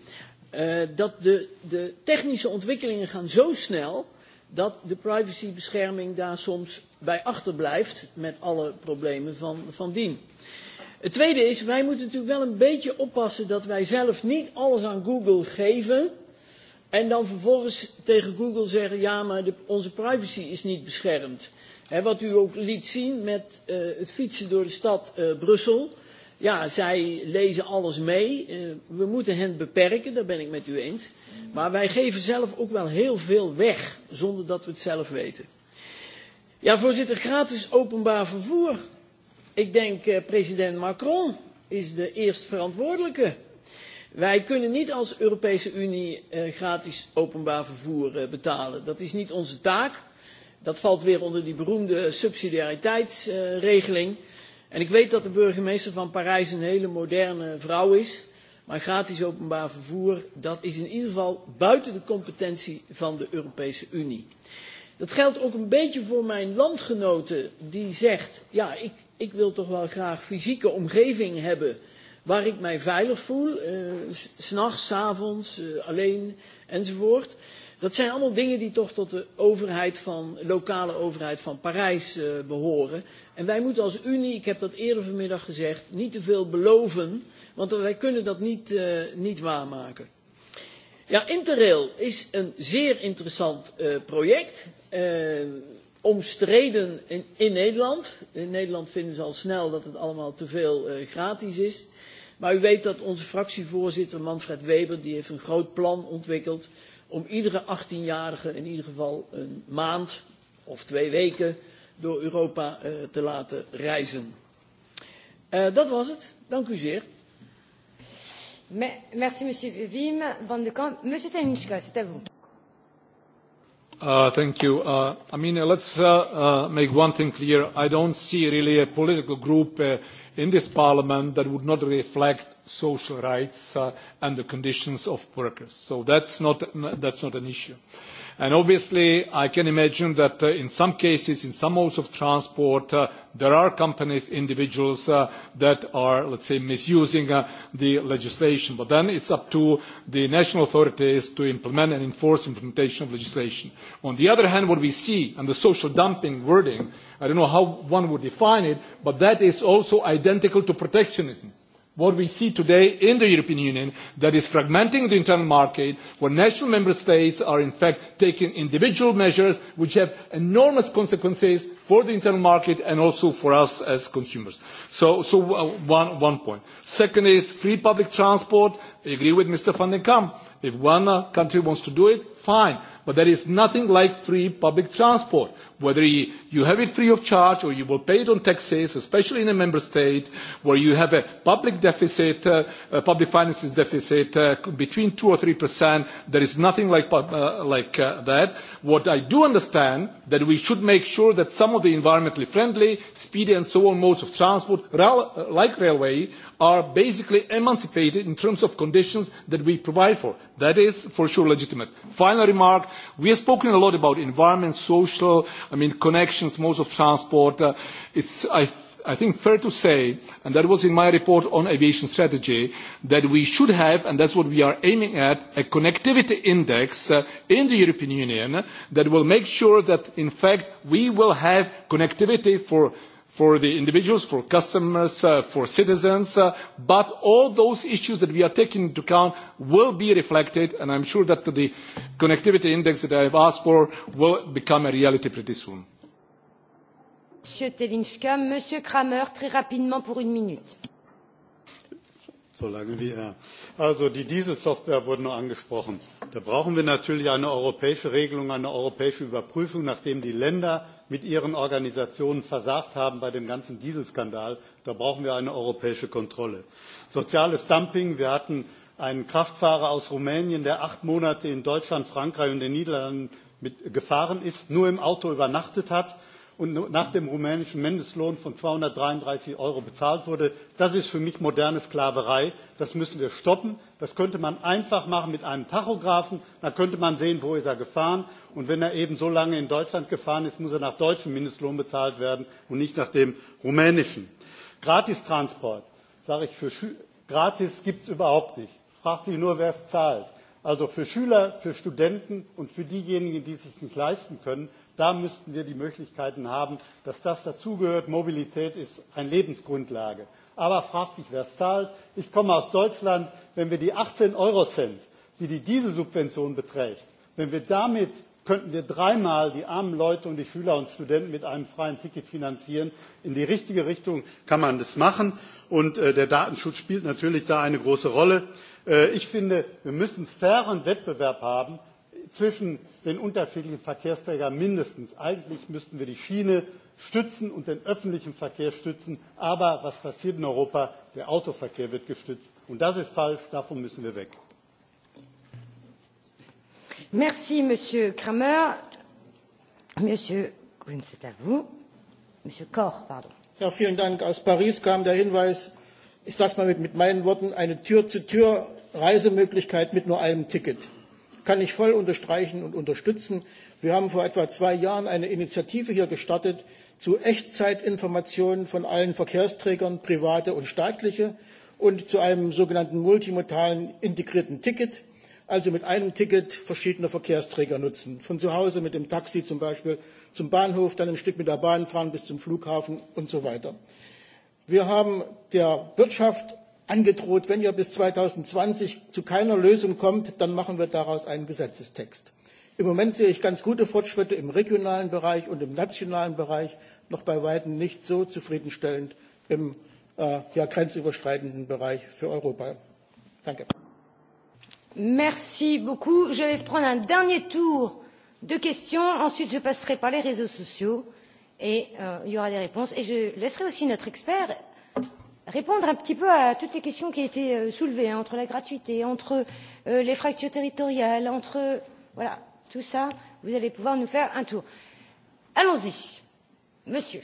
uh, dat de, de technische ontwikkelingen gaan zo snel dat de privacybescherming daar soms bij achterblijft met alle problemen van, van dien. Het tweede is, wij moeten natuurlijk wel een beetje oppassen dat wij zelf niet alles aan Google geven en dan vervolgens tegen Google zeggen, ja maar de, onze privacy is niet beschermd. He, wat u ook liet zien met uh, het fietsen door de stad uh, Brussel, uh, ja, zij lezen alles mee. Uh, we moeten hen beperken, daar ben ik met u eens. Maar wij geven zelf ook wel heel veel weg, zonder dat we het zelf weten. Ja, voorzitter, gratis openbaar vervoer. Ik denk, uh, president Macron is de eerst verantwoordelijke. Wij kunnen niet als Europese Unie uh, gratis openbaar vervoer uh, betalen. Dat is niet onze taak. Dat valt weer onder die beroemde subsidiariteitsregeling. Uh, En ik weet dat de burgemeester van Parijs een hele moderne vrouw is, maar gratis openbaar vervoer, dat is in ieder geval buiten de competentie van de Europese Unie. Dat geldt ook een beetje voor mijn landgenoten die zegt, ja, ik, ik wil toch wel graag fysieke omgeving hebben waar ik mij veilig voel, uh, s'nachts, avonds, uh, eh, alleen enzovoort. Dat zijn allemaal dingen die toch tot de overheid van, lokale overheid van Parijs uh, behoren. En wij moeten als Unie, ik heb dat eerder vanmiddag gezegd, niet te veel beloven, want wij kunnen dat niet, uh, niet waarmaken. Ja, Interrail is een zeer interessant uh, project, uh, omstreden in, in Nederland. In Nederland vinden ze al snel dat het allemaal te veel uh, gratis is. Maar u weet dat onze fractievoorzitter Manfred Weber, die heeft een groot plan ontwikkeld om iedere 18-jarige in ieder geval een maand of twee weken door Europa uh, te laten reizen. Uh, dat was het. Dank u zeer. Merci, meneer Wim van de Kamp. Meneer Temischka, c'est à vous. Uh, thank you. Uh, I mean, let's uh, uh, make one thing clear. I don't see really a political group uh, in this parliament that would not reflect social rights uh, and the conditions of workers. So that's not, that's not an issue. And obviously, I can imagine that uh, in some cases, in some modes of transport, uh, there are companies, individuals uh, that are, let's say, misusing uh, the legislation. But then it's up to the national authorities to implement and enforce implementation of legislation. On the other hand, what we see and the social dumping wording, I don't know how one would define it, but that is also identical to protectionism what we see today in the European Union that is fragmenting the internal market, where national member states are in fact taking individual measures which have enormous consequences for the internal market and also for us as consumers. So, so uh, one, one point. Second is free public transport. I agree with Mr. van den Kamp. If one uh, country wants to do it, fine. But there is nothing like free public transport, whether it you have it free of charge or you will pay it on taxes, especially in a member state where you have a public deficit, uh, a public finances deficit uh, between 2 or 3%. There is nothing like, uh, like uh, that. What I do understand that we should make sure that some of the environmentally friendly, speedy and so on modes of transport, rail, uh, like railway, are basically emancipated in terms of conditions that we provide for. That is for sure legitimate. Final remark, we have spoken a lot about environment, social, I mean, connection, efficient modes of transport, uh, it's, I, I think, fair to say, and that was in my report on aviation strategy, that we should have, and that's what we are aiming at, a connectivity index uh, in the European Union that will make sure that, in fact, we will have connectivity for for the individuals, for customers, uh, for citizens, uh, but all those issues that we are taking into account will be reflected, and I'm sure that the connectivity index that I've asked for will become a reality pretty soon monsieur telika monsieur cramer très rapidement pour une minute. Äh, also die dieselsoftware wurde nur angesprochen. da brauchen wir natürlich eine europäische regelung eine europäische überprüfung nachdem die länder mit ihren organisationen versagt haben bei dem ganzen dieselskandal. da brauchen wir eine europäische kontrolle. soziales dumping wir hatten einen kraftfahrer aus rumänien der acht monate in deutschland frankreich und den niederlanden gefahren ist nur im auto übernachtet hat und no-, nach dem rumänischen Mindestlohn von 233 Euro bezahlt wurde. Das ist für mich moderne Sklaverei. Das müssen wir stoppen. Das könnte man einfach machen mit einem Tachografen. Da könnte man sehen, wo ist er gefahren. Und wenn er eben so lange in Deutschland gefahren ist, muss er nach deutschem Mindestlohn bezahlt werden und nicht nach dem rumänischen. Gratistransport, sage ich, für Schü gratis gibt es überhaupt nicht. Fragt sich nur, wer es zahlt. Also für Schüler, für Studenten und für diejenigen, die es sich nicht leisten können, da müssten wir die Möglichkeiten haben, dass das dazugehört. Mobilität ist eine Lebensgrundlage. Aber fragt sich, wer es zahlt. Ich komme aus Deutschland. Wenn wir die 18 Euro Cent, die die Dieselsubvention beträgt, wenn wir damit könnten wir dreimal die armen Leute und die Schüler und Studenten mit einem freien Ticket finanzieren. In die richtige Richtung kann man das machen. Und äh, der Datenschutz spielt natürlich da eine große Rolle. Äh, ich finde, wir müssen fairen Wettbewerb haben zwischen den unterschiedlichen Verkehrsträgern mindestens. Eigentlich müssten wir die Schiene stützen und den öffentlichen Verkehr stützen. Aber was passiert in Europa? Der Autoverkehr wird gestützt. Und das ist falsch. Davon müssen wir weg. Merci, Monsieur Kramer. Monsieur Kuhn, c'est à vous. Monsieur Koch, pardon. Ja, vielen Dank. Aus Paris kam der Hinweis, ich sage es mal mit, mit meinen Worten, eine Tür-zu-Tür-Reisemöglichkeit mit nur einem Ticket kann ich voll unterstreichen und unterstützen. Wir haben vor etwa zwei Jahren eine Initiative hier gestartet zu Echtzeitinformationen von allen Verkehrsträgern, private und staatliche, und zu einem sogenannten multimodalen integrierten Ticket, also mit einem Ticket verschiedene Verkehrsträger nutzen. Von zu Hause mit dem Taxi zum Beispiel zum Bahnhof, dann ein Stück mit der Bahn fahren bis zum Flughafen und so weiter. Wir haben der Wirtschaft angedroht, wenn ihr bis 2020 zu keiner Lösung kommt, dann machen wir daraus einen Gesetzestext. Im Moment sehe ich ganz gute Fortschritte im regionalen Bereich und im nationalen Bereich, noch bei Weitem nicht so zufriedenstellend im äh, ja, grenzüberschreitenden Bereich für Europa. Danke. Merci beaucoup. Je vais prendre un dernier tour de questions. Ensuite, je passerai par les réseaux sociaux et euh, il y aura des réponses. Et je laisserai aussi notre expert répondre un petit peu à toutes les questions qui ont été euh, soulevées entre la gratuité, entre euh, les fractures territoriales, entre voilà tout ça, vous allez pouvoir nous faire un tour. Allons y, monsieur.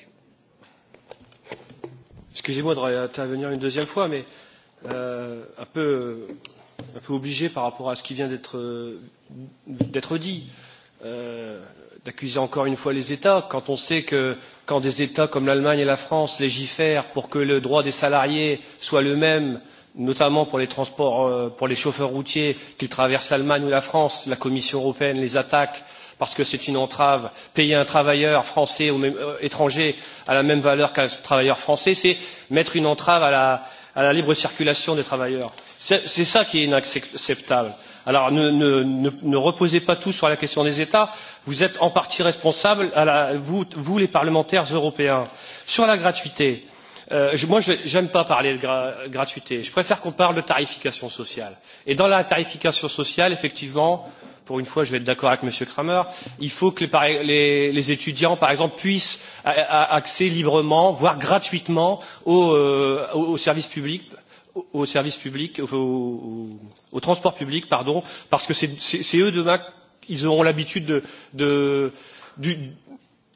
Excusez moi d'intervenir une deuxième fois, mais euh, un, peu, un peu obligé par rapport à ce qui vient d'être dit euh, d'accuser encore une fois les États quand on sait que euh, quand des États comme l'Allemagne et la France légifèrent pour que le droit des salariés soit le même, notamment pour les transports, euh, pour les chauffeurs routiers qu'ils traversent l'Allemagne ou la France, la Commission européenne les attaque parce que c'est une entrave. Payer un travailleur français ou même euh, étranger à la même valeur qu'un travailleur français, c'est mettre une entrave à la, à la libre circulation des travailleurs. C'est ça qui est inacceptable alors ne reposez pas tout sur la question des états vous êtes en partie responsables vous les parlementaires européens. sur la gratuité euh, moi je n'aime pas parler de gratuité je préfère qu'on parle de tarification sociale et dans la tarification sociale effectivement pour une fois je vais être d'accord avec m. cramer il faut que les étudiants par exemple puissent avoir accès librement voire gratuitement aux euh, services publics au service public, au, au, au transport public, pardon, parce que c'est eux demain, ils auront l'habitude d'utiliser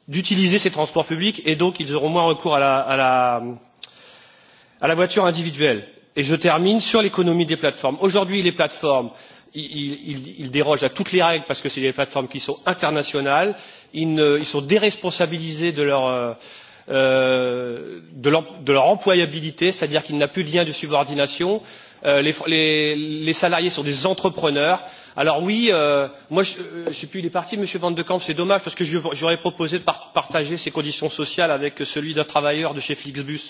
de, de, ces transports publics et donc ils auront moins recours à la, à la, à la voiture individuelle. Et je termine sur l'économie des plateformes. Aujourd'hui, les plateformes, ils, ils, ils dérogent à toutes les règles parce que c'est des plateformes qui sont internationales. Ils, ne, ils sont déresponsabilisés de leur. Euh, Euh, de leur employabilité c'est à dire qu'il n'y a plus de lien de subordination euh, les, les, les salariés sont des entrepreneurs. Alors oui, euh, moi je ne euh, sais plus, il est parti, M. Van de Kamp, c'est dommage parce que j'aurais proposé de par partager ces conditions sociales avec celui d'un travailleur de chez Flixbus.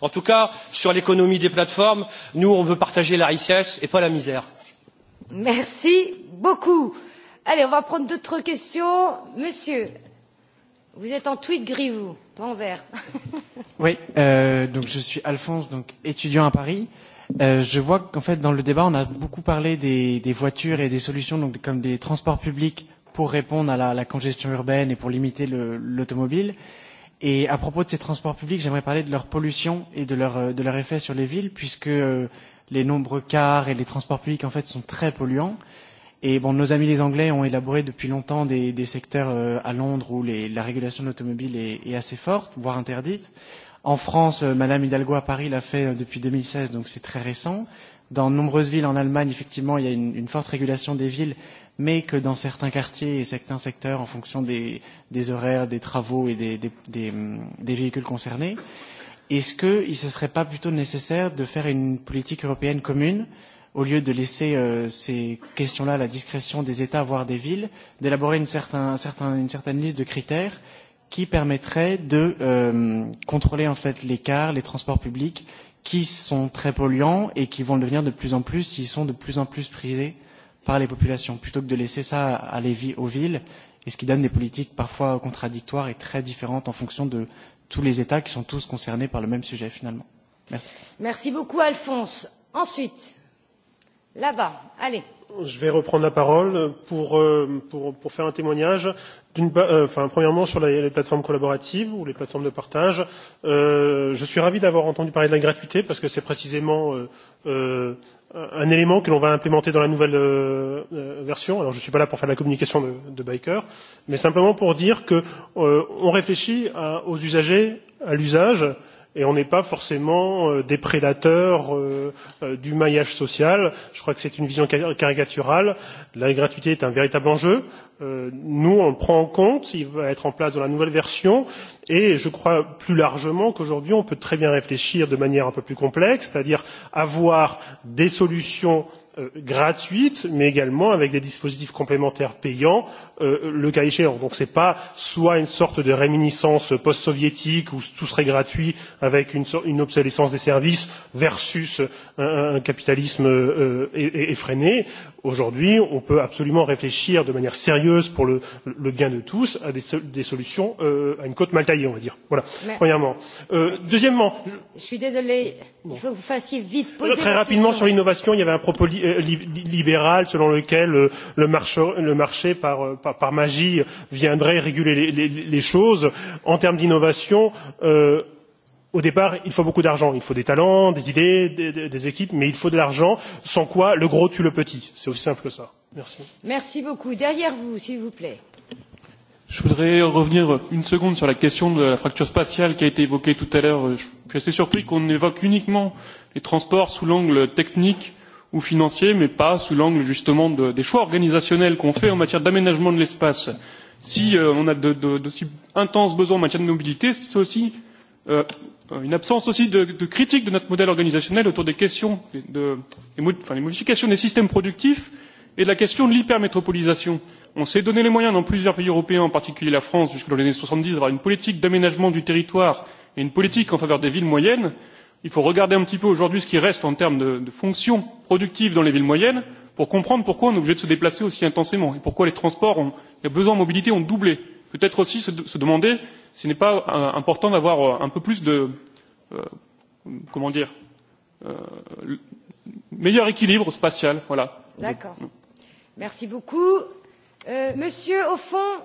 En tout cas, sur l'économie des plateformes, nous on veut partager la richesse et pas la misère. Merci beaucoup. Allez, on va prendre d'autres questions. Monsieur, Vous êtes en tweet gris en vert. oui, euh, donc je suis Alphonse, donc étudiant à Paris. Euh, je vois qu'en fait dans le débat on a beaucoup parlé des, des voitures et des solutions donc comme des transports publics pour répondre à la, la congestion urbaine et pour limiter l'automobile. Et à propos de ces transports publics, j'aimerais parler de leur pollution et de leur, euh, de leur effet sur les villes, puisque euh, les nombreux cars et les transports publics en fait sont très polluants. Euh, Et bon, nos amis les Anglais ont élaboré depuis longtemps des, des secteurs euh, à Londres où les, la régulation de l'automobile est, est assez forte, voire interdite. En France, euh, Madame Hidalgo à Paris l'a fait euh, depuis 2016, donc c'est très récent. Dans de nombreuses villes en Allemagne, effectivement, il y a une, une forte régulation des villes, mais que dans certains quartiers et certains secteurs, en fonction des, des horaires, des travaux et des, des, des, des véhicules concernés. Est-ce qu'il ne serait pas plutôt nécessaire de faire une politique européenne commune euh, au lieu de laisser euh, ces questions-là à la discrétion des États, voire des villes, d'élaborer une, certain, un certain, une certaine liste de critères qui permettrait de euh, contrôler en fait les cars, les transports publics, qui sont très polluants et qui vont le devenir de plus en plus s'ils sont de plus en plus prisés par les populations, plutôt que de laisser ça aller aux villes, et ce qui donne des politiques parfois contradictoires et très différentes en fonction de tous les États qui sont tous concernés par le même sujet finalement. Merci. Merci beaucoup Alphonse. Ensuite je vais reprendre la parole pour euh, faire un témoignage euh, premièrement sur les plateformes collaboratives ou les plateformes de partage euh, je suis ravi d'avoir entendu parler de la gratuité parce que c'est précisément un élément que l'on va implémenter dans la nouvelle version alors je ne suis pas là pour faire la communication de biker mais simplement pour dire qu'on réfléchit aux usagers à l'usage et on n'est pas forcément euh, des prédateurs euh, euh, du maillage social. Je crois que c'est une vision caricaturale. La gratuité est un véritable enjeu. Euh, nous on le prend en compte, il va être en place dans la nouvelle version, et je crois plus largement qu'aujourd'hui on peut très bien réfléchir de manière un peu plus complexe, c'est-à-dire avoir des solutions euh, gratuites, mais également avec des dispositifs complémentaires payants, euh, le cas échéant. Donc ce n'est pas soit une sorte de réminiscence post-soviétique où tout serait gratuit avec une, une obsolescence des services versus un, un capitalisme euh, effréné. Aujourd'hui, on peut absolument réfléchir de manière sérieuse mieux pour le, le gain de tous à des, so des solutions euh, à une côte mal taillée, on va dire. Voilà, Mais... premièrement. Euh, deuxièmement. Je, je suis désolé. Bon. Il faut que vous fassiez vite poser euh, Très rapidement question. sur l'innovation, il y avait un propos li euh, li libéral selon lequel euh, le, le marché, le marché par, par, par magie viendrait réguler les, les, les choses. En termes d'innovation, euh, au départ, il faut beaucoup d'argent. Il faut des talents, des idées, des, des équipes, mais il faut de l'argent, sans quoi le gros tue le petit. C'est aussi simple que ça. Merci. Merci beaucoup. Derrière vous, s'il vous plaît. Je voudrais revenir une seconde sur la question de la fracture spatiale qui a été évoquée tout à l'heure. Je suis assez surpris qu'on évoque uniquement les transports sous l'angle technique ou financier, mais pas sous l'angle justement de, des choix organisationnels qu'on fait en matière d'aménagement de l'espace. Si euh, on a d'aussi intenses besoins en matière de mobilité, c'est aussi euh, Euh, une absence aussi de, de critique de notre modèle organisationnel autour des questions de, de, de, enfin, les modifications des systèmes productifs et de la question de l'hypermétropolisation. On s'est donné les moyens dans plusieurs pays européens, en particulier la France, jusque dans les années 70, d'avoir une politique d'aménagement du territoire et une politique en faveur des villes moyennes. Il faut regarder un petit peu aujourd'hui ce qui reste en termes de, de fonctions productives dans les villes moyennes pour comprendre pourquoi on est obligé de se déplacer aussi intensément et pourquoi les transports ont, les besoins de mobilité ont doublé peut être aussi se demander s'il n'est pas euh, important d'avoir euh, un peu plus de euh, comment dire euh, meilleur équilibre spatial. Voilà. D'accord. Merci beaucoup. Euh, monsieur au fond,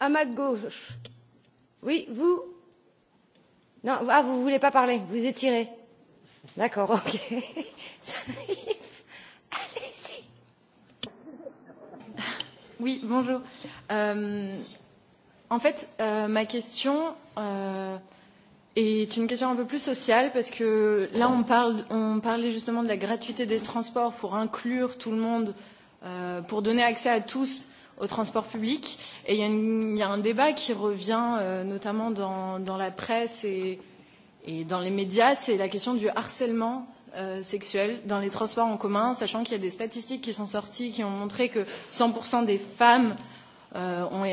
à ma gauche. Oui, vous Non, ah, vous ne voulez pas parler, vous étirez. D'accord, ok. Allez-y. Oui, bonjour. Euh... En fait, euh, ma question euh, est une question un peu plus sociale parce que là, on, parle, on parlait justement de la gratuité des transports pour inclure tout le monde, euh, pour donner accès à tous au transport public. Et il y, y a un débat qui revient euh, notamment dans, dans la presse et, et dans les médias, c'est la question du harcèlement euh, sexuel dans les transports en commun, sachant qu'il y a des statistiques qui sont sorties qui ont montré que 100% des femmes euh, ont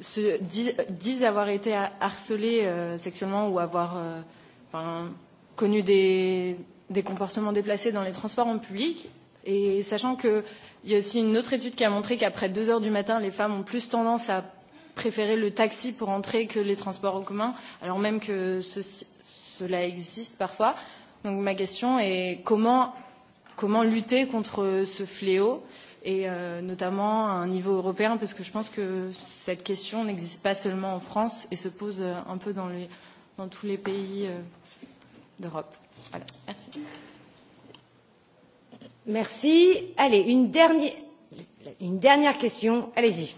se disent avoir été harcelés euh, sexuellement ou avoir euh, enfin, connu des, des comportements déplacés dans les transports en public. Et sachant qu'il y a aussi une autre étude qui a montré qu'après 2 heures du matin, les femmes ont plus tendance à préférer le taxi pour entrer que les transports en commun, alors même que ceci, cela existe parfois. Donc ma question est comment comment lutter contre ce fléau et euh, notamment à un niveau européen parce que je pense que cette question n'existe pas seulement en France et se pose euh, un peu dans, les, dans tous les pays euh, d'Europe. Voilà. Merci. Merci. Allez, une dernière, une dernière question. Allez-y.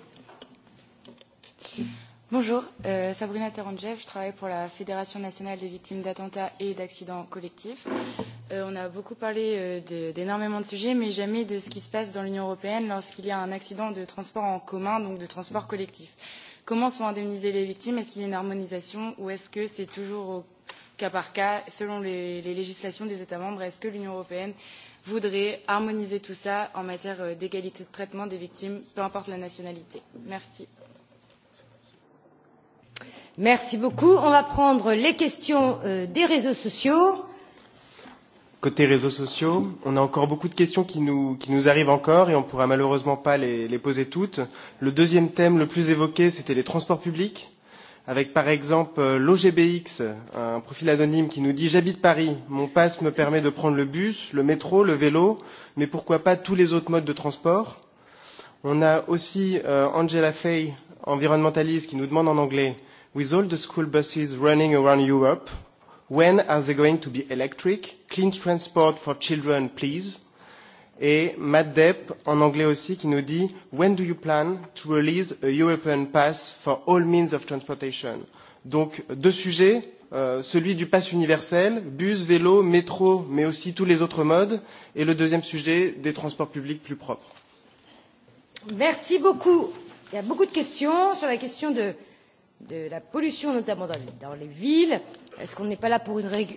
Mmh. Bonjour, euh, Sabrina Terangev, je travaille pour la Fédération nationale des victimes d'attentats et d'accidents collectifs. Euh, on a beaucoup parlé euh, d'énormément de, de sujets, mais jamais de ce qui se passe dans l'Union européenne lorsqu'il y a un accident de transport en commun, donc de transport collectif. Comment sont indemnisées les victimes Est-ce qu'il y a une harmonisation ou est-ce que c'est toujours au cas par cas, selon les, les législations des États membres Est-ce que l'Union européenne voudrait harmoniser tout ça en matière euh, d'égalité de traitement des victimes, peu importe la nationalité Merci on va prendre les questions euh, des réseaux sociaux. Côté réseaux sociaux, on a encore beaucoup de questions qui nous, qui nous arrivent encore et on ne pourra malheureusement pas les, les poser toutes. Le deuxième thème le plus évoqué, c'était les transports publics, avec par exemple euh, l'OGBX, un profil anonyme qui nous dit J'habite Paris, mon pass me permet de prendre le bus, le métro, le vélo, mais pourquoi pas tous les autres modes de transport On a aussi euh, Angela Fay, environnementaliste, qui nous demande en anglais with all the school buses running around Europe, when are they going to be electric? Clean transport for children, please. Et Matt Depp, en anglais aussi, qui nous dit When do you plan to release a European pass for all means of transportation? Donc, deux sujets. Euh, celui du pass universel, bus, vélo, métro, mais aussi tous les autres modes. Et le deuxième sujet, des transports publics plus propres. Merci beaucoup. Il y a beaucoup de questions sur la question de de la pollution, notamment dans les, dans les villes. Est-ce qu'on n'est pas là pour une, régu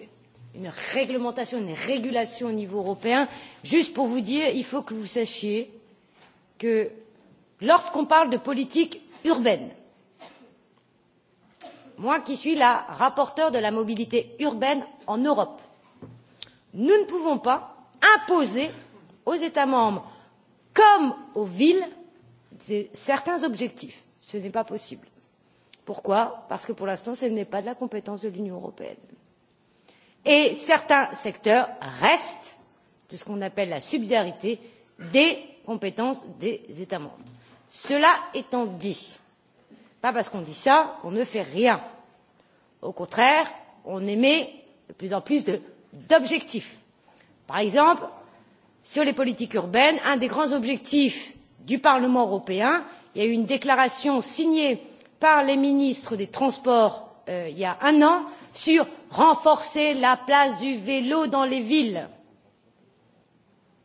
une réglementation, une régulation au niveau européen Juste pour vous dire, il faut que vous sachiez que lorsqu'on parle de politique urbaine, moi qui suis la rapporteure de la mobilité urbaine en Europe, nous ne pouvons pas imposer aux États membres comme aux villes certains objectifs. Ce n'est pas possible pourquoi? parce que pour l'instant ce n'est pas de la compétence de l'union européenne et certains secteurs restent de ce qu'on appelle la subsidiarité des compétences des états membres. cela étant dit ce n'est pas parce qu'on dit cela qu'on ne fait rien au contraire on émet de plus en plus d'objectifs. par exemple sur les politiques urbaines un des grands objectifs du parlement européen il y a eu une déclaration signée par les ministres des transports euh, il y a un an sur renforcer la place du vélo dans les villes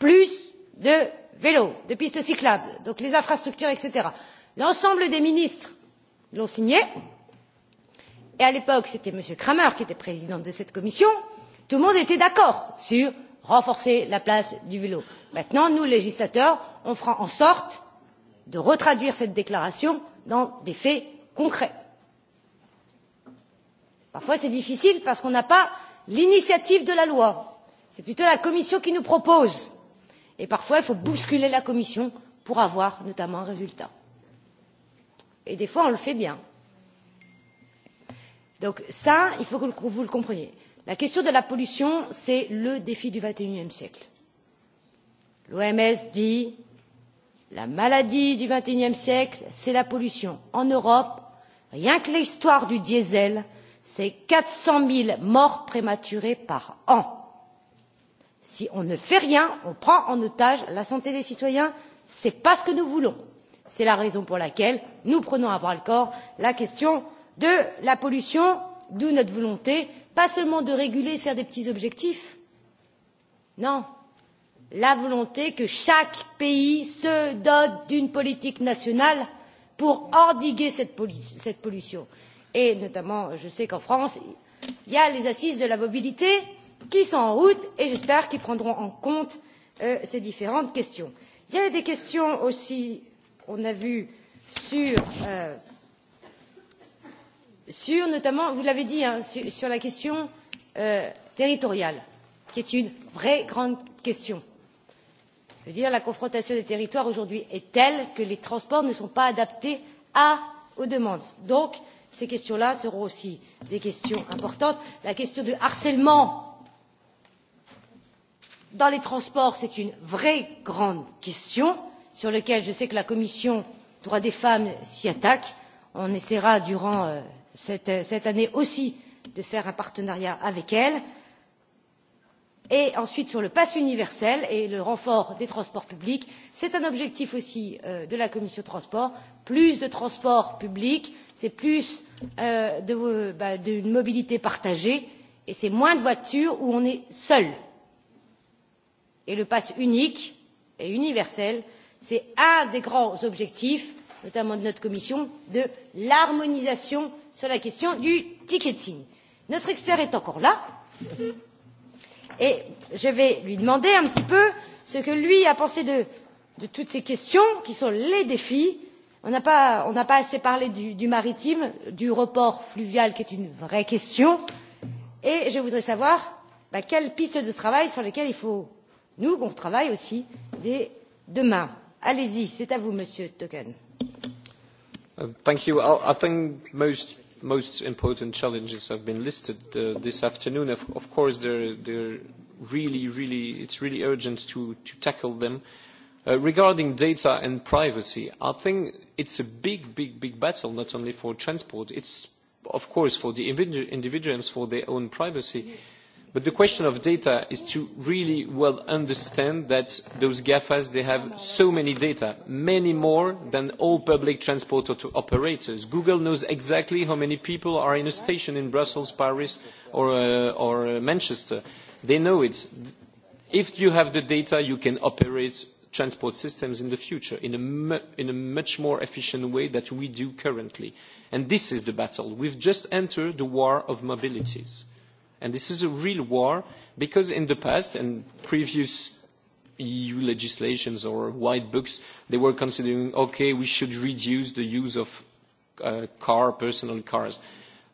plus de vélos de pistes cyclables donc les infrastructures etc. l'ensemble des ministres l'ont signé et à l'époque c'était m. cramer qui était président de cette commission tout le monde était d'accord sur renforcer la place du vélo. maintenant nous législateurs on fera en sorte de retraduire cette déclaration dans des faits concret. Parfois c'est difficile parce qu'on n'a pas l'initiative de la loi. C'est plutôt la Commission qui nous propose. Et parfois il faut bousculer la Commission pour avoir notamment un résultat. Et des fois on le fait bien. Donc ça, il faut que vous le compreniez. La question de la pollution, c'est le défi du XXIe siècle. L'OMS dit la maladie du XXIe siècle, c'est la pollution en Europe, rien que l'histoire du diesel c'est quatre cents zéro morts prématurées par an. si on ne fait rien on prend en otage la santé des citoyens ce n'est pas ce que nous voulons. c'est la raison pour laquelle nous prenons à bras le corps la question de la pollution d'où notre volonté pas seulement de réguler et de faire des petits objectifs non la volonté que chaque pays se dote d'une politique nationale pour endiguer cette pollution et notamment je sais qu'en france il y a les assises de la mobilité qui sont en route et j'espère qu'ils prendront en compte euh, ces différentes questions. Il y a des questions aussi, on a vu, sur, euh, sur notamment, vous l'avez dit, hein, sur, sur la question euh, territoriale, qui est une vraie grande question la confrontation des territoires aujourd'hui est telle que les transports ne sont pas adaptés aux demandes. donc ces questions là seront aussi des questions importantes. la question du harcèlement dans les transports c'est une vraie grande question sur laquelle je sais que la commission des droits des femmes s'y attaque. on essaiera durant euh, euh, cette année aussi de conclure un partenariat avec elle et ensuite sur le pass universel et le renfort des transports publics c'est un objectif aussi euh, de la commission des transports plus de transports publics c'est plus euh, d'une mobilité partagée et c'est moins de voitures où on est seul et le pass unique et universel c'est un des grands objectifs notamment de notre commission de l'harmonisation sur la question du ticketing. notre expert est encore là et je vais lui demander un petit peu ce que lui a pensé de, de toutes ces questions qui sont les défis. On n'a pas, pas assez parlé du, du maritime, du report fluvial qui est une vraie question et je voudrais savoir bah, quelles pistes de travail sur lesquelles il faut nous qu'on travaille aussi dès demain. Allez y, c'est à vous, Monsieur Token. Uh, thank you. I, I think most most important challenges have been listed uh, this afternoon. Of, of course, they're, they're really, really, it's really urgent to, to tackle them. Uh, regarding data and privacy, I think it's a big, big, big battle, not only for transport. It's, of course, for the individuals, for their own privacy. Yeah but the question of data is to really well understand that those gafas have so many data many more than all public transport operators. google knows exactly how many people are in a station in brussels paris or uh, uh, manchester. they know it. if you have the data you can operate transport systems in the future in a much more efficient way than we do currently and this is the battle. we have just entered the war of mobilities and this is a real war because in the past and previous eu legislation or white books they were considering okay we should reduce the use of uh, car personal cars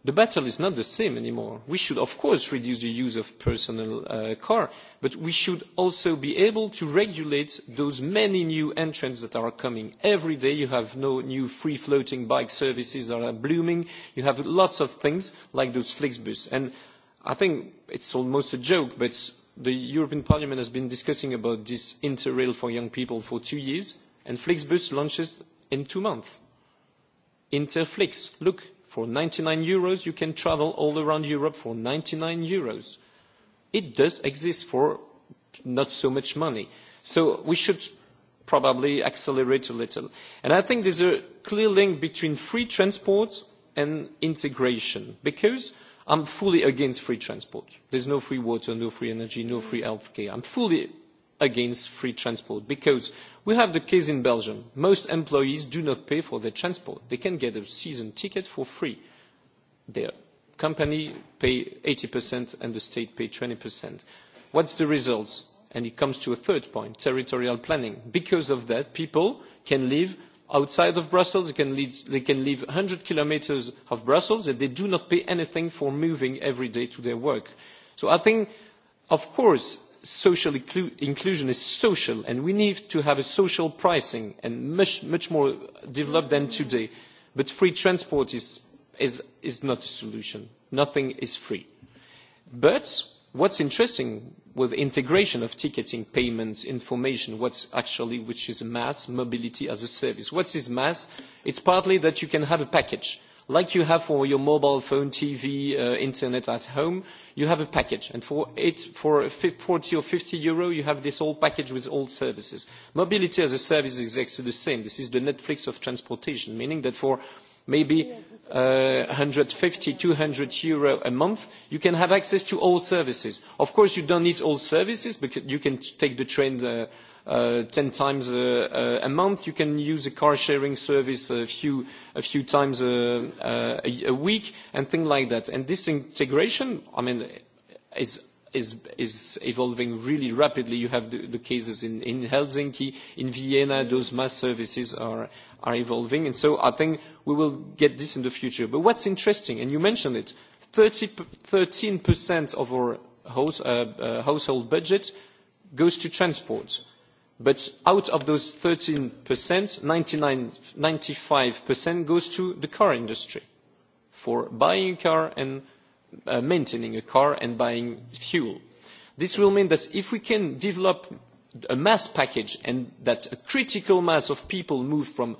the battle is not the same anymore we should of course reduce the use of personal uh, car but we should also be able to regulate those many new entrants that are coming every day you have no new free floating bike services that are blooming you have lots of things like those flixbus and i think it's almost a joke but the european parliament has been discussing about this interrail for young people for two years and flixbus launches in two months interflix look for 99 euros you can travel all around europe for 99 euros it does exist for not so much money so we should probably accelerate a little and i think there's a clear link between free transport and integration because I'm fully against free transport. There's no free water, no free energy, no free healthcare. I'm fully against free transport because we have the case in Belgium. Most employees do not pay for their transport. They can get a season ticket for free. Their company pay 80% and the state pay 20%. What's the results? And it comes to a third point, territorial planning. Because of that, people can live outside of brussels they can live one hundred kilometres from brussels and they do not pay anything for moving every day to their work. so i think of course social inclusion is social and we need to have social pricing and much more developed than today but free transport is not a solution nothing is free but what's interesting with integration of ticketing payment information what's actually which is mass mobility as a service what is mass it's partly that you can have a package like you have for your mobile phone tv uh, internet at home you have a package and for it for 40 or 50 euro you have this whole package with all services mobility as a service is exactly the same this is the netflix of transportation meaning that for maybe yeah. 150 to 200 euro a month you can have access to all services. of course you don't need all services because you can take the train uh, uh, ten times uh, a month you can use a car sharing service a few times a week and things like that. this integration i mean is is evolving really rapidly. You have the, the cases in, in Helsinki, in Vienna, those mass services are are evolving. And so I think we will get this in the future. But what's interesting, and you mentioned it, 30, 13% of our house, uh, uh, household budget goes to transport. But out of those 13%, 95% goes to the car industry for buying a car and Uh, maintaining a car and buying fuel. this will mean that if we can develop a mass package and that a critical mass of people move from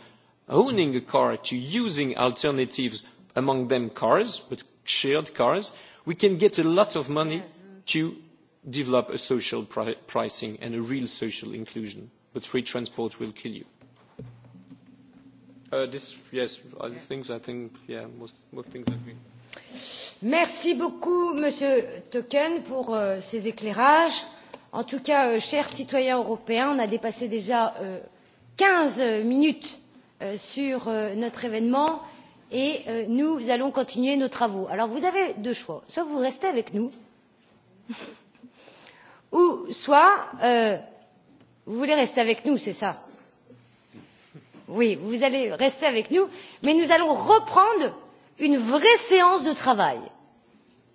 owning a car to using alternatives among them cars but shared cars we can get a lot of money to develop a social pri pricing and a real social inclusion but free transport will kill you. Uh, this, yes, other yeah. things, I think, yeah, most, most things agree merci beaucoup monsieur tkes pour euh, ces éclairages. en tout cas euh, chers citoyens européens on a dépassé déjà euh, quinze minutes sur notre événement et nous allons continuer nos travaux. alors vous avez deux choix soit vous restez avec nous soit vous voulez rester avec nous c'est ça? oui vous allez rester avec nous mais nous allons reprendre une vraie séance de travail.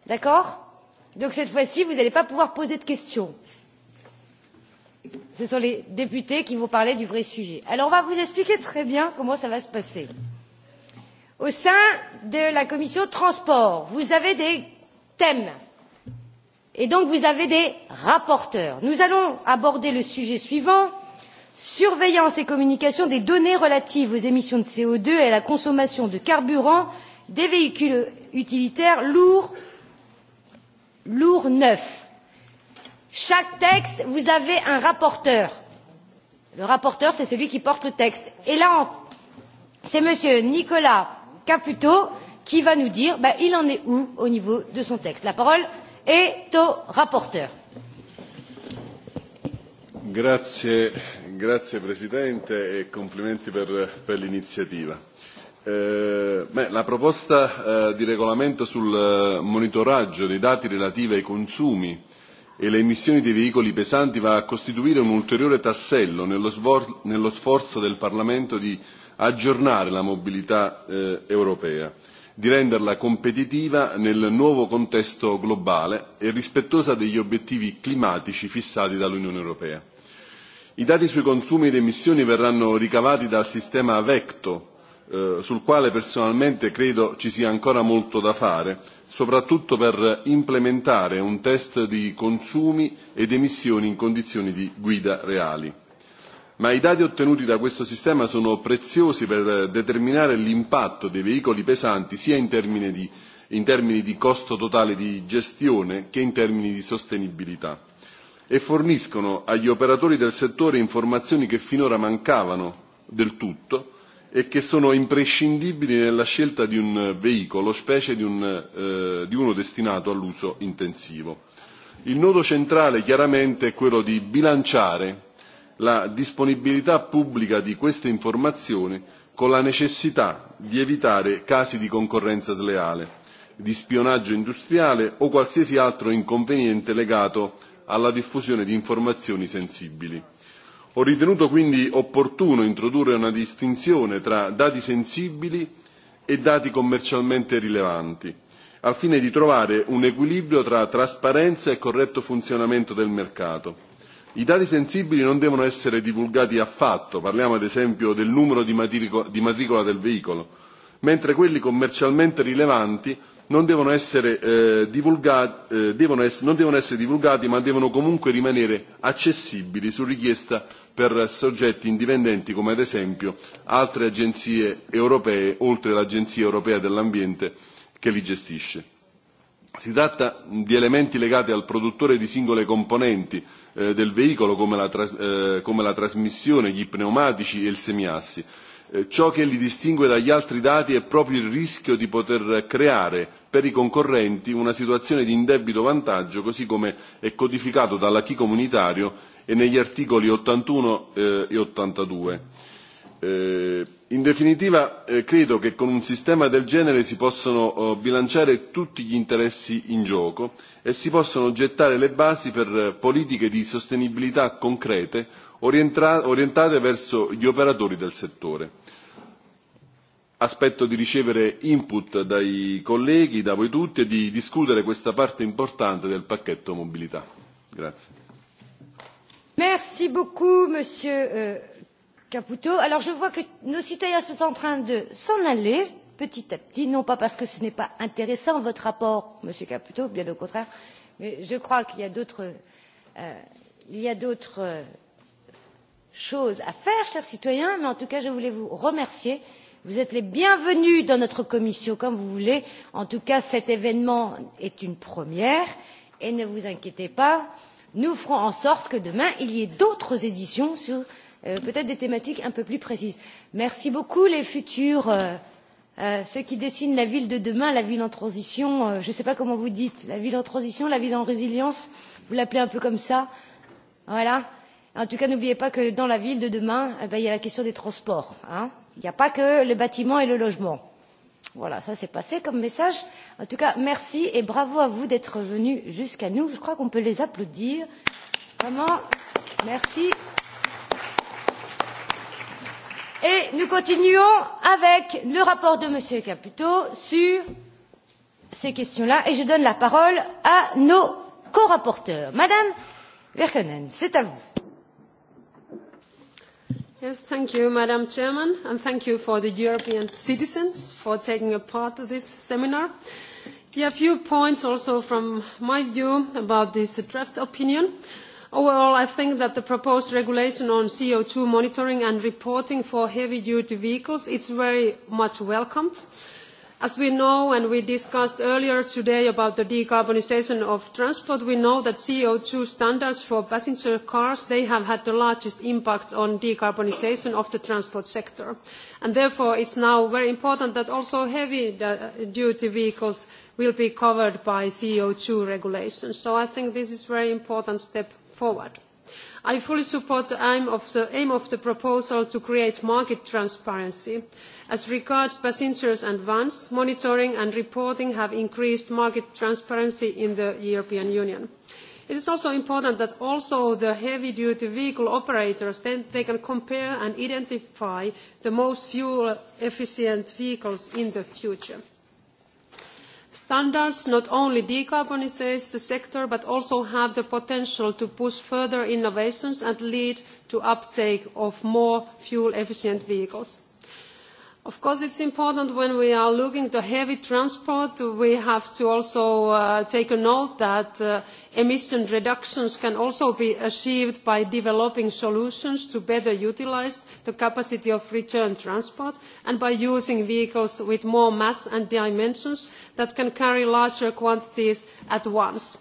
D'accord Donc cette fois-ci, vous n'allez pas pouvoir poser de questions. Ce sont les députés qui vont parler du vrai sujet. Alors on va vous expliquer très bien comment ça va se passer. Au sein de la commission transport, vous avez des thèmes et donc vous avez des rapporteurs. Nous allons aborder le sujet suivant surveillance et communication des données relatives aux émissions de CO2 et à la consommation de carburant des véhicules utilitaires lourds neufs. chaque texte vous avez un rapporteur le rapporteur c'est celui qui porte le texte et là c'est m. nicolas caputo qui va nous dire ben, il en est où au niveau de son texte. la parole est au rapporteur. Grazie, grazie Presidente e complimenti per, per l'iniziativa. Eh, beh, la proposta eh, di regolamento sul eh, monitoraggio dei dati relativi ai consumi e le emissioni dei veicoli pesanti va a costituire un ulteriore tassello nello, svor- nello sforzo del Parlamento di aggiornare la mobilità eh, europea, di renderla competitiva nel nuovo contesto globale e rispettosa degli obiettivi climatici fissati dall'Unione europea. I dati sui consumi ed emissioni verranno ricavati dal sistema VECTO, Eh, sul quale personalmente credo ci sia ancora molto da fare soprattutto per implementare un test di consumi ed emissioni in condizioni di guida reali. Ma i dati ottenuti da questo sistema sono preziosi per determinare l'impatto dei veicoli pesanti sia in termini, di, in termini di costo totale di gestione che in termini di sostenibilità e forniscono agli operatori del settore informazioni che finora mancavano del tutto e che sono imprescindibili nella scelta di un veicolo, specie di, un, eh, di uno destinato all'uso intensivo. Il nodo centrale chiaramente è quello di bilanciare la disponibilità pubblica di queste informazioni con la necessità di evitare casi di concorrenza sleale, di spionaggio industriale o qualsiasi altro inconveniente legato alla diffusione di informazioni sensibili ho ritenuto quindi opportuno introdurre una distinzione tra dati sensibili e dati commercialmente rilevanti al fine di trovare un equilibrio tra trasparenza e corretto funzionamento del mercato. i dati sensibili non devono essere divulgati affatto parliamo ad esempio del numero di matricola del veicolo mentre quelli commercialmente rilevanti Eh, eh, non devono essere divulgati ma devono comunque rimanere accessibili su richiesta per soggetti indipendenti come ad esempio altre agenzie europee oltre all'agenzia europea dell'ambiente che li gestisce. Si tratta di elementi legati al produttore di singole componenti eh, del veicolo come la, tras- eh, come la trasmissione, gli pneumatici e il semiassi. Eh, ciò che li distingue dagli altri dati è proprio il rischio di poter creare eh, per i concorrenti una situazione di indebito vantaggio, così come è codificato dall'acquis comunitario e negli articoli 81 eh, e 82. Eh, in definitiva, eh, credo che con un sistema del genere si possano eh, bilanciare tutti gli interessi in gioco e si possono gettare le basi per eh, politiche di sostenibilità concrete orientate verso gli operatori del settore aspetto di ricevere input dai colleghi da voi tutti e di discutere questa parte importante del pacchetto mobilità. Grazie. Merci beaucoup monsieur euh, Caputo. Alors je vois que nos citoyens sont en train de s'en aller petit à petit non pas parce que ce n'est pas intéressant votre rapport monsieur Caputo bien au contraire mais je crois qu'il y a d'autres euh, il y a d'autres euh, choses à faire chers citoyens mais en tout cas je voulais vous remercier euh, vous êtes les bienvenus dans notre commission comme vous voulez en tout cas cet événement est une première et ne vous inquiétez pas nous ferons en sorte que demain il y ait d'autres éditions sur euh, peut être des thématiques un peu plus précises. merci beaucoup les futurs euh, euh, ceux qui dessinent la ville de demain la ville en transition je ne sais pas comment vous dites la ville en transition la ville en résilience vous l'appelez un peu comme ça voilà. en tout cas n'oubliez pas que dans la ville de demain eh il y a la question des transports hein il n'y a pas que le bâtiment et le logement. voilà ça s'est passé comme message. en tout cas merci et bravo à vous d'être venus jusqu'à nous. je crois qu'on peut les applaudir. vraiment merci. et nous continuons avec le rapport de m. caputo sur ces questions là et je donne la parole à nos corapporteurs. mme virkkunen c'est à vous. Yes, thank you, Madam Chairman, and thank you for the European citizens for taking a part of this seminar. Yeah, a few points also from my view about this draft opinion. Overall, I think that the proposed regulation on CO2 monitoring and reporting for heavy-duty vehicles is very much welcomed. As we know and we discussed earlier today about the decarbonization of transport, we know that CO2 standards for passenger cars, they have had the largest impact on decarbonization of the transport sector. And therefore, it's now very important that also heavy-duty uh, vehicles will be covered by CO2 regulations. So I think this is a very important step forward. I fully support the aim of the, aim of the proposal to create market transparency. As regards passengers and vans, monitoring and reporting have increased market transparency in the European Union. It is also important that also the heavy-duty vehicle operators, then they can compare and identify the most fuel-efficient vehicles in the future. Standards not only decarbonizes the sector, but also have the potential to push further innovations and lead to uptake of more fuel-efficient vehicles. Of course, it's important when we are looking to heavy transport, we have to also uh, take a note that uh, emission reductions can also be achieved by developing solutions to better utilize the capacity of return transport and by using vehicles with more mass and dimensions that can carry larger quantities at once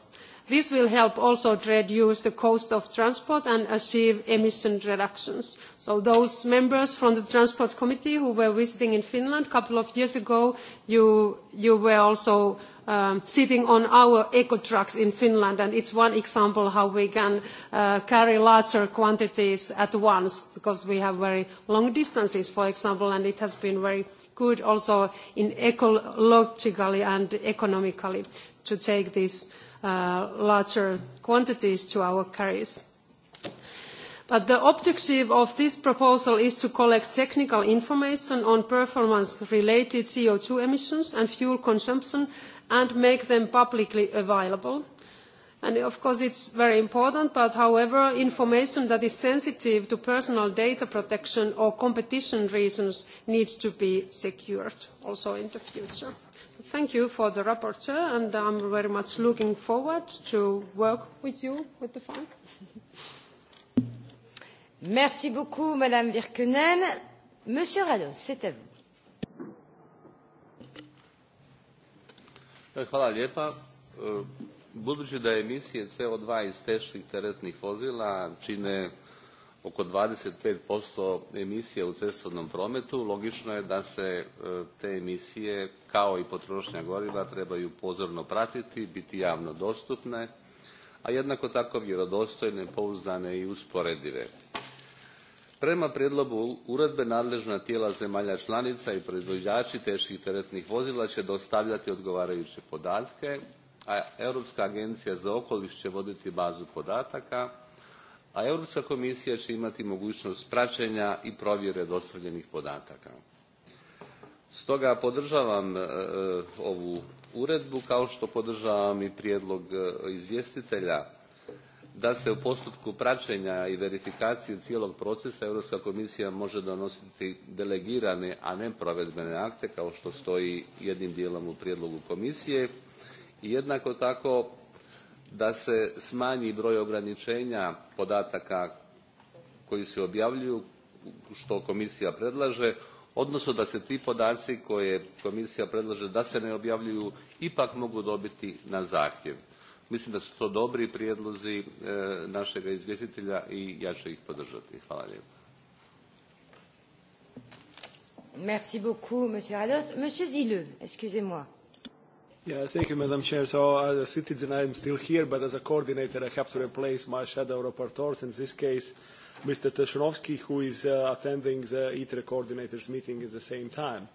this will help also to reduce the cost of transport and achieve emission reductions. so those members from the transport committee who were visiting in finland a couple of years ago you, you were also um, sitting on our eco trucks in finland and it's one example how we can uh, carry larger quantities at once because we have very long distances for example and it has been very good also in ecologically and economically to take these Uh, larger quantities to our quarries. The objective of this proposal is to collect technical information on performance-related CO2 emissions and fuel consumption and make them publicly available. Of course, it's very important, but however, information that is sensitive to personal data protection or competition reasons needs to be secured also in the future thank you for the rapporteur and I'm very much looking forward to work with you with the fund. Merci beaucoup madame Virkkunen. Monsieur Rados, c'est à vous. Eh, hvala lepa. Eh, budući da je emisije CO2 iz teških teretnih vozila čine oko 25% emisije u cestovnom prometu, logično je da se e, te emisije, kao i potrošnja goriva, trebaju pozorno pratiti, biti javno dostupne, a jednako tako vjerodostojne, pouzdane i usporedive. Prema predlogu uredbe nadležna tijela zemalja članica i proizvođači teških teretnih vozila će dostavljati odgovarajuće podatke, a Europska agencija za okoliš će voditi bazu podataka, a Europska komisija će imati mogućnost praćenja i provjere dostavljenih podataka. Stoga podržavam e, ovu uredbu kao što podržavam i prijedlog e, izvjestitelja da se u postupku praćenja i verifikacije cijelog procesa Europska komisija može donositi delegirane, a ne provedbene akte kao što stoji jednim dijelom u prijedlogu komisije. I jednako tako da se smanji broj ograničenja podataka koji se objavljuju, što komisija predlaže, odnosno da se ti podaci koje komisija predlaže da se ne objavljuju ipak mogu dobiti na zahtjev. Mislim da su to dobri prijedlozi e, našeg izvjestitelja i ja ću ih podržati. Hvala lijepo. Merci beaucoup, monsieur Ados. Monsieur Zileux, excusez-moi. Yeah, thank you, Madam Chair. So as a citizen, I'm still here, but as a coordinator, I have to replace my shadow rapporteurs. In this case, Mr. Teshunovsky, who is uh, attending the ITRE coordinators meeting at the same time.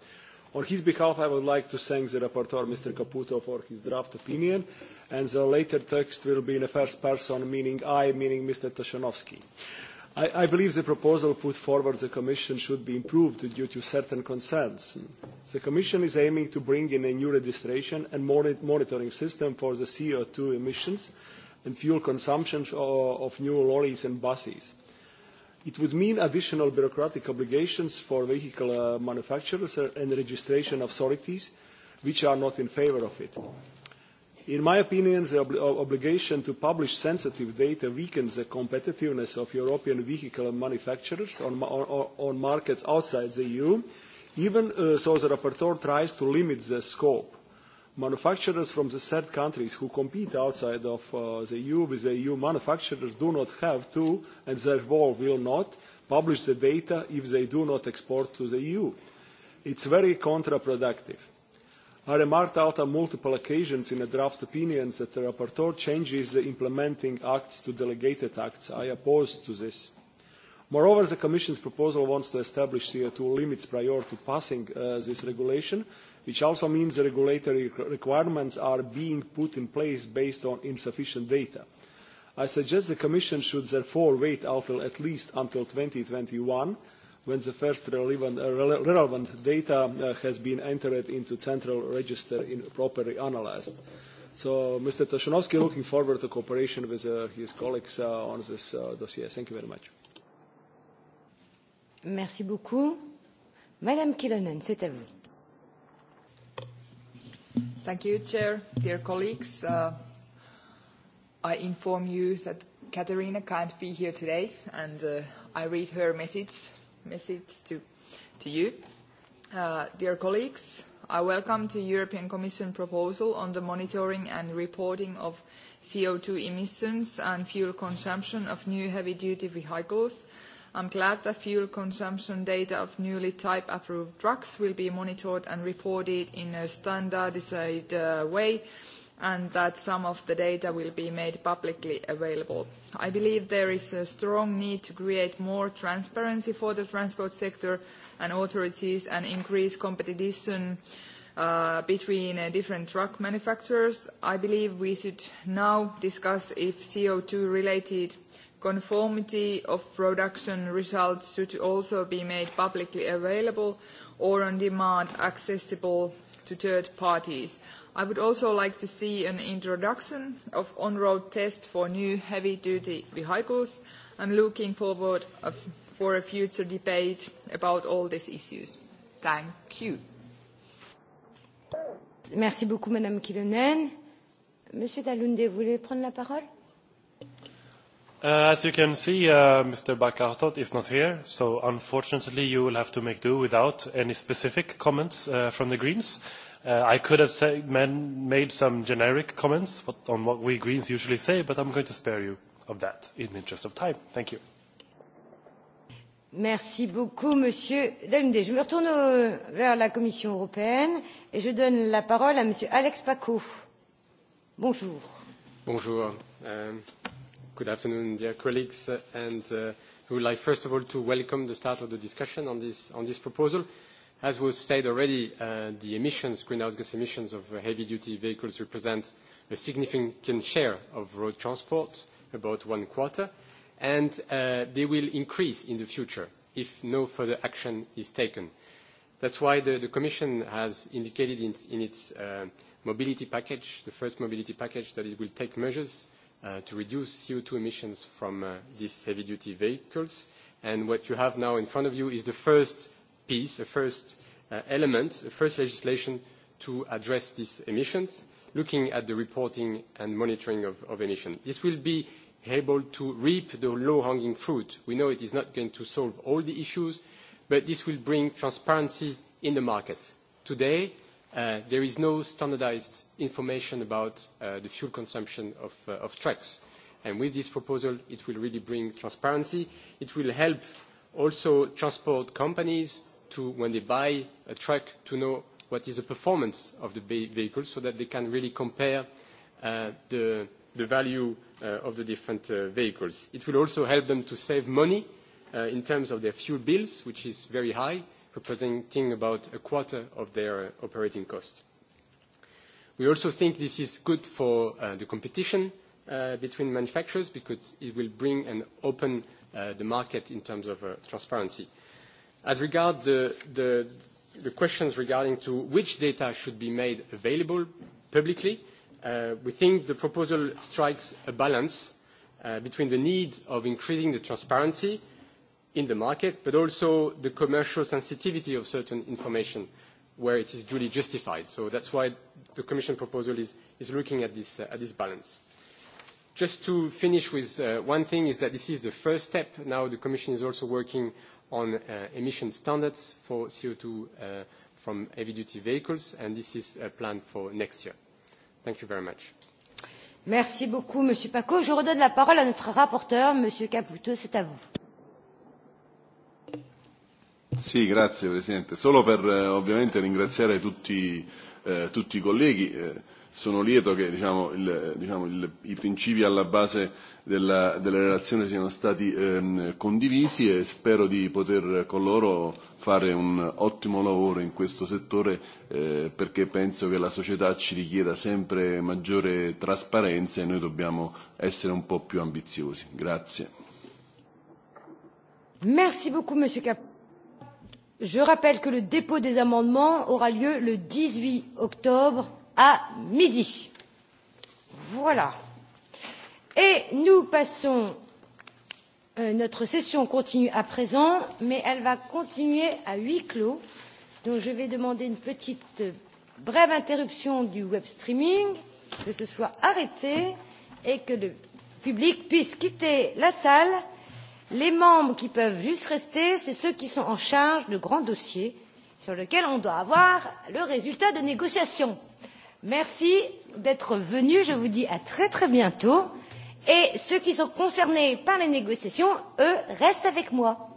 On his behalf, I would like to thank the rapporteur, Mr. Caputo, for his draft opinion. And the later text will be in the first person, meaning I, meaning Mr. Teshunovsky. Uh, I, I believe the proposal put forward the Commission should be improved due to certain concerns. The Commission is aiming to bring in a new registration and monitoring system for the CO2 emissions and fuel consumption of new lorries and buses. It would mean additional bureaucratic obligations for vehicle uh, manufacturers uh, and registration authorities, which are not in favour of it. In my opinion, the ob obligation to publish sensitive data weakens the competitiveness of European vehicle manufacturers on, ma on markets outside the EU, even uh, so the rapporteur tries to limit the scope. Manufacturers from the third countries who compete outside of uh, the EU with the EU manufacturers do not have to, and therefore will not, publish the data if they do not export to the EU. It's very counterproductive. I remarked out on multiple occasions in the draft opinions that the rapporteur changes the implementing acts to delegated acts. I oppose to this. Moreover, the Commission's proposal wants to establish CO2 limits prior to passing uh, this regulation, which also means the regulatory requirements are being put in place based on insufficient data. I suggest the Commission should therefore wait until at least until 2021 when the first relevant, uh, relevant data uh, has been entered into central register in properly analyzed. So Mr. Toshinovsky, looking forward to cooperation with uh, his colleagues uh, on this uh, dossier. Thank you very much. Merci beaucoup. Madame Kilonen, c'est à vous. Thank you, Chair. Dear colleagues, uh, I inform you that Katerina can't be here today, and uh, I read her message message to, to you. Uh, dear colleagues, I welcome the European Commission proposal on the monitoring and reporting of CO2 emissions and fuel consumption of new heavy-duty vehicles. I'm glad that fuel consumption data of newly type-approved drugs will be monitored and reported in a standardized uh, way uh, and that some of the data will be made publicly available. I believe there is a strong need to create more transparency for the transport sector and authorities and increase competition uh, between uh, different truck manufacturers. I believe we should now discuss if CO2-related conformity of production results should also be made publicly available or on demand accessible to third parties. I would also like to see an introduction of on-road test for new heavy-duty vehicles. I'm looking forward of, for a future debate about all these issues. Thank you. Merci beaucoup, Madame Kilonen. Monsieur Dalunde, vous voulez prendre la parole? Uh, as you can see, uh, Mr. Bakartot is not here, so unfortunately you will have to make do without any specific comments uh, from the Greens. Uh, i could have made some generic comments on what we greens usually say but i'm going to spare you of that in the interest of time. thank you. merci beaucoup monsieur dalliné. je me retourne vers la commission européenne et je donne la parole à monsieur alex pacu. bonjour. bonjour. Um, good afternoon dear colleagues and i uh, would like first of all to welcome the start of the discussion on this proposal. As was said already, uh, the emissions, greenhouse gas emissions of uh, heavy-duty vehicles represent a significant share of road transport, about one quarter, and uh, they will increase in the future if no further action is taken. That's why the, the Commission has indicated in, in its uh, mobility package, the first mobility package, that it will take measures uh, to reduce CO2 emissions from uh, these heavy-duty vehicles. And what you have now in front of you is the first piece, a first uh, element, a first legislation to address these emissions, looking at the reporting and monitoring of, of emissions. This will be able to reap the low-hanging fruit. We know it is not going to solve all the issues, but this will bring transparency in the market. Today, uh, there is no standardized information about uh, the fuel consumption of, uh, of trucks. And with this proposal, it will really bring transparency. It will help also transport companies to when they buy a truck to know what is the performance of the vehicle so that they can really compare uh, the, the value uh, of the different uh, vehicles. It will also help them to save money uh, in terms of their fuel bills, which is very high, representing about a quarter of their uh, operating costs. We also think this is good for uh, the competition uh, between manufacturers because it will bring and open uh, the market in terms of uh, transparency. Uh, As regard the, the, the questions regarding to which data should be made available publicly, uh, we think the proposal strikes a balance uh, between the need of increasing the transparency in the market, but also the commercial sensitivity of certain information where it is duly justified. So that's why the Commission proposal is, is looking at this, uh, at this balance. Just to finish with uh, one thing is that this is the first step. Now the Commission is also working on uh, emission standards for CO2 uh, from heavy-duty vehicles, and this is uh, planned for next year. Thank you very much. Merci beaucoup, Monsieur Paco. Je redonne la parole à notre rapporteur, Monsieur Caputo. C'est à vous. Sì, grazie, Presidente. Solo per eh, ovviamente ringraziare tutti, eh, tutti i colleghi. Eh sono lieto che diciamo, il, diciamo, il, i principi alla base della, della relazione siano stati ehm, condivisi e spero di poter con loro fare un ottimo lavoro in questo settore eh, perché penso che la società ci richieda sempre maggiore trasparenza e noi dobbiamo essere un po' più ambiziosi. Grazie. Merci beaucoup, Monsieur Cap. Je rappelle que le dépôt des amendements aura lieu le 18 octobre à midi et nous passons euh, notre session continue à présent mais elle va continuer à huis clos donc je vais demander une petite euh, brève interruption du web streaming que ce soit arrêté et que le public puisse quitter la salle. les membres qui peuvent juste rester ce sont ceux qui sont en charge de grands dossiers sur lesquels on doit avoir le résultat de négociations merci d'être venu je vous dis à très très bientôt et ceux qui sont concernés par les négociations eux restent avec moi.